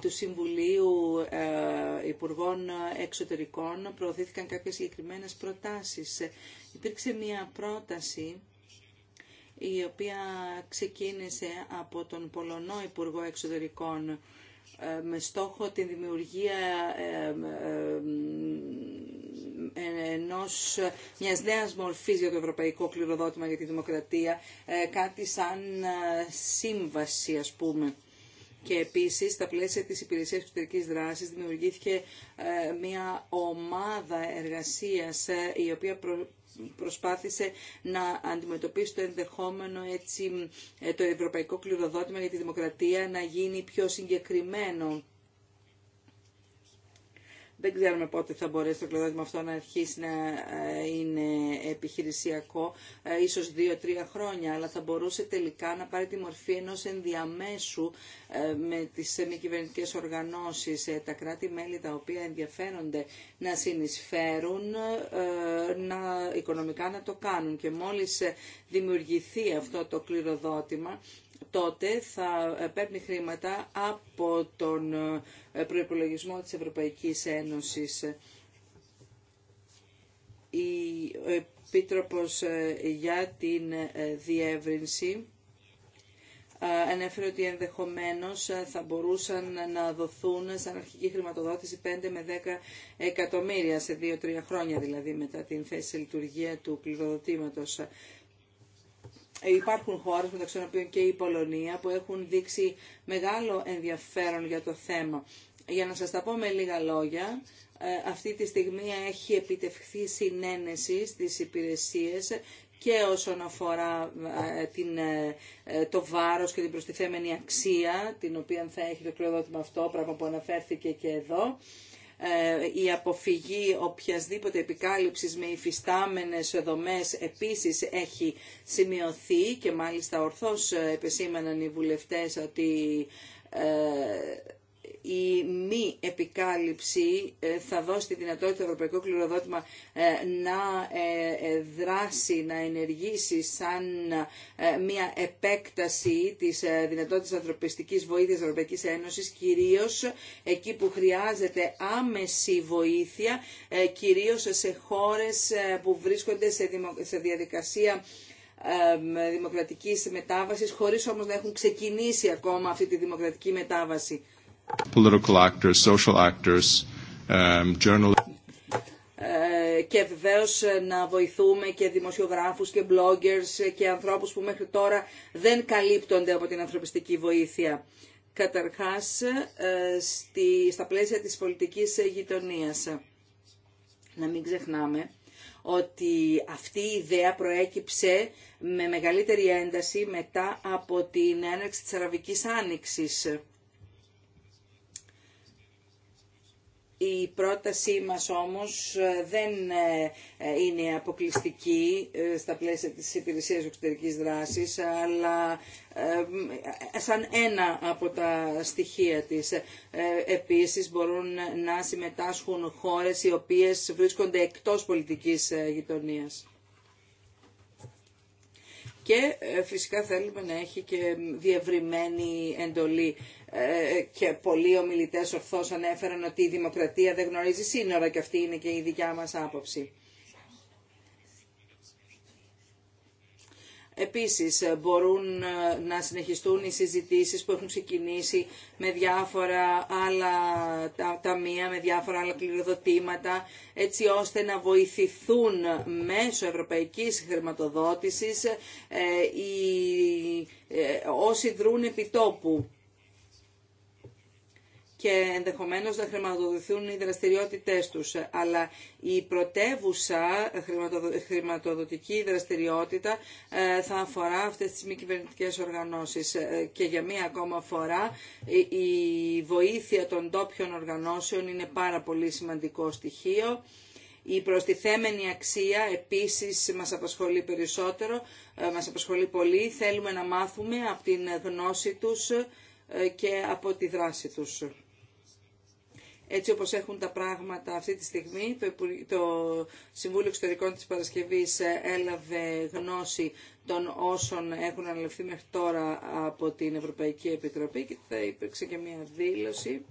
του Συμβουλίου ε, Υπουργών Εξωτερικών προωθήθηκαν κάποιες συγκεκριμένε προτάσεις. Υπήρξε μια πρόταση η οποία ξεκίνησε από τον Πολωνό Υπουργό Εξωτερικών ε, με στόχο την δημιουργία ε, ενός, μιας νέας μορφής για το ευρωπαϊκό κληροδότημα για τη δημοκρατία, κάτι σαν σύμβαση ας πούμε. Και επίσης, στα πλαίσια της υπηρεσίας εξωτερικής δράσης, δημιουργήθηκε ε, μια ομάδα εργασίας ε, η οποία προσπάθησε να αντιμετωπίσει το ενδεχόμενο έτσι, ε, το ευρωπαϊκό κληροδότημα για τη δημοκρατία να γίνει πιο συγκεκριμένο δεν ξέρουμε πότε θα μπορέσει το κληροδότημα αυτό να αρχίσει να ε, είναι επιχειρησιακό, ε, ίσως δύο-τρία χρόνια, αλλά θα μπορούσε τελικά να πάρει τη μορφή ενός ενδιαμέσου ε, με τις μη κυβερνητικέ οργανώσεις, τα κράτη-μέλη τα οποία ενδιαφέρονται να συνεισφέρουν, να, οικονομικά να το κάνουν. Και μόλις δημιουργηθεί αυτό το κληροδότημα, τότε θα ε, παίρνει χρήματα από τον ε, προϋπολογισμό της Ευρωπαϊκής Ένωσης. Η Επίτροπος ε, για την Διεύρυνση ανέφερε ότι ενδεχομένως θα μπορούσαν να δοθούν σαν αρχική χρηματοδότηση 5 με 10 εκατομμύρια σε 2-3 χρόνια δηλαδή μετά την θέση λειτουργία του πληροδοτήματος υπάρχουν χώρες μεταξύ των οποίων και η Πολωνία που έχουν δείξει μεγάλο ενδιαφέρον για το θέμα. Για να σας τα πω με λίγα λόγια, ε, αυτή τη στιγμή έχει επιτευχθεί συνένεση στις υπηρεσίες και όσον αφορά ε, την, ε, το βάρος και την προστιθέμενη αξία, την οποία θα έχει το κλειοδότημα αυτό, πράγμα που αναφέρθηκε και εδώ. Ε, η αποφυγή οποιασδήποτε επικάλυψης με υφιστάμενες δομές επίσης έχει σημειωθεί και μάλιστα ορθώς ε, επεσήμαναν οι βουλευτές ότι ε, η μη επικάλυψη ε, θα δώσει τη δυνατότητα το Ευρωπαϊκό Κληροδότημα ε, να ε, δράσει, να ενεργήσει σαν μια επέκταση της δυνατότητας ανθρωπιστικής βοήθειας της Ευρωπαϊκής Ένωσης, κυρίως εκεί που χρειάζεται άμεση βοήθεια, κυρίως σε χώρες που βρίσκονται σε διαδικασία δημοκρατικής μετάβασης, χωρίς όμως να έχουν ξεκινήσει ακόμα αυτή τη δημοκρατική μετάβαση actors, um, ε, και βεβαίω ε, να βοηθούμε και δημοσιογράφους και bloggers ε, και ανθρώπους που μέχρι τώρα δεν καλύπτονται από την ανθρωπιστική βοήθεια. Καταρχάς, στη, στα πλαίσια της πολιτικής γειτονίας. Να μην ξεχνάμε ότι αυτή η ιδέα προέκυψε με μεγαλύτερη ένταση μετά από την έναρξη της Αραβικής Άνοιξης Η πρότασή μας όμως ε, δεν ε, ε, είναι αποκλειστική στα πλαίσια της υπηρεσίας εξωτερικής δράσης, αλλά σαν ένα από τα στοιχεία της. Επίσης μπορούν να συμμετάσχουν χώρες οι οποίες βρίσκονται εκτός πολιτικής γειτονίας. Και φυσικά θέλουμε να έχει και διευρυμένη εντολή ε, και πολλοί ομιλητές ορθώς ανέφεραν ότι η δημοκρατία δεν γνωρίζει σύνορα και αυτή είναι και η δικιά μας άποψη. Επίσης μπορούν ε, να συνεχιστούν οι συζητήσεις που έχουν ξεκινήσει με διάφορα άλλα ταμεία, με διάφορα άλλα κληροδοτήματα, έτσι ώστε να βοηθηθούν μέσω ευρωπαϊκής χρηματοδότησης ε, οι, όσοι δρούν επιτόπου και ενδεχομένως να χρηματοδοτηθούν οι δραστηριότητές τους. Αλλά η πρωτεύουσα χρηματοδοτική δραστηριότητα ε, θα αφορά αυτές τις μη κυβερνητικέ οργανώσεις. Ε, και για μία ακόμα φορά η βοήθεια των τόπιων οργανώσεων είναι πάρα πολύ σημαντικό στοιχείο. Η προστιθέμενη αξία επίσης μας απασχολεί περισσότερο, ε, μας απασχολεί πολύ. Θέλουμε να μάθουμε από την γνώση τους και από τη δράση τους έτσι όπως έχουν τα πράγματα αυτή τη στιγμή. Το Συμβούλιο Εξωτερικών της Παρασκευής ε, έλαβε γνώση των όσων έχουν αναλευθεί μέχρι τώρα από την Ευρωπαϊκή Επιτροπή και θα υπήρξε και μια δήλωση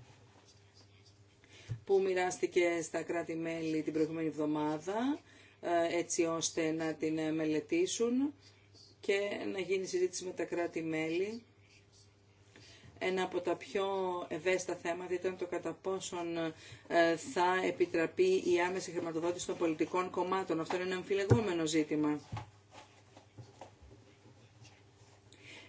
που μοιράστηκε στα κράτη-μέλη την προηγούμενη εβδομάδα ε, έτσι ώστε να την μελετήσουν και να γίνει συζήτηση με τα κράτη-μέλη ένα από τα πιο ευαίσθητα θέματα ήταν το κατά πόσον ε, θα επιτραπεί η άμεση χρηματοδότηση των πολιτικών κομμάτων. Αυτό είναι ένα αμφιλεγόμενο ζήτημα.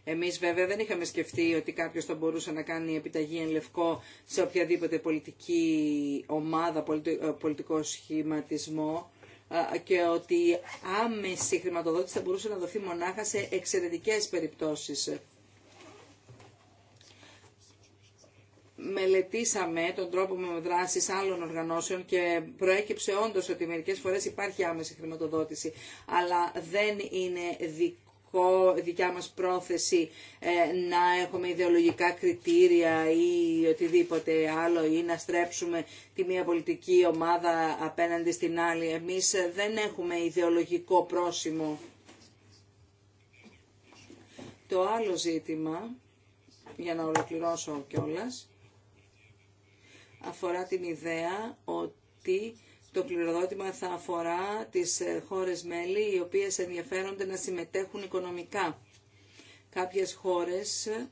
Εμείς βέβαια δεν είχαμε σκεφτεί ότι κάποιος θα μπορούσε να κάνει επιταγή εν λευκό σε οποιαδήποτε πολιτική ομάδα, ε, πολιτικό σχηματισμό ε, και ότι άμεση χρηματοδότηση θα μπορούσε να δοθεί μονάχα σε εξαιρετικές περιπτώσεις. μελετήσαμε τον τρόπο με δράσεις άλλων οργανώσεων και προέκυψε όντως ότι μερικές φορές υπάρχει άμεση χρηματοδότηση, αλλά δεν είναι δικό δικιά μας πρόθεση ε, να έχουμε ιδεολογικά κριτήρια ή οτιδήποτε άλλο ή να στρέψουμε τη μία πολιτική ομάδα απέναντι στην άλλη. Εμείς δεν έχουμε ιδεολογικό πρόσημο. Το άλλο ζήτημα, για να ολοκληρώσω κιόλας, αφορά την ιδέα ότι το πληροδότημα θα αφορά τις ε, χώρες μέλη οι οποίες ενδιαφέρονται να συμμετέχουν οικονομικά. Κάποιες χώρες ε,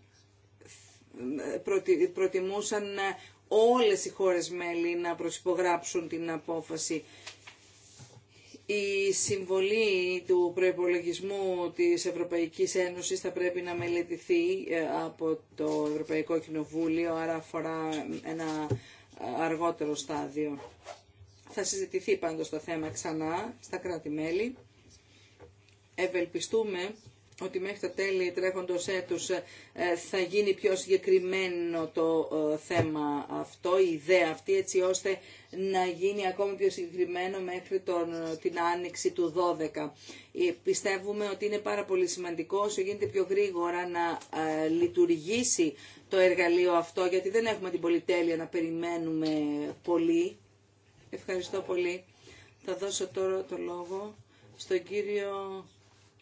προτιμούσαν ε, όλες οι χώρες μέλη να προσυπογράψουν την απόφαση. Η συμβολή του προϋπολογισμού της Ευρωπαϊκής Ένωσης θα πρέπει να μελετηθεί από το Ευρωπαϊκό Κοινοβούλιο, άρα αφορά ένα αργότερο στάδιο. Θα συζητηθεί πάντως το θέμα ξανά στα κράτη-μέλη. Ευελπιστούμε ότι μέχρι το τέλη τρέχοντος έτους ε, θα γίνει πιο συγκεκριμένο το ε, θέμα αυτό, η ιδέα αυτή, έτσι ώστε να γίνει ακόμη πιο συγκεκριμένο μέχρι τον, ε, την άνοιξη του 12. Πιστεύουμε ότι είναι πάρα πολύ σημαντικό όσο γίνεται πιο γρήγορα να λειτουργήσει το εργαλείο αυτό, γιατί δεν έχουμε την πολυτέλεια να περιμένουμε πολύ. Ευχαριστώ πολύ. Θα δώσω τώρα το λόγο στον κύριο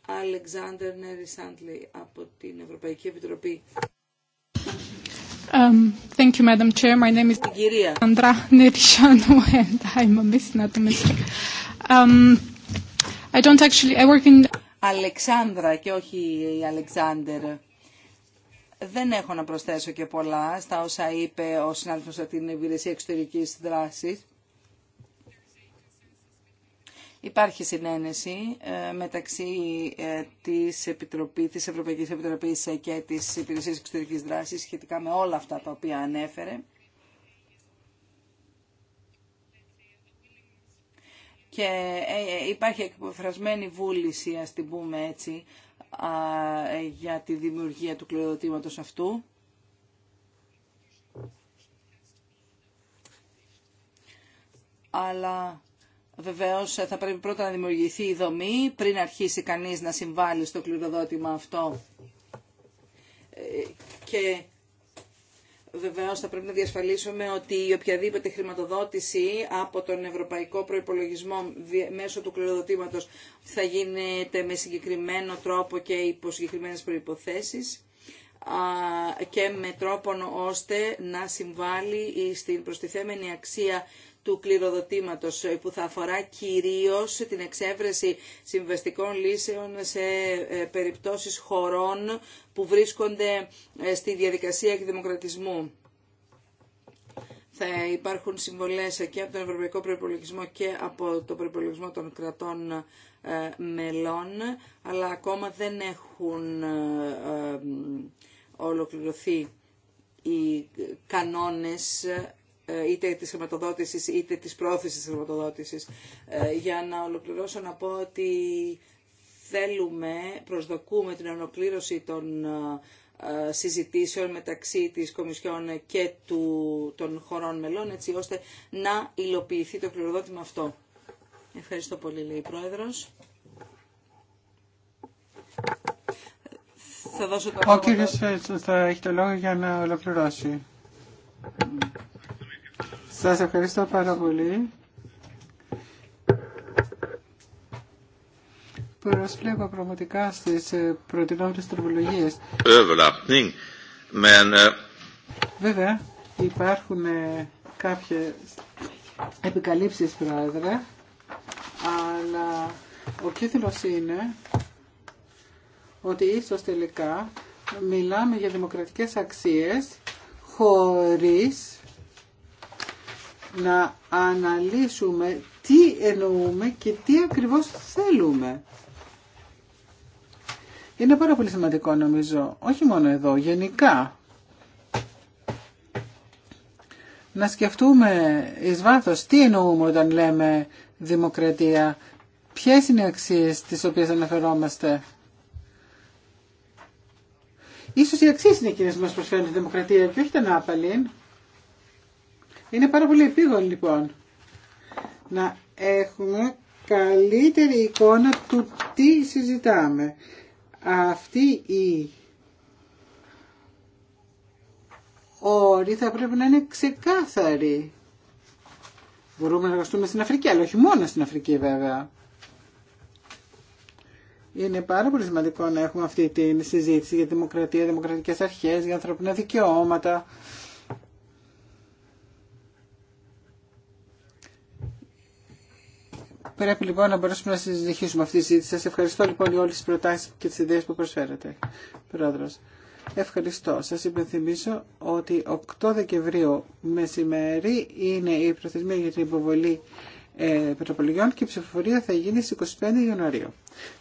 Αλεξάνδρ Σάντλη από την Ευρωπαϊκή Επιτροπή. Um, thank you, Madam Chair. My name is Andra Nerishanu, and I'm a miss, not Um, I don't actually, I work in... Αλεξάνδρα και όχι η Alexander... Δεν έχω να προσθέσω και πολλά στα όσα είπε ο συνάδελφος από την Υπηρεσία Εξωτερικής Δράσης. Υπάρχει συνένεση ε, μεταξύ ε, της, Επιτροπή, της Ευρωπαϊκής Επιτροπής ε, και της Υπηρεσίας Εξωτερικής Δράσης σχετικά με όλα αυτά τα οποία ανέφερε. Και υπάρχει εκφρασμένη βούληση, ας την πούμε έτσι, για τη δημιουργία του κληροδοτήματος αυτού. Αλλά βεβαίως θα πρέπει πρώτα να δημιουργηθεί η δομή πριν αρχίσει κανείς να συμβάλλει στο κληροδότημα αυτό. Ε, και Βεβαίω, θα πρέπει να διασφαλίσουμε ότι η οποιαδήποτε χρηματοδότηση από τον Ευρωπαϊκό Προπολογισμό μέσω του κληροδοτήματος θα γίνεται με συγκεκριμένο τρόπο και υπό συγκεκριμένες προποθέσει και με τρόπο ώστε να συμβάλλει στην προστιθέμενη αξία του κληροδοτήματος ε, που θα αφορά κυρίως την εξέβρεση συμβεστικών λύσεων σε ε, περιπτώσεις χωρών που βρίσκονται ε, στη διαδικασία εκδημοκρατισμού. Θα υπάρχουν συμβολές και από τον Ευρωπαϊκό Προϋπολογισμό και από τον Προϋπολογισμό των κρατών μελών, αλλά ακόμα δεν έχουν ολοκληρωθεί οι κανόνες ε, είτε της χρηματοδότησης είτε της πρόθεσης της χρηματοδότησης. Ε, για να ολοκληρώσω να πω ότι θέλουμε, προσδοκούμε την ολοκλήρωση των ε, συζητήσεων μεταξύ της Κομισιόν και του, των χωρών μελών, έτσι ώστε να υλοποιηθεί το κληροδότημα αυτό. Ευχαριστώ πολύ, λέει η Πρόεδρος. Θα το Ο κύριος θα έχει το λόγο για να ολοκληρώσει. Σας ευχαριστώ πάρα πολύ. Προσβλέπω πραγματικά στις ε, προτινόμενες τροπολογίες. Ε, Βέβαια, υπάρχουν ε, κάποιες επικαλύψεις, Πρόεδρε, αλλά ο κίνδυνος είναι ότι ίσως τελικά μιλάμε για δημοκρατικές αξίες χωρίς να αναλύσουμε τι εννοούμε και τι ακριβώς θέλουμε. Είναι πάρα πολύ σημαντικό νομίζω, όχι μόνο εδώ, γενικά. Να σκεφτούμε εις βάθος τι εννοούμε όταν λέμε δημοκρατία, ποιες είναι οι αξίες τις οποίες αναφερόμαστε. Ίσως οι αξίες είναι εκείνες που μας προσφέρουν τη δημοκρατία και όχι τα είναι πάρα πολύ επίγον λοιπόν να έχουμε καλύτερη εικόνα του τι συζητάμε. Αυτή η όρη θα πρέπει να είναι ξεκάθαροι. Μπορούμε να εργαστούμε στην Αφρική, αλλά όχι μόνο στην Αφρική βέβαια. Είναι πάρα πολύ σημαντικό να έχουμε αυτή τη συζήτηση για δημοκρατία, δημοκρατικές αρχές, για ανθρώπινα δικαιώματα, Πρέπει λοιπόν να μπορέσουμε να συνεχίσουμε αυτή τη συζήτηση. σα. ευχαριστώ λοιπόν για όλες τις προτάσεις και τις ιδέες που προσφέρετε, πρόεδρο. Ευχαριστώ. Σας υπενθυμίσω ότι 8 Δεκεμβρίου μεσημέρι είναι η προθεσμία για την υποβολή ε, και η ψηφοφορία θα γίνει στις 25 Ιανουαρίου.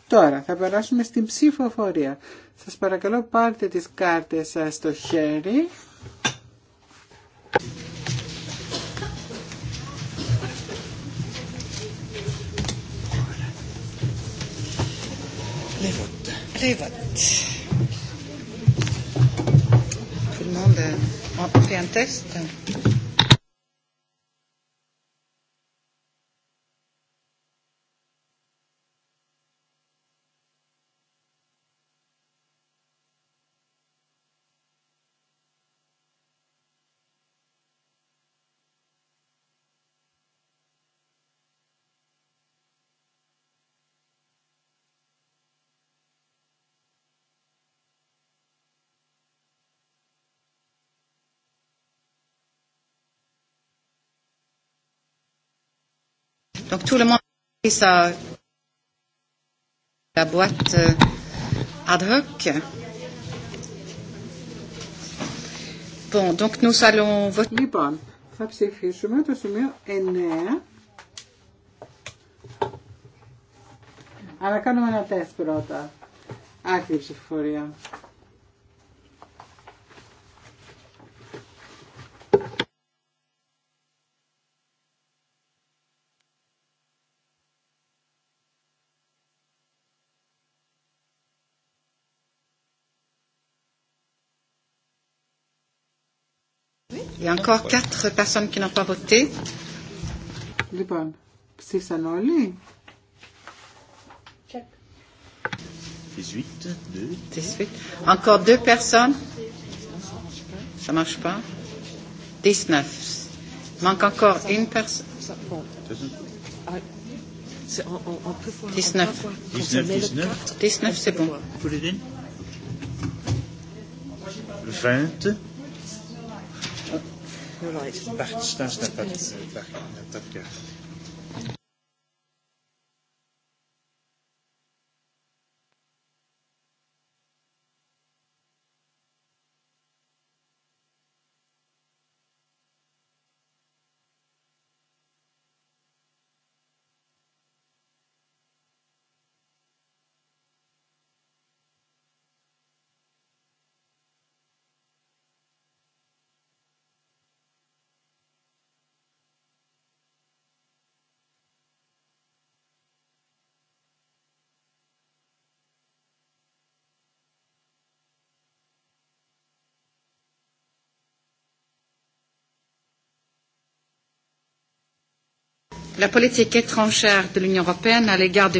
Τώρα θα περάσουμε στην ψηφοφορία. Σας παρακαλώ πάρτε τις κάρτες σας στο χέρι. vote. Tout le monde. On fait un test. Donc tout le monde a sa la boîte euh, ad hoc. Λοιπόν, θα ψηφίσουμε το σημείο 9. Αλλά κάνουμε ένα τεστ πρώτα. Άκρη ψηφοφορία. Il y a encore quatre personnes qui n'ont pas voté. Λοιπόν, ψήφισαν όλοι. 18, 2. 18. Encore deux personnes. Ça ne marche pas. 19. Manque encore une personne. 19. 19, c'est bon. 20. Right. La politique étrangère de l'Union européenne à l'égard des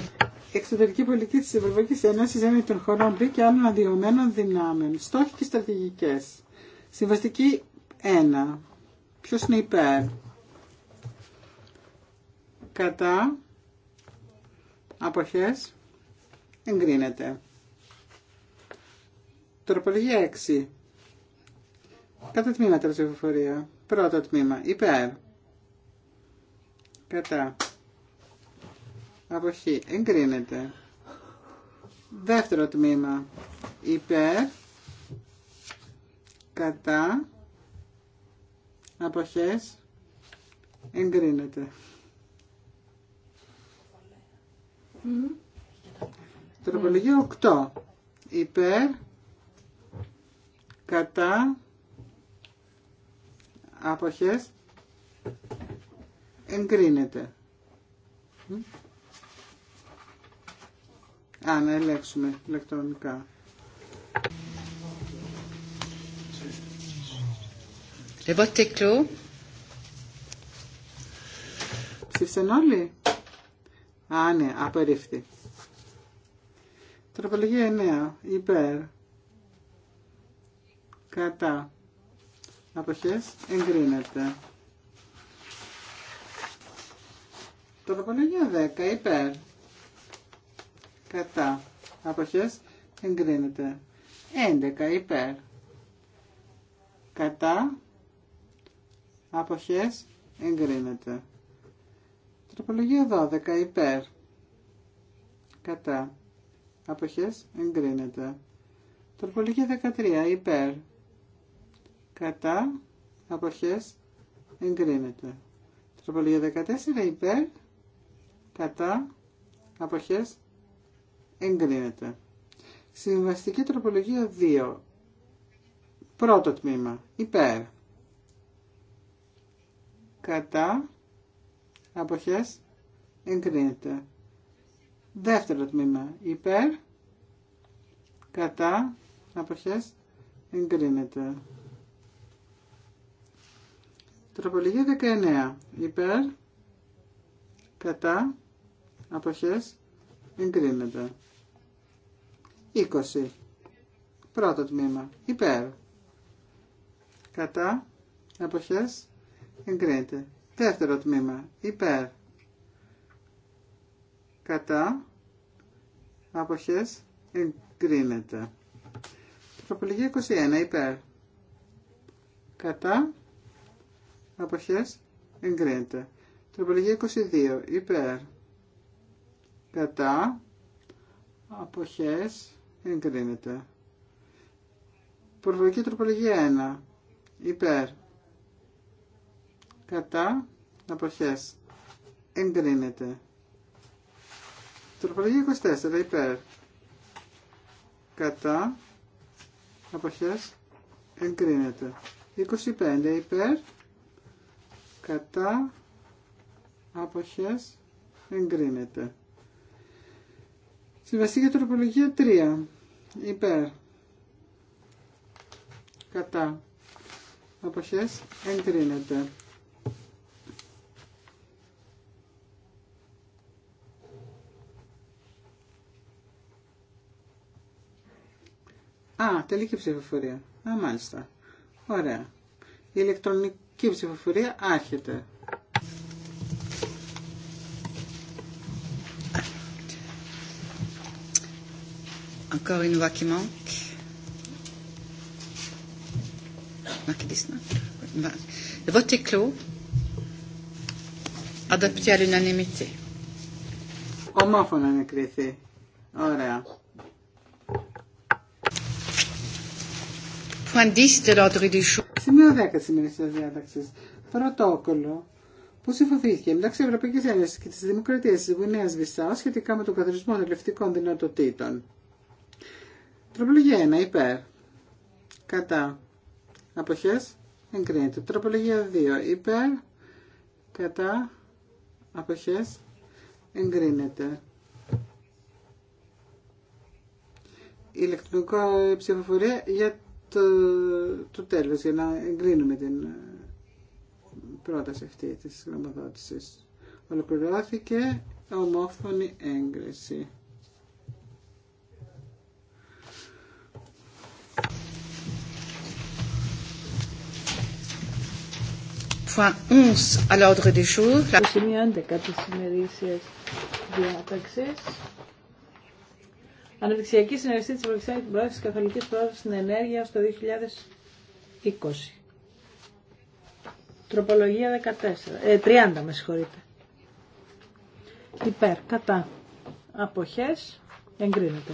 η εξωτερική πολιτική τη Ευρωπαϊκή Ένωση είναι των χωρών B και άλλων αντιωμένων δυνάμεων. Στόχοι και στρατηγικέ. Συμβαστική 1. Ποιο είναι υπέρ. Κατά. Αποχές. Εγκρίνεται. Τροπολογία 6. Κατά τμήματα ψηφοφορία. Πρώτο τμήμα. Υπέρ. Κατά. Αποχή. Εγκρίνεται. Δεύτερο τμήμα. Υπέρ. Κατά. Αποχές. Εγκρίνεται. Mm. Τροπολογία 8. Υπέρ. Κατά. Αποχές εγκρίνεται. Α, να ελέγξουμε ηλεκτρονικά. Le vote est clos. Ψήφισαν όλοι. Α, ναι, απερίφθη. Τροπολογία 9. Υπέρ. Κατά. Αποχές. Εγκρίνεται. Τροπολογία 10 υπέρ. Κατά. Αποχές εγκρίνεται. 11 υπέρ. Κατά. Αποχές εγκρίνεται. Τροπολογία 12 υπέρ. Κατά. Αποχές εγκρίνεται. Τροπολογία 13 υπέρ. Κατά. Αποχές εγκρίνεται. Τροπολογία 14 υπέρ κατά αποχές εγκρίνεται. Συμβαστική τροπολογία 2. Πρώτο τμήμα. Υπέρ. Κατά. Αποχές. Εγκρίνεται. Δεύτερο τμήμα. Υπέρ. Κατά. Αποχές. Εγκρίνεται. Τροπολογία 19. Υπέρ. Κατά αποχές εγκρίνεται. 20. Πρώτο τμήμα. Υπέρ. Κατά. Αποχές. Εγκρίνεται. Δεύτερο τμήμα. Υπέρ. Κατά. Αποχές. Εγκρίνεται. Τροπολογία 21. Υπέρ. Κατά. Αποχές. Εγκρίνεται. Τροπολογία 22. Υπέρ κατά αποχές εγκρίνεται. Προφορική τροπολογία 1 υπέρ κατά αποχές εγκρίνεται. Τροπολογία 24 υπέρ κατά αποχές εγκρίνεται. 25 υπέρ κατά αποχές εγκρίνεται. Συμβαστική τροπολογία 3. Υπέρ. Κατά. Αποχές εγκρίνεται. Α, τελική ψηφοφορία. Α, μάλιστα. Ωραία. Η ηλεκτρονική ψηφοφορία άρχεται. Encore une voix qui manque. vote est clos. Adopté l'unanimité. Ομόφωνα να κρυθεί. Ωραία. Σημείο 10 σήμερα τη διάταξη. Πρωτόκολλο που συμφωνήθηκε μεταξύ Ευρωπαϊκή Ένωση και τη Δημοκρατία τη Γουινέα Βυσσάου σχετικά με τον καθορισμό ελευτικών δυνατοτήτων. Τροπολογία 1 υπέρ. Κατά. Αποχές. Εγκρίνεται. Τροπολογία 2 υπέρ. Κατά. Αποχές. Εγκρίνεται. ηλεκτρονικό ψηφοφορία για το, το τέλος, για να εγκρίνουμε την ε, πρόταση αυτή της γραμματότησης. Ολοκληρώθηκε ομόφωνη έγκριση. point 11 à l'ordre des jours. La... σημείο 11 Αναπτυξιακή συνεργασία τη Ευρωπαϊκή Ένωση και Καθολική Καθολικής στην Ενέργεια στο 2020. Τροπολογία 14, ε, 30 με συγχωρείτε. Υπέρ, κατά. Αποχέ, εγκρίνεται.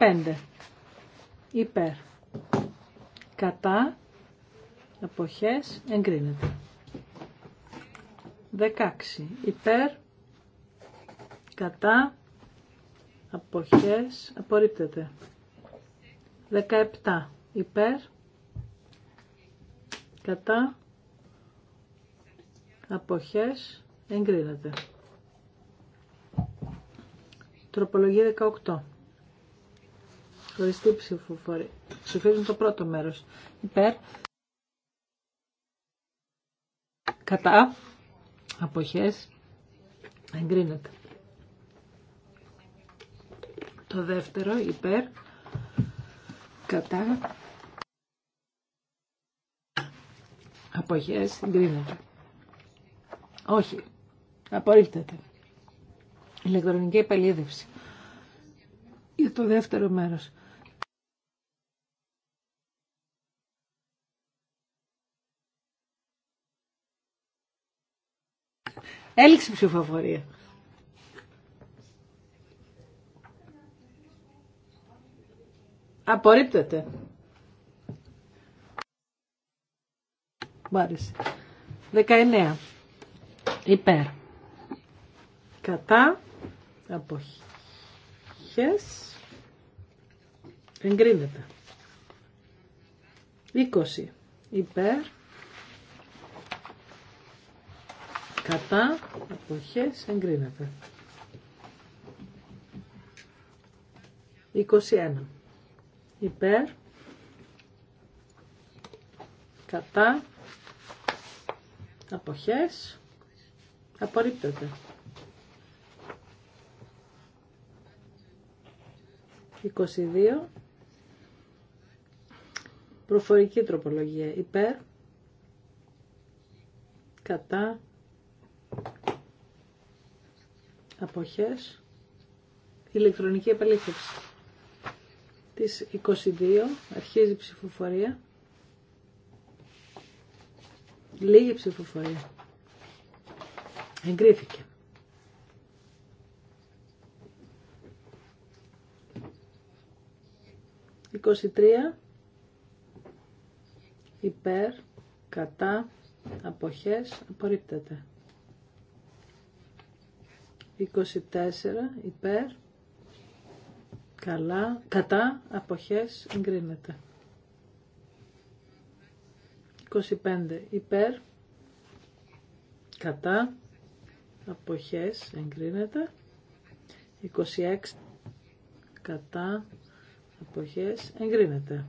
15. Υπέρ. Κατά αποχές εγκρίνεται. 16. Υπέρ, κατά, αποχές απορρίπτεται. 17. Υπέρ, κατά, αποχές εγκρίνεται. Τροπολογία 18. Χωριστή ψηφοφορία. Ψηφίζουν το πρώτο μέρος. Υπέρ. Κατά. Αποχές. Εγκρίνεται. Το δεύτερο υπέρ. Κατά. Αποχές. Εγκρίνεται. Όχι. Απορρίπτεται. Ηλεκτρονική επελίδευση Για το δεύτερο μέρος. Έληξε ψηφοφορία. Απορρίπτεται. Μ' 19. Υπέρ. Κατά. Αποχές. Εγκρίνεται. 20. Υπέρ κατά αποχές εγκρίνεται. 21. Υπέρ, κατά, αποχές, απορρίπτεται. 22. Προφορική τροπολογία. Υπέρ, κατά, αποχές ηλεκτρονική επαλήθευση της 22 αρχίζει η ψηφοφορία λίγη ψηφοφορία εγκρίθηκε «23 υπέρ, κατά, αποχές, απορρίπτεται». 24 υπέρ καλά, κατά αποχές εγκρίνεται 25 υπέρ κατά αποχές εγκρίνεται 26 κατά αποχές εγκρίνεται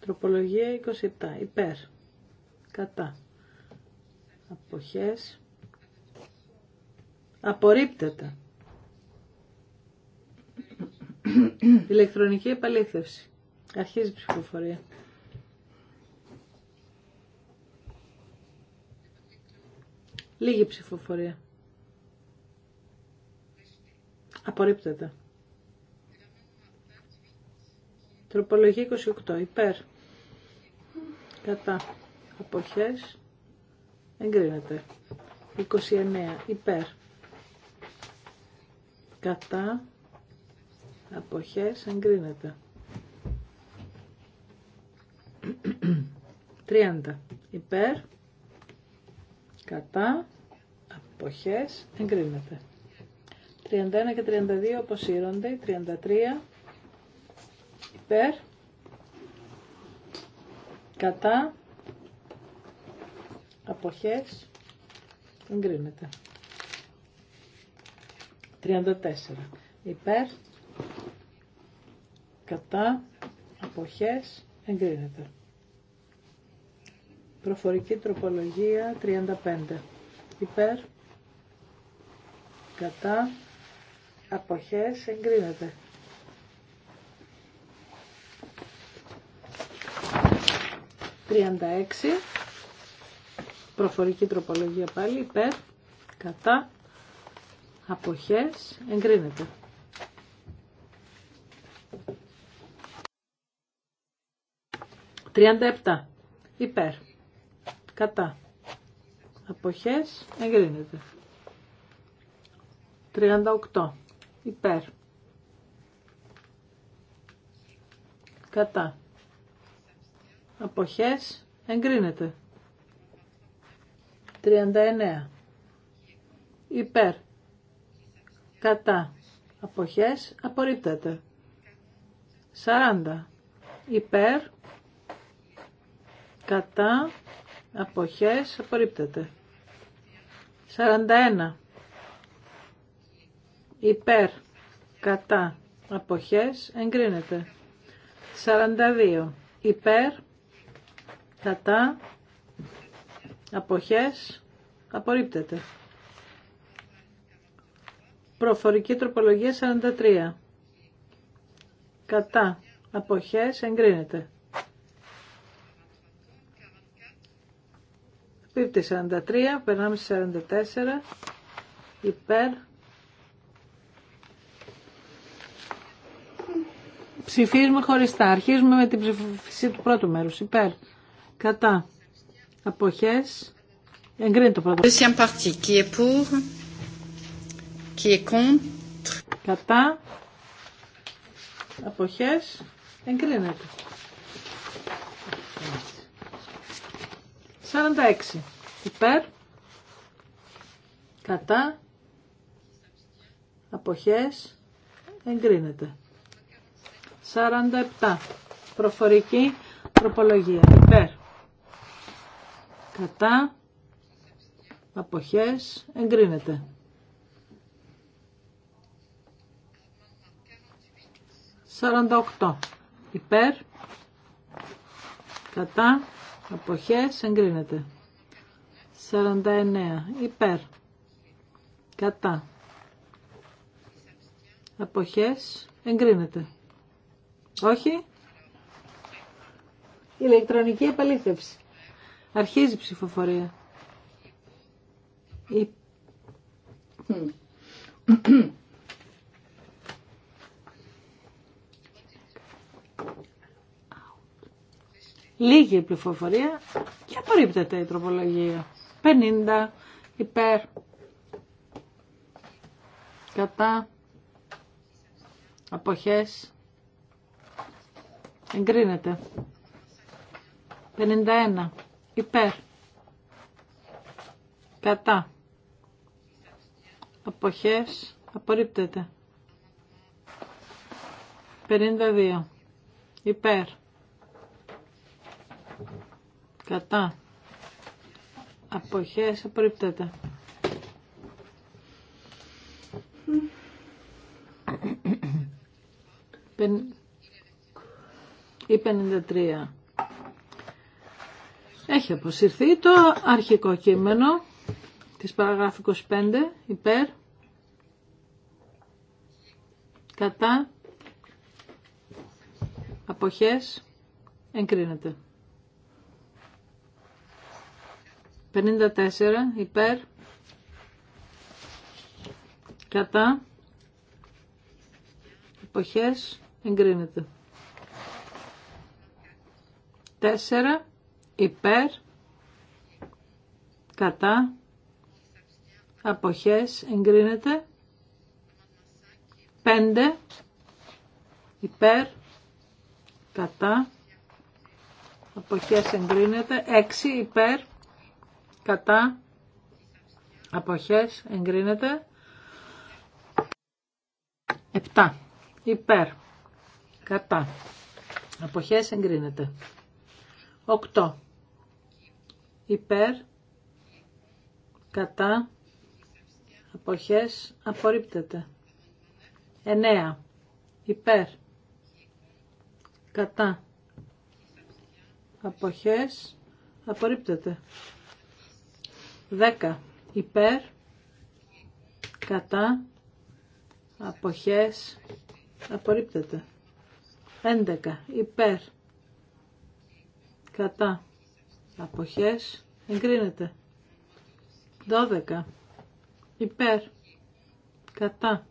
τροπολογία 27 υπέρ κατά αποχές Απορρίπτεται. Ηλεκτρονική επαλήθευση. Αρχίζει η ψηφοφορία. Λίγη ψηφοφορία. Απορρίπτεται. Τροπολογία 28. Υπέρ. Κατά. Αποχές. Εγκρίνεται. 29. Υπέρ κατά αποχές εγκρίνεται. 30 υπέρ κατά αποχές εγκρίνεται. 31 και 32 αποσύρονται, 33 υπέρ κατά αποχές εγκρίνεται. 34. Υπέρ, κατά, αποχές, εγκρίνεται. Προφορική τροπολογία 35. Υπέρ, κατά, αποχές, εγκρίνεται. 36. προφορική τροπολογία πάλι, υπέρ, κατά, αποχές εγκρίνεται. 37. Υπέρ. Κατά. Αποχές εγκρίνεται. 38. Υπέρ. Κατά. Αποχές εγκρίνεται. 39. Υπέρ κατά αποχές απορρίπτεται. 40 υπέρ κατά αποχές απορρίπτεται. 41 υπέρ κατά αποχές εγκρίνεται. 42 υπέρ κατά αποχές απορρίπτεται. Προφορική τροπολογία 43. Κατά. Αποχές εγκρίνεται. Πίπτη 43, περνάμε στη 44, υπέρ. Ψηφίζουμε χωριστά. Αρχίζουμε με την ψηφίση του πρώτου μέρους. Υπέρ. Κατά. Αποχές. Εγκρίνεται το πρώτο. Qui est Κατά. Αποχές. Εγκρίνεται. 46. Υπέρ. Κατά. Αποχές. Εγκρίνεται. 47. Προφορική τροπολογία. Υπέρ. Κατά. Αποχές. Εγκρίνεται. 48 υπέρ κατά αποχές εγκρίνεται 49 υπέρ κατά αποχές εγκρίνεται όχι ηλεκτρονική επαλήθευση αρχίζει η ψηφοφορία η... Λίγη πληροφορία και απορρίπτεται η τροπολογία. 50 υπέρ κατά αποχές εγκρίνεται 51 υπέρ κατά αποχές απορρίπτεται 52 υπέρ Κατά. Αποχές απορρίπτεται. Ή 53. Έχει αποσυρθεί το αρχικό κείμενο της παραγράφου 25 υπέρ κατά αποχές εγκρίνεται. 54 υπέρ κατά εποχές εγκρίνεται 4 υπέρ κατά αποχές εγκρίνεται 5 υπέρ κατά αποχές εγκρίνεται 6 υπέρ κατά αποχές εγκρίνεται 7 υπέρ κατά αποχές εγκρίνεται 8 υπέρ κατά αποχές απορρίπτεται 9 υπέρ κατά αποχές απορρίπτεται 10 υπέρ κατά αποχές απορρίπτεται 11 υπέρ κατά αποχές εγκρίνεται 12 υπέρ κατά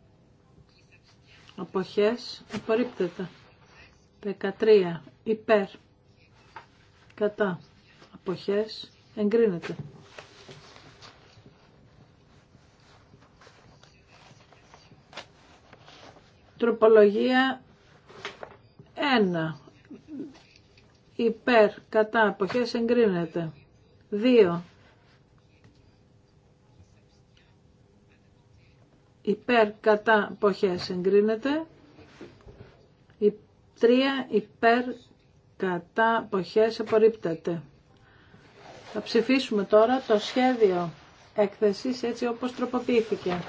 αποχές απορρίπτεται 13 υπέρ κατά αποχές εγκρίνεται Τροπολογία 1. Υπέρ, κατά, αποχές εγκρίνεται. 2. Υπέρ, κατά, αποχές εγκρίνεται. 3. Υπέρ, κατά, αποχές απορρίπτεται. Θα ψηφίσουμε τώρα το σχέδιο έκθεσης έτσι όπως τροποποιήθηκε.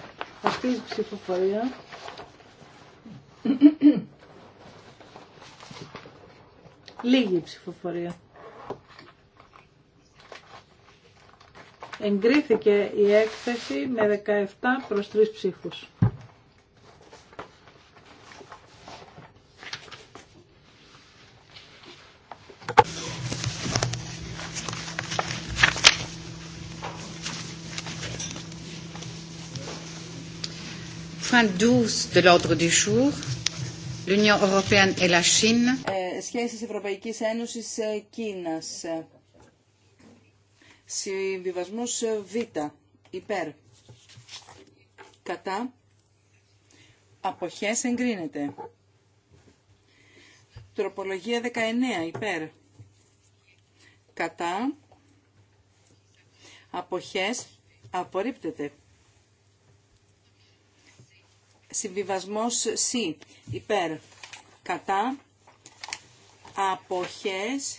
Αυτή η ψηφοφορία Λίγη ψηφοφορία. Εγκρίθηκε η έκθεση με 17 προς 3 ψήφους. Fin 12 de l'ordre du jour européenne et la Chine. Ε, σχέσεις Ευρωπαϊκής Ένωσης ε, Κίνας. Συμβιβασμός ε, Β. Υπέρ. Κατά. Αποχές εγκρίνεται. Τροπολογία 19. Υπέρ. Κατά. Αποχές απορρίπτεται. Συμβιβασμός C. Υπέρ. Κατά. Αποχές.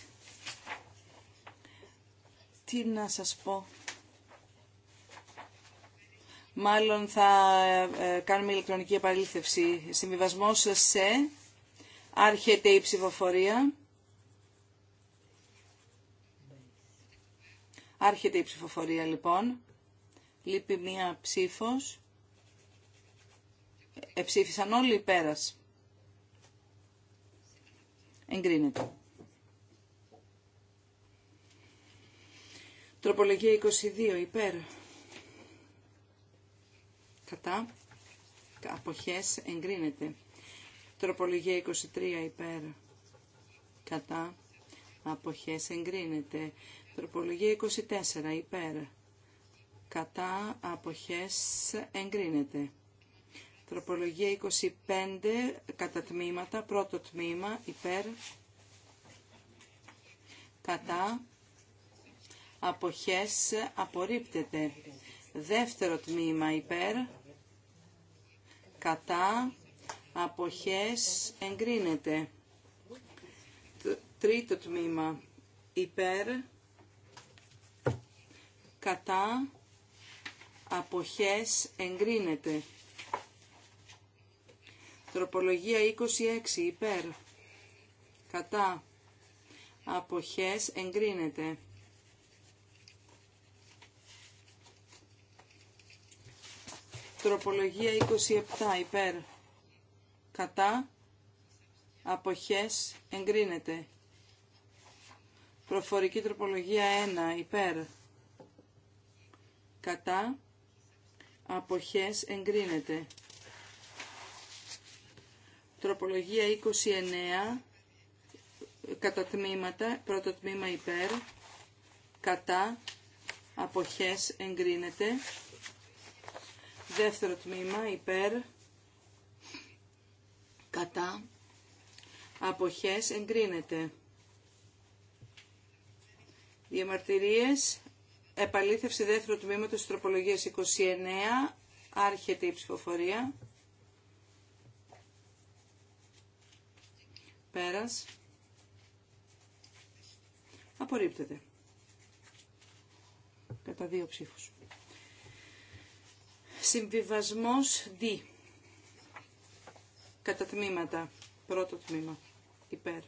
Τι να σας πω. Μάλλον θα ε, ε, κάνουμε ηλεκτρονική επαλήθευση. Συμβιβασμός σε. Άρχεται η ψηφοφορία. Άρχεται η ψηφοφορία λοιπόν. Λείπει μία ψήφος. Εψήφισαν όλοι πέρας. Εγκρίνεται. Τροπολογία 22 υπέρ. Κατά. Αποχές εγκρίνεται. Τροπολογία 23 υπέρ. Κατά. Αποχές εγκρίνεται. Τροπολογία 24 υπέρ. Κατά. Αποχές εγκρίνεται. Τροπολογία 25 κατά τμήματα. Πρώτο τμήμα υπέρ. Κατά. Αποχές απορρίπτεται. Δεύτερο τμήμα υπέρ. Κατά. Αποχές εγκρίνεται. Τρίτο τμήμα υπέρ. Κατά. Αποχές εγκρίνεται. Τροπολογία 26 υπέρ. Κατά. Αποχές εγκρίνεται. Τροπολογία 27 υπέρ. Κατά. Αποχές εγκρίνεται. Προφορική τροπολογία 1 υπέρ. Κατά. Αποχές εγκρίνεται. Τροπολογία 29 κατά τμήματα, πρώτο τμήμα υπέρ, κατά, αποχές εγκρίνεται. Δεύτερο τμήμα υπέρ, κατά, αποχές εγκρίνεται. Διαμαρτυρίες, επαλήθευση δεύτερο τμήματος τροπολογίας 29, άρχεται η ψηφοφορία. Πέρας. Απορρίπτεται. Κατά δύο ψήφους. Συμβιβασμός D. Κατά τμήματα. Πρώτο τμήμα. Υπέρ.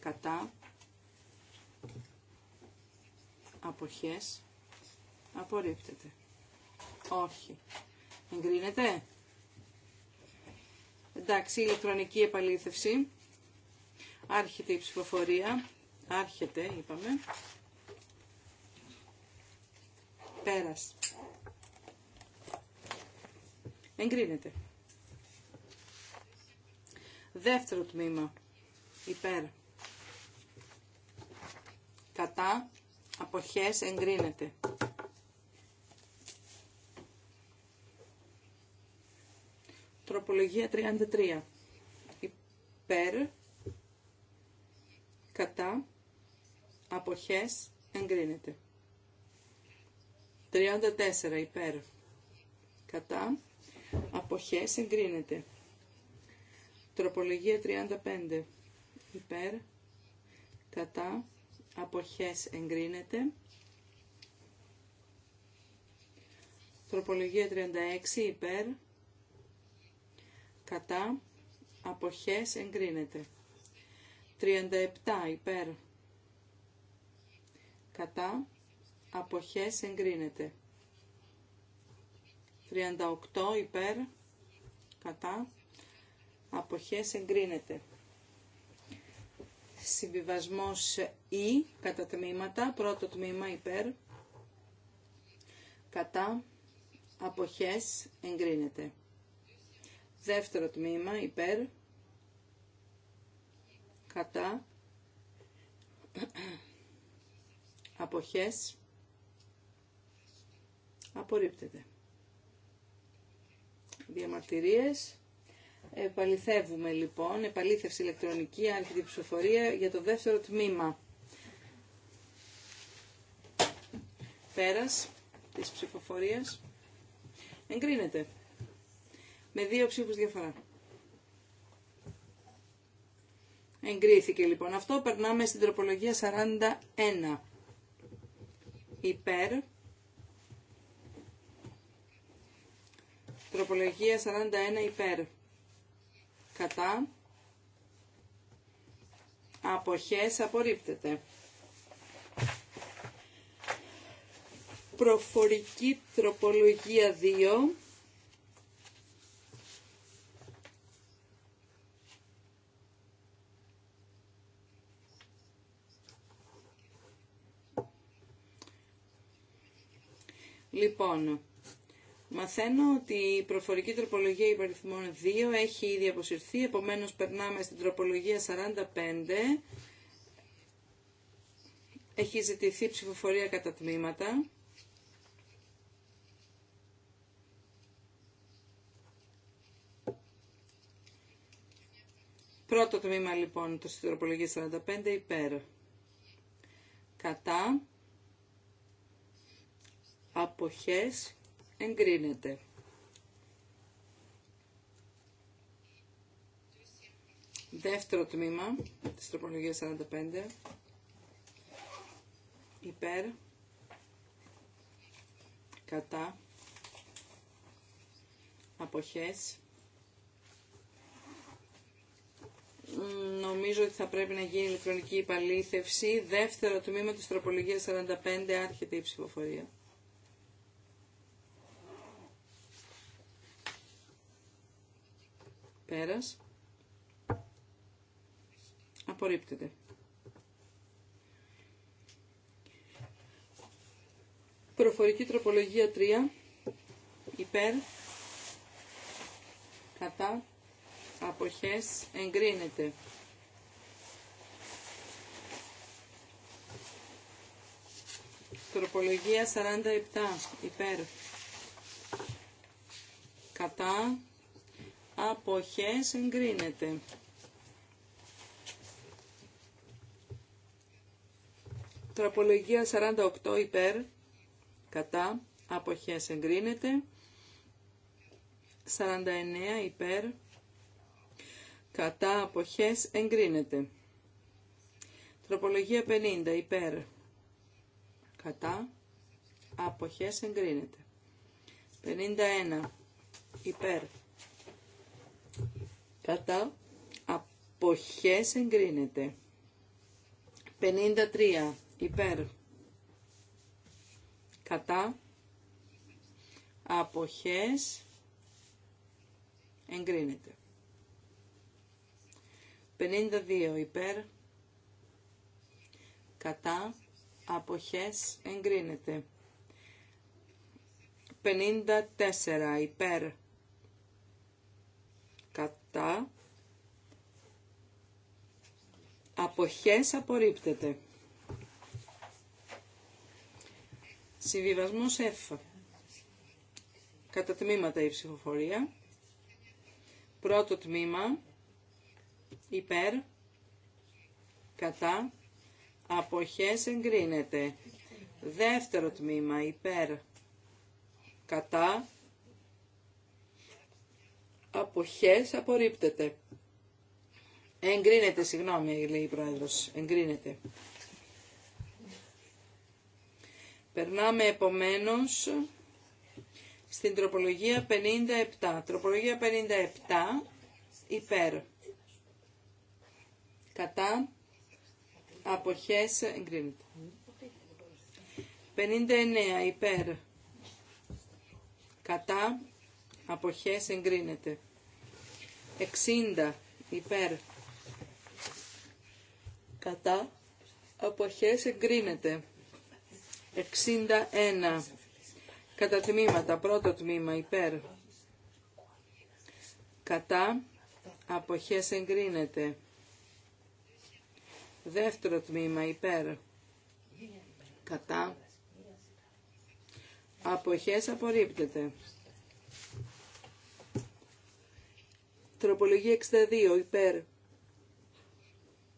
Κατά. Αποχές. Απορρίπτεται. Όχι. Εγκρίνεται. Εντάξει, ηλεκτρονική επαλήθευση. Άρχεται η ψηφοφορία. Άρχεται, είπαμε. Πέρας. Εγκρίνεται. Δεύτερο τμήμα. Υπέρ. Κατά. Αποχές εγκρίνεται. Τροπολογία 33. Υπέρ, κατά, αποχές, εγκρίνεται. 34. Υπέρ, κατά, αποχές, εγκρίνεται. Τροπολογία 35. Υπέρ, κατά, αποχές, εγκρίνεται. Τροπολογία 36. Υπέρ, κατά, αποχές εγκρίνεται. 37 υπέρ, κατά, αποχές εγκρίνεται. 38 υπέρ, κατά, αποχές εγκρίνεται. Συμβιβασμός Ι, κατά τμήματα, πρώτο τμήμα υπέρ, κατά, αποχές εγκρίνεται. Δεύτερο τμήμα υπέρ. Κατά. Αποχές. Απορρίπτεται. Διαμαρτυρίες. Επαληθεύουμε λοιπόν, επαλήθευση ηλεκτρονική, άρχιτη ψηφοφορία για το δεύτερο τμήμα. Πέρας της ψηφοφορίας. Εγκρίνεται με δύο ψήφους διαφορά. Εγκρίθηκε λοιπόν αυτό. Περνάμε στην τροπολογία 41. Υπέρ. Τροπολογία 41 υπέρ. Κατά. Αποχές απορρίπτεται. Προφορική τροπολογία 2 Λοιπόν, μαθαίνω ότι η προφορική τροπολογία υπαριθμών 2 έχει ήδη αποσυρθεί, επομένως περνάμε στην τροπολογία 45. Έχει ζητηθεί ψηφοφορία κατά τμήματα. Πρώτο τμήμα λοιπόν στην τροπολογία 45 υπέρ. Κατά αποχές εγκρίνεται. Δεύτερο τμήμα της τροπολογίας 45 υπέρ κατά αποχές Νομίζω ότι θα πρέπει να γίνει ηλεκτρονική υπαλήθευση. Δεύτερο τμήμα της τροπολογίας 45 άρχεται η ψηφοφορία. Πέρας. Απορρίπτεται. Προφορική τροπολογία 3. Υπέρ. Κατά. Αποχές. Εγκρίνεται. Τροπολογία 47. Υπέρ. Κατά αποχές εγκρίνεται. Τραπολογία 48 υπέρ, κατά, αποχές εγκρίνεται. 49 υπέρ, κατά, αποχές εγκρίνεται. Τροπολογία 50 υπέρ, κατά, αποχές εγκρίνεται. 51 υπέρ, κατά αποχές εγκρίνεται. 53 υπέρ κατά αποχές εγκρίνεται. 52 υπέρ κατά αποχές εγκρίνεται. 54 υπέρ κατά αποχές απορρίπτεται. Συμβιβασμός F. Κατά τμήματα η ψηφοφορία. Πρώτο τμήμα υπέρ κατά αποχές εγκρίνεται. Δεύτερο τμήμα υπέρ κατά αποχές απορρίπτεται. Εγκρίνεται, συγγνώμη, λέει η Πρόεδρος. Εγκρίνεται. Περνάμε επομένως στην τροπολογία 57. Τροπολογία 57 υπέρ. Κατά αποχές εγκρίνεται. 59 υπέρ. Κατά αποχές εγκρίνεται. 60 υπέρ κατά αποχές εγκρίνεται 61 κατά τμήματα πρώτο τμήμα υπέρ κατά αποχές εγκρίνεται δεύτερο τμήμα υπέρ κατά αποχές απορρίπτεται Τροπολογία 62 υπέρ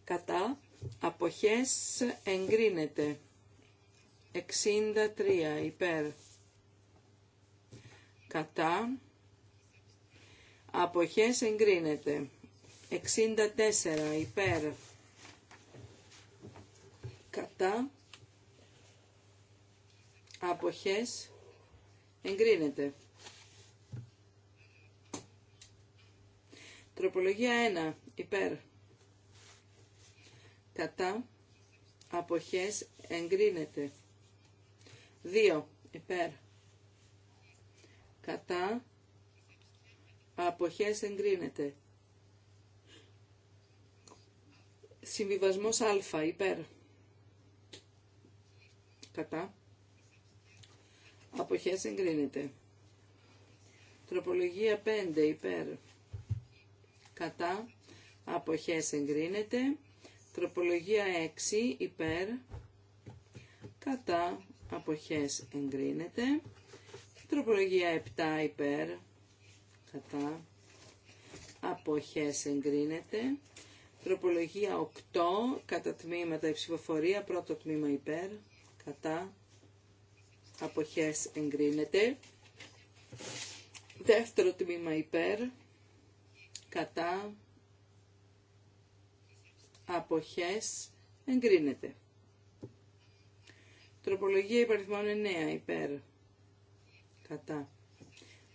κατά αποχές εγκρίνεται. 63 υπέρ κατά αποχές εγκρίνεται. 64 υπέρ κατά αποχές εγκρίνεται. Τροπολογία 1. Υπέρ. Κατά. Αποχές εγκρίνεται. 2. Υπέρ. Κατά. Αποχές εγκρίνεται. Συμβιβασμός α. Υπέρ. Κατά. Αποχές εγκρίνεται. Τροπολογία 5. Υπέρ κατά αποχές εγκρίνεται. Τροπολογία 6 υπέρ κατά αποχές εγκρίνεται. Τροπολογία 7 υπέρ κατά αποχές εγκρίνεται. Τροπολογία 8 κατά τμήματα η ψηφοφορία πρώτο τμήμα υπέρ κατά αποχές εγκρίνεται. Δεύτερο τμήμα υπέρ κατά αποχές εγκρίνεται. Τροπολογία υπαριθμών 9 υπέρ κατά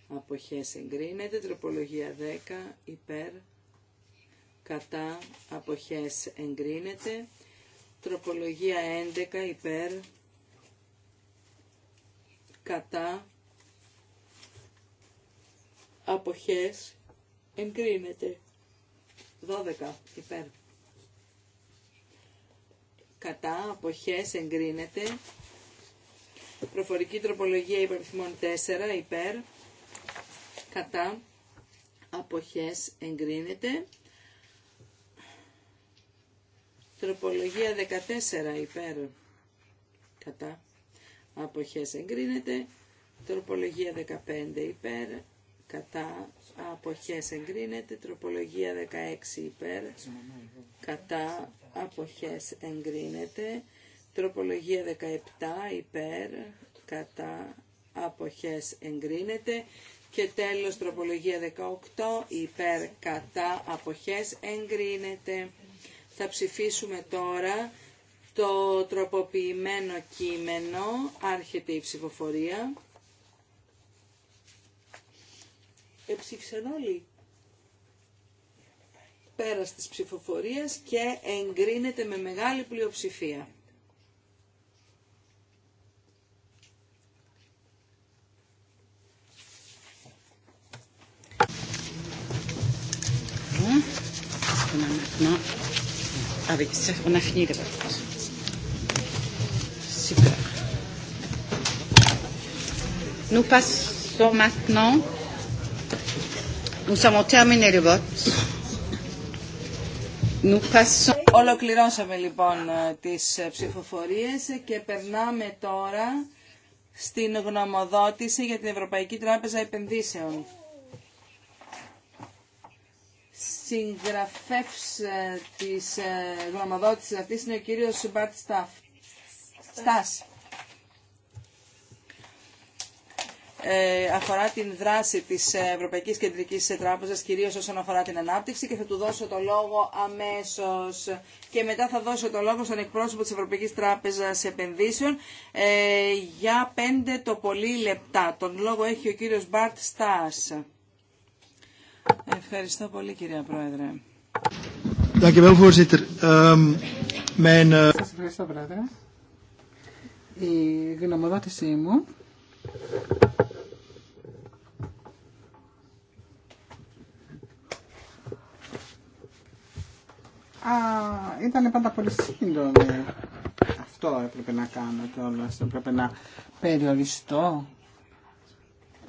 αποχές εγκρίνεται. Τροπολογία 10 υπέρ κατά αποχές εγκρίνεται. Τροπολογία 11 υπέρ κατά αποχές εγκρίνεται. 12 υπέρ. Κατά αποχές εγκρίνεται. Προφορική τροπολογία υπερθυμών 4 υπέρ. Κατά αποχές εγκρίνεται. Τροπολογία 14 υπέρ. Κατά αποχές εγκρίνεται. Τροπολογία 15 υπέρ κατά αποχές εγκρίνεται, τροπολογία 16 υπέρ, κατά αποχές εγκρίνεται, τροπολογία 17 υπέρ, κατά αποχές εγκρίνεται και τέλος τροπολογία 18 υπέρ, κατά αποχές εγκρίνεται. Θα ψηφίσουμε τώρα το τροποποιημένο κείμενο, άρχεται η ψηφοφορία. ψήφισαν όλοι. Πέρα της ψηφοφορίας και εγκρίνεται με μεγάλη πλειοψηφία. avec On Nous passons maintenant Ολοκληρώσαμε λοιπόν ε, τις ε, ψηφοφορίες και περνάμε τώρα στην γνωμοδότηση για την Ευρωπαϊκή Τράπεζα Επενδύσεων. Συγγραφεύς ε, της γνωμοδότησης αυτής είναι ο κύριος Μπαρτ Στάς. Ε, αφορά την δράση της Ευρωπαϊκής Κεντρικής Τράπεζας, κυρίως όσον αφορά την ανάπτυξη και θα του δώσω το λόγο αμέσως. Και μετά θα δώσω το λόγο στον εκπρόσωπο της Ευρωπαϊκής Τράπεζας Επενδύσεων ε, για πέντε το πολύ λεπτά. Τον λόγο έχει ο κύριος Μπαρτ Στάσ Ευχαριστώ πολύ κυρία Πρόεδρε. Ehm, eh, Σας ευχαριστώ Πρόεδρε. Η γνωμοδότησή μου ήταν πάντα πολύ σύντομη. Αυτό έπρεπε να κάνω κιόλα. Έπρεπε να περιοριστώ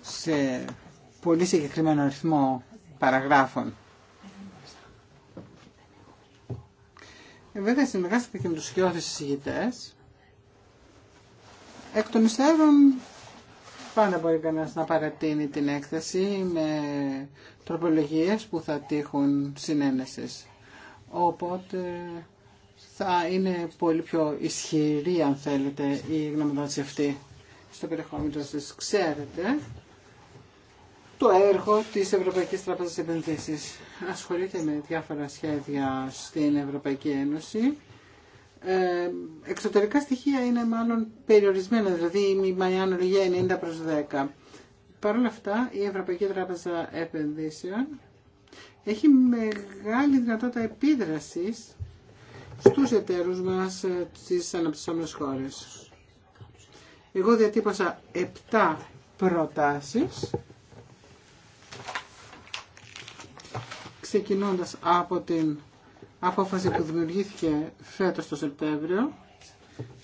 σε πολύ συγκεκριμένο αριθμό παραγράφων. Ε, βέβαια συνεργάστηκα και με τους χιλιάδες εισηγητές. Εκ των υστέρων Πάντα μπορεί κανένας να παρατείνει την έκθεση με τροπολογίες που θα τύχουν συνένεσης. Οπότε θα είναι πολύ πιο ισχυρή, αν θέλετε, η γνωμοδότηση αυτή στο περιεχόμενο σας. Ξέρετε, το έργο της Ευρωπαϊκής Τράπεζας Επενδύσεις ασχολείται με διάφορα σχέδια στην Ευρωπαϊκή Ένωση ε, εξωτερικά στοιχεία είναι μάλλον περιορισμένα, δηλαδή η μαγιά είναι 90 προς 10. Παρ' όλα αυτά, η Ευρωπαϊκή Τράπεζα Επενδύσεων έχει μεγάλη δυνατότητα επίδρασης στους εταίρους μας ε, στις αναπτυσσόμενες χώρες. Εγώ διατύπωσα 7 προτάσεις, ξεκινώντας από την απόφαση που δημιουργήθηκε φέτος το Σεπτέμβριο.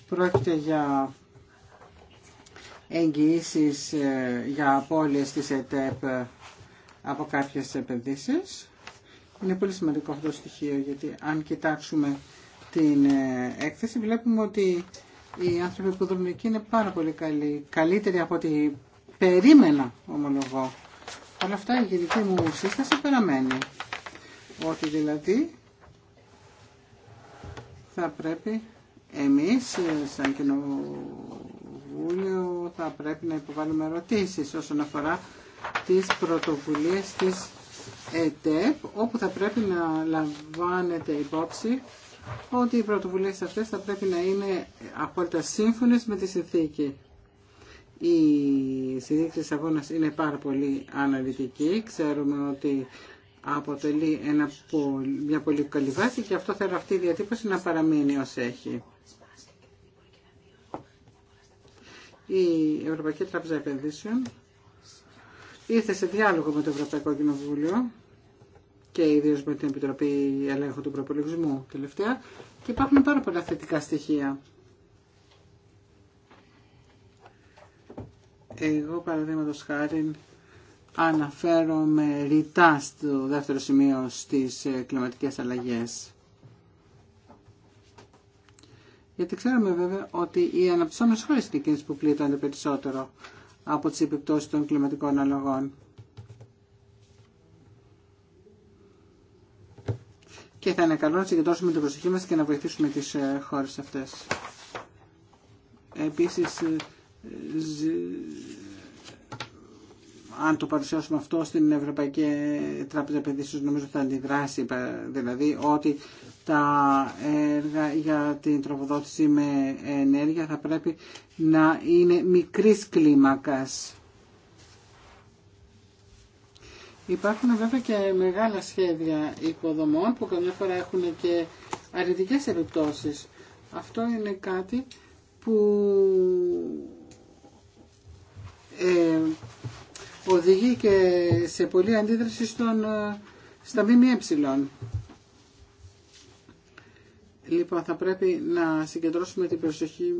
Πρόκειται για εγγυήσει ε, για απώλειες της ΕΤΕΠ ε, από κάποιες επενδύσεις. Είναι πολύ σημαντικό αυτό το στοιχείο γιατί αν κοιτάξουμε την ε, έκθεση βλέπουμε ότι οι άνθρωποι που δουλεύουν εκεί είναι πάρα πολύ καλοί. Καλύτεροι από ό,τι περίμενα ομολογώ. Αλλά αυτά η γενική μου σύσταση παραμένει. Ότι δηλαδή θα πρέπει εμείς σαν κοινοβούλιο θα πρέπει να υποβάλουμε ερωτήσεις όσον αφορά τις πρωτοβουλίες της ΕΤΕΠ όπου θα πρέπει να λαμβάνετε υπόψη ότι οι πρωτοβουλίες αυτές θα πρέπει να είναι απόλυτα σύμφωνες με τη συνθήκη. Η συνθήκη της αγώνας είναι πάρα πολύ αναλυτική. Ξέρουμε ότι αποτελεί ένα, μια πολύ καλή βάση και αυτό θέλω αυτή η διατύπωση να παραμείνει ως έχει. Η Ευρωπαϊκή Τράπεζα Επενδύσεων ήρθε σε διάλογο με το Ευρωπαϊκό Κοινοβούλιο και ιδίω με την Επιτροπή Ελέγχου του Προπολογισμού τελευταία και υπάρχουν πάρα πολλά θετικά στοιχεία. Εγώ παραδείγματο χάρη αναφέρομαι ρητά στο δεύτερο σημείο στις ε, κλιματικές αλλαγές. Γιατί ξέρουμε βέβαια ότι οι αναπτυσσόμενες χώρες είναι εκείνες που πλήττονται περισσότερο από τις επιπτώσεις των κλιματικών αλλαγών. Και θα είναι καλό να συγκεντρώσουμε την προσοχή μας και να βοηθήσουμε τις ε, χώρες αυτές. Επίσης, ε, αν το παρουσιάσουμε αυτό στην Ευρωπαϊκή Τράπεζα Επενδύσεως νομίζω θα αντιδράσει δηλαδή ότι τα έργα για την τροφοδότηση με ενέργεια θα πρέπει να είναι μικρής κλίμακας. Υπάρχουν βέβαια και μεγάλα σχέδια υποδομών που καμιά φορά έχουν και αρνητικές επιπτώσει. Αυτό είναι κάτι που ε, οδηγεί και σε πολλή αντίδραση στον, ε, στα ΜΜΕ. Λοιπόν, θα πρέπει να συγκεντρώσουμε την προσοχή,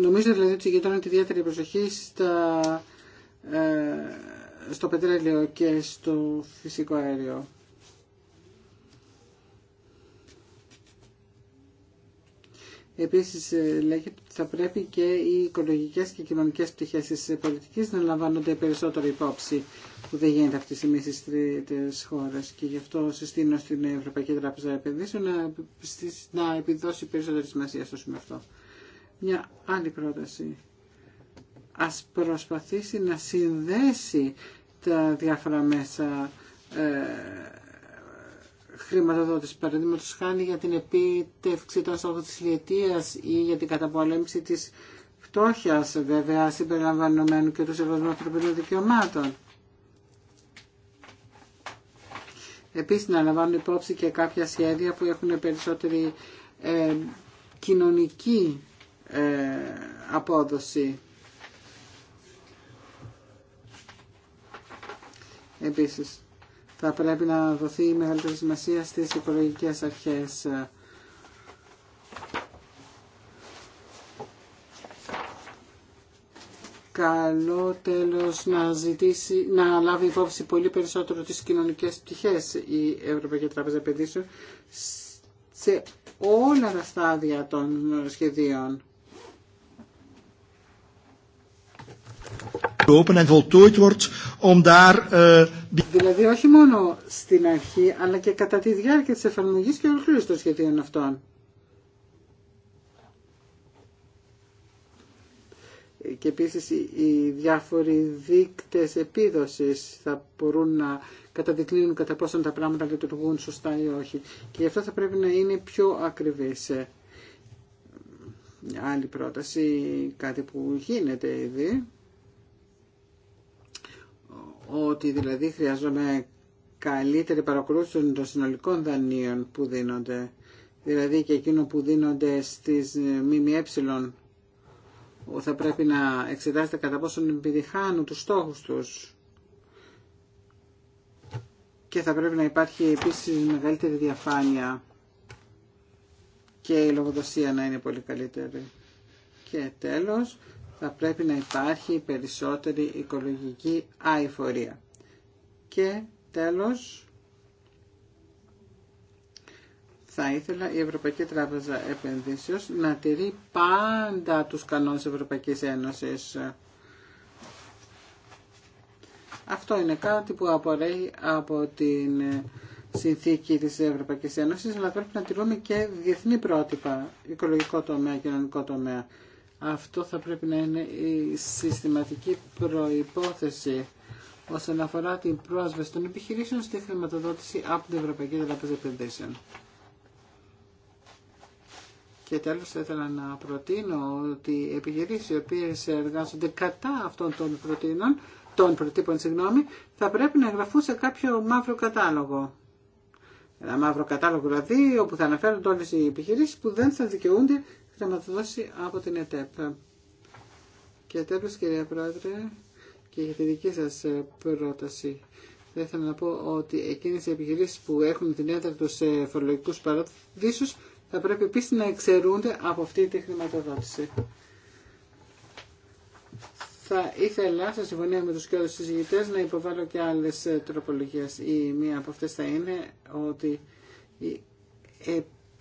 νομίζω δηλαδή ότι συγκεντρώνεται ιδιαίτερη προσοχή στα, ε, στο πετρέλαιο και στο φυσικό αέριο. Επίσης ε, λέγεται ότι θα πρέπει και οι οικολογικέ και κοινωνικές πτυχέ τη πολιτική να λαμβάνονται περισσότερο υπόψη που δεν γίνεται αυτή τη στιγμή στις τρίτε χώρες και γι' αυτό συστήνω στην Ευρωπαϊκή Τράπεζα Επενδύσεων να, επιδώσει περισσότερη σημασία στο σημείο αυτό. Μια άλλη πρόταση. Ας προσπαθήσει να συνδέσει τα διάφορα μέσα ε, της παραδείγματο χάνει για την επίτευξη των στόχων της χιλιετίας ή για την καταπολέμηση της φτώχειας βέβαια συμπεριλαμβανομένου και του σεβασμού ανθρωπίνων δικαιωμάτων. Επίσης να λαμβάνουν υπόψη και κάποια σχέδια που έχουν περισσότερη ε, κοινωνική ε, απόδοση. Επίσης θα πρέπει να δοθεί η μεγαλύτερη σημασία στις οικολογικές αρχές. Καλό τέλος να, ζητήσει, να λάβει υπόψη πολύ περισσότερο τις κοινωνικές πτυχές η Ευρωπαϊκή Τράπεζα Επενδύσεων σε όλα τα στάδια των σχεδίων. en voltooid wordt om daar... Uh... Δηλαδή όχι μόνο στην αρχή αλλά και κατά τη διάρκεια της εφαρμογής και ολοκλήρωσης των σχεδίων αυτών. Και επίσης οι διάφοροι δείκτες επίδοσης θα μπορούν να καταδεικνύουν κατά πόσο τα πράγματα λειτουργούν σωστά ή όχι. Και γι' αυτό θα πρέπει να είναι πιο ακριβής άλλη πρόταση, κάτι που γίνεται ήδη ότι δηλαδή χρειάζομαι καλύτερη παρακολούθηση των συνολικών δανείων που δίνονται, δηλαδή και εκείνο που δίνονται στις ε, ΜΜΕ θα πρέπει να εξετάσετε κατά πόσον επιτυχάνουν τους στόχους τους και θα πρέπει να υπάρχει επίσης μεγαλύτερη διαφάνεια και η λογοδοσία να είναι πολύ καλύτερη. Και τέλος, θα πρέπει να υπάρχει περισσότερη οικολογική αηφορία. Και τέλος, θα ήθελα η Ευρωπαϊκή Τράπεζα Επενδύσεως να τηρεί πάντα τους κανόνες Ευρωπαϊκής Ένωσης. Αυτό είναι κάτι που απορρέει από την συνθήκη της Ευρωπαϊκής Ένωσης, αλλά πρέπει να τηρούμε και διεθνή πρότυπα, οικολογικό τομέα, κοινωνικό τομέα. Αυτό θα πρέπει να είναι η συστηματική προϋπόθεση όσον αφορά την πρόσβαση των επιχειρήσεων στη χρηματοδότηση από την Ευρωπαϊκή Τραπεζα Επενδύσεων. Και τέλος θα ήθελα να προτείνω ότι οι επιχειρήσεις οι οποίες εργάζονται κατά αυτών των προτείνων, των προτύπων συγγνώμη, θα πρέπει να εγγραφούν σε κάποιο μαύρο κατάλογο. Ένα μαύρο κατάλογο δηλαδή όπου θα αναφέρονται όλες οι επιχειρήσεις που δεν θα δικαιούνται χρηματοδόση από την ΕΤΕΠ. Και τέλος κυρία Πρόεδρε και για τη δική σας ε, πρόταση. Θα ήθελα να πω ότι εκείνες οι επιχειρήσεις που έχουν την έδρα τους σε φορολογικούς παραδείσους θα πρέπει επίσης να εξαιρούνται από αυτή τη χρηματοδότηση. Θα ήθελα, σε συμφωνία με τους και όλους να υποβάλω και άλλες ε, τροπολογίες. Η μία από αυτές θα είναι ότι η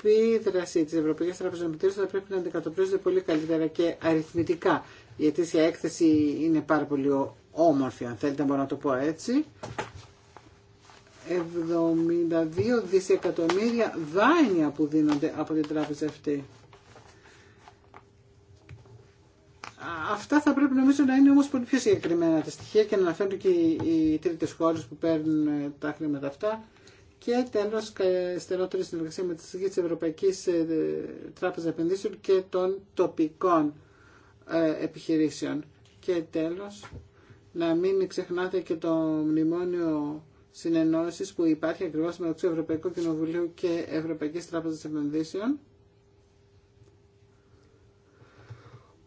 επίδραση τη Ευρωπαϊκή Τράπεζας θα πρέπει να αντικατοπτρίζονται πολύ καλύτερα και αριθμητικά. Η αιτήσια έκθεση είναι πάρα πολύ όμορφη, αν θέλετε μπορώ να το πω έτσι. 72 δισεκατομμύρια δάνεια που δίνονται από την τράπεζα αυτή. Αυτά θα πρέπει νομίζω να είναι όμως πολύ πιο συγκεκριμένα τα στοιχεία και να αναφέρουν και οι τρίτες χώρες που παίρνουν τα χρήματα αυτά και τέλος στενότερη συνεργασία μεταξύ της Ευρωπαϊκής ε, Τράπεζας Επενδύσεων και των τοπικών ε, επιχειρήσεων. Και τέλος, να μην ξεχνάτε και το μνημόνιο συνεννόησης που υπάρχει ακριβώς μεταξύ Ευρωπαϊκού Κοινοβουλίου και Ευρωπαϊκής Τράπεζας Επενδύσεων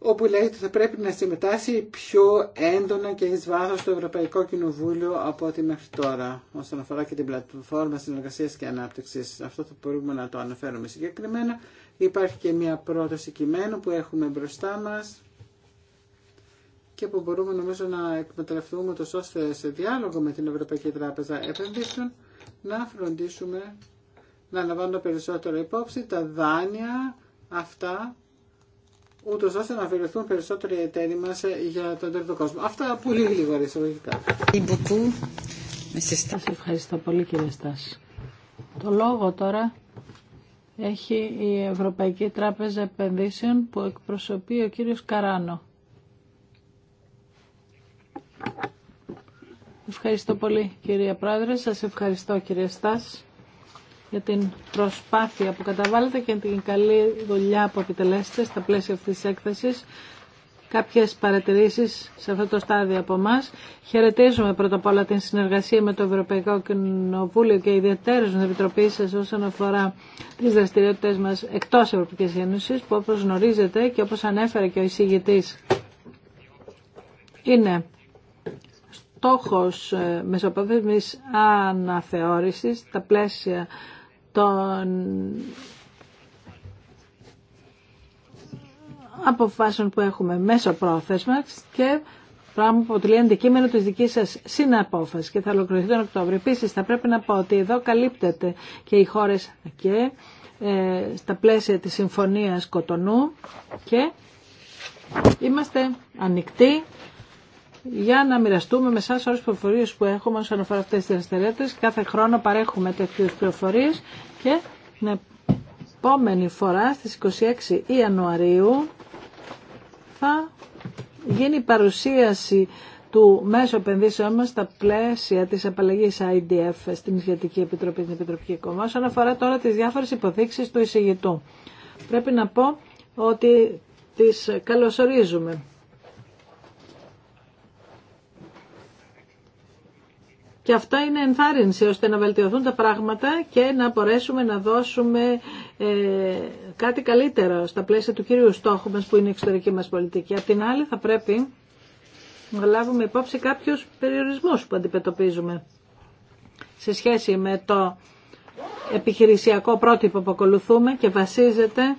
όπου λέγεται ότι θα πρέπει να συμμετάσχει πιο έντονα και εις βάθος το Ευρωπαϊκό Κοινοβούλιο από ό,τι μέχρι τώρα, όσον αφορά και την πλατφόρμα συνεργασία και ανάπτυξη. Αυτό θα μπορούμε να το αναφέρουμε συγκεκριμένα. Υπάρχει και μια πρόταση κειμένου που έχουμε μπροστά μας και που μπορούμε νομίζω να εκμεταλλευτούμε το ώστε σε διάλογο με την Ευρωπαϊκή Τράπεζα Επενδύσεων να φροντίσουμε να λαμβάνουμε περισσότερο υπόψη τα δάνεια αυτά ούτω ώστε να αφαιρεθούν περισσότεροι εταίροι μα ε, για τον τρίτο κόσμο. Αυτά πολύ γρήγορα εισαγωγικά. Σα ευχαριστώ πολύ κύριε Στάση. Το λόγο τώρα έχει η Ευρωπαϊκή Τράπεζα Επενδύσεων που εκπροσωπεί ο κύριος Καράνο. Ευχαριστώ πολύ κύριε Πρόεδρε, σας ευχαριστώ κύριε Στάση για την προσπάθεια που καταβάλλετε και την καλή δουλειά που επιτελέσετε στα πλαίσια αυτής της έκθεσης. Κάποιες παρατηρήσεις σε αυτό το στάδιο από εμά. Χαιρετίζουμε πρώτα απ' όλα την συνεργασία με το Ευρωπαϊκό Κοινοβούλιο και ιδιαίτερα την Επιτροπή σα όσον αφορά τι δραστηριότητε μα εκτό Ευρωπαϊκή Ένωση, που όπω γνωρίζετε και όπω ανέφερε και ο εισηγητής είναι στόχος ε, μεσοπαθμής αναθεώρησης, τα πλαίσια των αποφάσεων που έχουμε μέσω πρόθεσμα και πράγμα που αποτελεί αντικείμενο τη δική σα συναπόφαση και θα ολοκληρωθεί τον Οκτώβριο. Επίση, θα πρέπει να πω ότι εδώ καλύπτεται και οι χώρε και ε, στα πλαίσια τη συμφωνία Κοτονού και είμαστε ανοιχτοί για να μοιραστούμε με εσά όλε τι πληροφορίε που έχουμε όσον αφορά αυτέ τι δραστηριότητε. Κάθε χρόνο παρέχουμε τέτοιε πληροφορίε και την επόμενη φορά στι 26 Ιανουαρίου θα γίνει η παρουσίαση του μέσου επενδύσεων μας στα πλαίσια της απαλλαγής IDF στην Ισιατική Επιτροπή, την Επιτροπή Κόμμα, όσον αφορά τώρα τις διάφορες υποδείξει του εισηγητού. Πρέπει να πω ότι τις καλωσορίζουμε. Και αυτά είναι ενθάρρυνση ώστε να βελτιωθούν τα πράγματα και να μπορέσουμε να δώσουμε ε, κάτι καλύτερο στα πλαίσια του κύριου στόχου μας που είναι η εξωτερική μας πολιτική. Απ' την άλλη θα πρέπει να λάβουμε υπόψη κάποιους περιορισμούς που αντιμετωπίζουμε σε σχέση με το επιχειρησιακό πρότυπο που ακολουθούμε και βασίζεται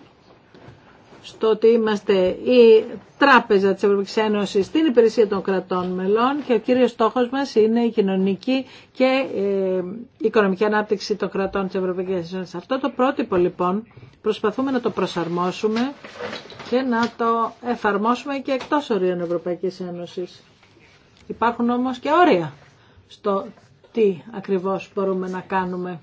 στο ότι είμαστε η τράπεζα της Ευρωπαϊκής Ένωσης στην υπηρεσία των κρατών μελών και ο κύριος στόχος μας είναι η κοινωνική και η ε, οικονομική ανάπτυξη των κρατών της Ευρωπαϊκής Ένωσης. Αυτό το πρότυπο λοιπόν προσπαθούμε να το προσαρμόσουμε και να το εφαρμόσουμε και εκτός ορίων Ευρωπαϊκής Ένωσης. Υπάρχουν όμως και όρια στο τι ακριβώς μπορούμε να κάνουμε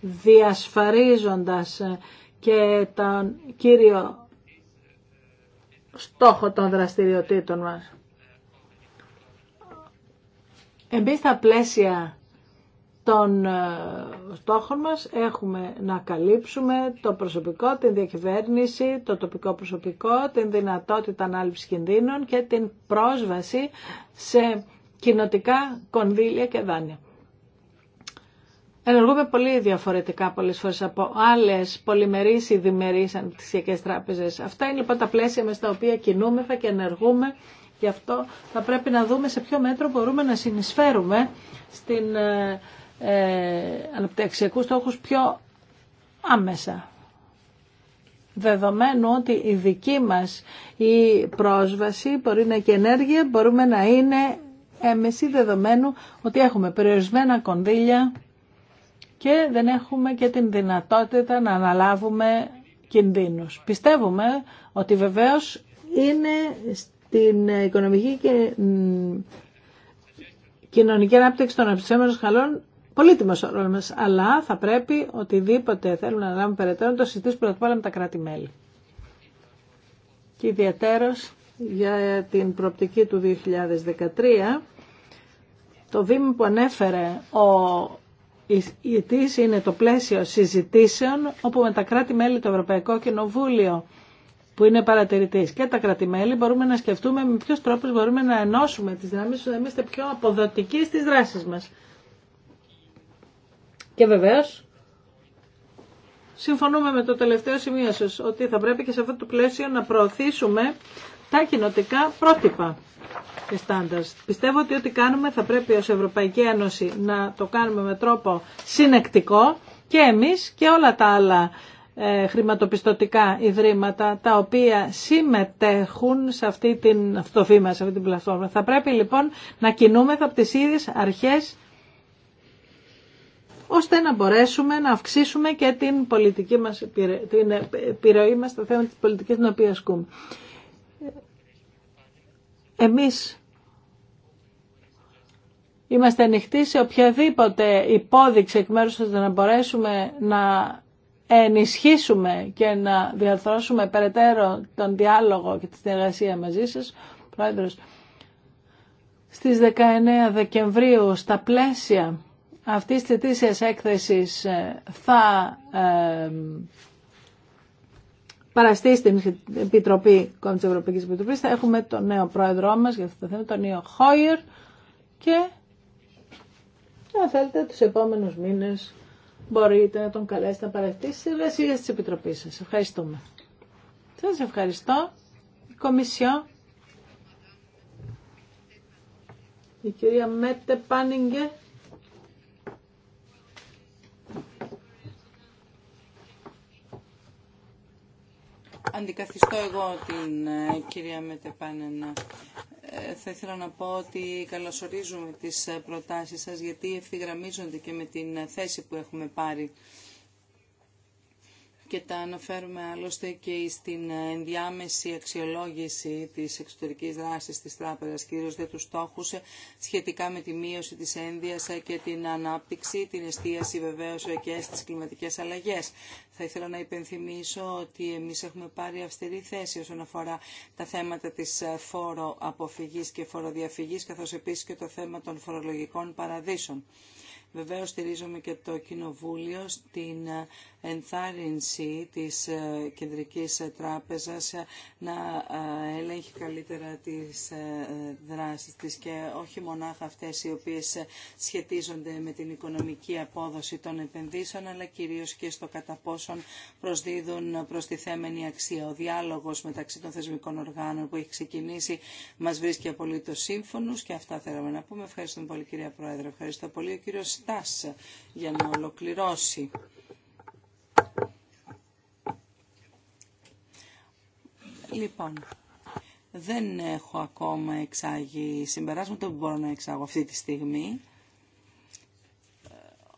διασφαρίζοντας ε, και τον κύριο στόχο των δραστηριοτήτων μας. Εμείς στα πλαίσια των ε, στόχων μας έχουμε να καλύψουμε το προσωπικό, την διακυβέρνηση, το τοπικό προσωπικό, την δυνατότητα ανάληψης κινδύνων και την πρόσβαση σε κοινοτικά κονδύλια και δάνεια ενεργούμε πολύ διαφορετικά πολλέ φορέ από άλλε πολυμερεί ή διμερεί αναπτυξιακέ τράπεζες. Αυτά είναι λοιπόν τα πλαίσια με τα οποία κινούμεθα και ενεργούμε. Γι' αυτό θα πρέπει να δούμε σε ποιο μέτρο μπορούμε να συνεισφέρουμε στην ε, ε, αναπτυξιακούς στόχους πιο άμεσα. Δεδομένου ότι η δική μας η πρόσβαση μπορεί να και ενέργεια, μπορούμε να είναι έμεση δεδομένου ότι έχουμε περιορισμένα κονδύλια και δεν έχουμε και την δυνατότητα να αναλάβουμε κινδύνους. Πιστεύουμε ότι βεβαίως είναι στην οικονομική και κοινωνική ανάπτυξη των αναπτυσσόμενων χαλών πολύτιμος ρόλος μας, αλλά θα πρέπει οτιδήποτε θέλουν να αναλάβουν περαιτέρω να το συζητήσουμε πρώτα απ' όλα με τα κράτη-μέλη. Και ιδιαίτερος για την προοπτική του 2013, το βήμα που ανέφερε ο η είναι το πλαίσιο συζητήσεων όπου με τα κράτη-μέλη το Ευρωπαϊκού Κοινοβούλιο που είναι παρατηρητής και τα κράτη-μέλη μπορούμε να σκεφτούμε με ποιους τρόπους μπορούμε να ενώσουμε τις δράσεις ώστε να είμαστε πιο αποδοτικοί στις δράσεις μας. Και βεβαίως συμφωνούμε με το τελευταίο σημείο σας ότι θα πρέπει και σε αυτό το πλαίσιο να προωθήσουμε τα κοινοτικά πρότυπα. Πιστεύω ότι ό,τι κάνουμε θα πρέπει ως Ευρωπαϊκή Ένωση να το κάνουμε με τρόπο συνεκτικό και εμείς και όλα τα άλλα ε, χρηματοπιστωτικά ιδρύματα τα οποία συμμετέχουν σε αυτή την αυτοβήμα, σε αυτή την πλατφόρμα. Θα πρέπει λοιπόν να κινούμε από τις ίδιες αρχές ώστε να μπορέσουμε να αυξήσουμε και την, πολιτική μας, την επιρροή μας στο θέμα της πολιτικής την οποία ασκούμε. Εμείς είμαστε ανοιχτοί σε οποιαδήποτε υπόδειξη εκ μέρους ώστε να μπορέσουμε να ενισχύσουμε και να διαρθρώσουμε περαιτέρω τον διάλογο και τη συνεργασία μαζί σας, Πρόεδρος. Στις 19 Δεκεμβρίου, στα πλαίσια αυτής της ετήσιας έκθεσης, ε, θα ε, παραστεί στην Επιτροπή της Ευρωπαϊκή Επιτροπή. Θα έχουμε τον νέο πρόεδρό μας για αυτό το θέμα, τον Ιω Χόιερ και αν θέλετε τους επόμενους μήνες μπορείτε να τον καλέσετε να παραστεί στις εργασίες της Επιτροπής σας. Ευχαριστούμε. Σας ευχαριστώ. Η Κομισιό. Η κυρία Μέτε Πάνιγκε. αντικαθιστώ εγώ την ε, κυρία Μετεπάνενα. Ε, θα ήθελα να πω ότι καλωσορίζουμε τις ε, προτάσεις σας γιατί ευθυγραμμίζονται και με την θέση που έχουμε πάρει και τα αναφέρουμε άλλωστε και στην ενδιάμεση αξιολόγηση της εξωτερικής δράσης της τράπεζας, κυρίως για τους στόχους σχετικά με τη μείωση της ένδυας και την ανάπτυξη, την εστίαση βεβαίως και στις κλιματικές αλλαγές. Θα ήθελα να υπενθυμίσω ότι εμείς έχουμε πάρει αυστηρή θέση όσον αφορά τα θέματα της φόρο αποφυγής και φοροδιαφυγής, καθώς επίσης και το θέμα των φορολογικών παραδείσων. Βεβαίως στηρίζομαι και το Κοινοβούλιο στην ενθάρρυνση της ε, Κεντρικής ε, Τράπεζας ε, να ελέγχει καλύτερα τις δράσεις της και όχι μονάχα αυτές οι οποίες σχετίζονται με την οικονομική απόδοση των επενδύσεων αλλά κυρίως και στο κατά πόσον προσδίδουν τη θέμενη αξία. Ο διάλογος μεταξύ των θεσμικών οργάνων που έχει ξεκινήσει μας βρίσκει απολύτω σύμφωνος και αυτά θέλαμε να πούμε. Ευχαριστούμε πολύ κυρία Πρόεδρε. Ευχαριστώ πολύ ο κύριος Στάς για να ολοκληρώσει. Λοιπόν, δεν έχω ακόμα εξάγει συμπεράσματα που μπορώ να εξάγω αυτή τη στιγμή.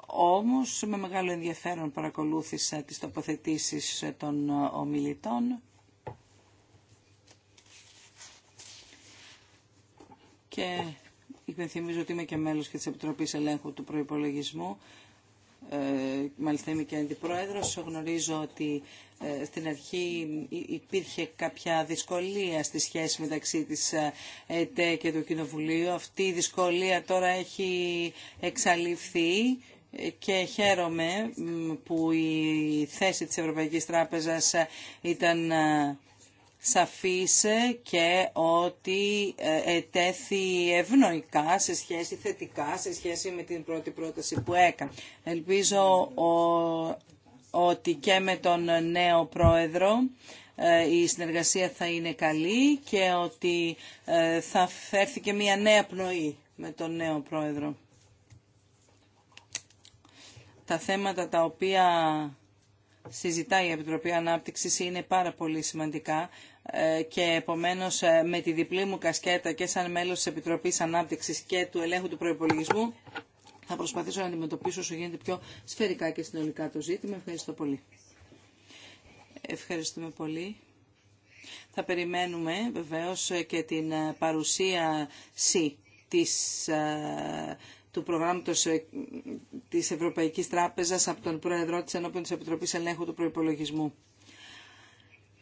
Όμως με μεγάλο ενδιαφέρον παρακολούθησα τις τοποθετήσεις των ομιλητών και υπενθυμίζω ότι είμαι και μέλος και της Επιτροπής Ελέγχου του Προϋπολογισμού ε, μάλιστα είμαι και αντιπρόεδρος, γνωρίζω ότι ε, στην αρχή υπήρχε κάποια δυσκολία στη σχέση μεταξύ της ε, ΕΤΕ και του Κοινοβουλίου. Αυτή η δυσκολία τώρα έχει εξαλειφθεί και χαίρομαι που η θέση της Ευρωπαϊκής Τράπεζας ήταν σαφής και ότι ε, ετέθη ευνοϊκά σε σχέση θετικά, σε σχέση με την πρώτη πρόταση που έκανε. Ελπίζω ότι και με τον νέο πρόεδρο ε, η συνεργασία θα είναι καλή και ότι ε, θα φέρθηκε μια νέα πνοή με τον νέο πρόεδρο. Τα θέματα τα οποία συζητάει η Επιτροπή Ανάπτυξης είναι πάρα πολύ σημαντικά. Ε, και επομένως ε, με τη διπλή μου κασκέτα και σαν μέλος της Επιτροπής Ανάπτυξης και του Ελέγχου του Προϋπολογισμού θα προσπαθήσω να αντιμετωπίσω όσο γίνεται πιο σφαιρικά και συνολικά το ζήτημα. Ευχαριστώ πολύ. Ευχαριστούμε πολύ. Θα περιμένουμε βεβαίως ε, και την παρουσία ΣΥ του προγράμματος της Ευρωπαϊκής Τράπεζας από τον Πρόεδρό της ενώπιον της Επιτροπής Ελέγχου του Προϋπολογισμού.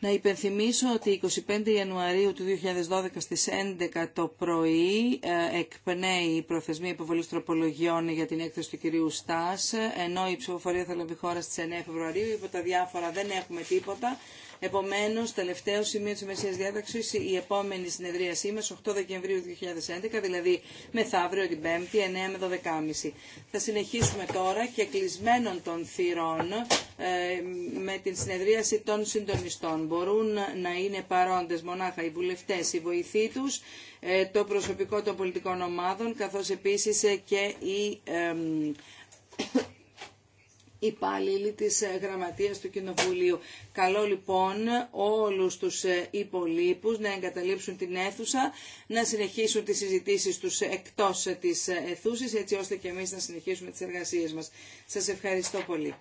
Να υπενθυμίσω ότι 25 Ιανουαρίου του 2012 στις 11 το πρωί ε, εκπνέει η προθεσμία υποβολή τροπολογιών για την έκθεση του κυρίου Στάς, ενώ η ψηφοφορία θα λάβει χώρα στις 9 Φεβρουαρίου. Υπό τα διάφορα δεν έχουμε τίποτα. Επομένω, τελευταίο σημείο τη ημερησία διάταξη, η επόμενη συνεδρίασή μας, 8 Δεκεμβρίου 2011, δηλαδή μεθαύριο την Πέμπτη, 9 με 12.30. Θα συνεχίσουμε τώρα και κλεισμένων των θυρών ε, με την συνεδρίαση των συντονιστών. Μπορούν να είναι παρόντες μονάχα οι βουλευτές, οι βοηθοί τους, ε, το προσωπικό των πολιτικών ομάδων, καθώς επίσης ε, και οι υπάλληλοι της ε, Γραμματείας του Κοινοβουλίου. Καλό λοιπόν όλους τους ε, υπολείπους να εγκαταλείψουν την αίθουσα, να συνεχίσουν τις συζητήσεις τους εκτός ε, της αιθούσης, έτσι ώστε και εμείς να συνεχίσουμε τις εργασίες μας. Σας ευχαριστώ πολύ.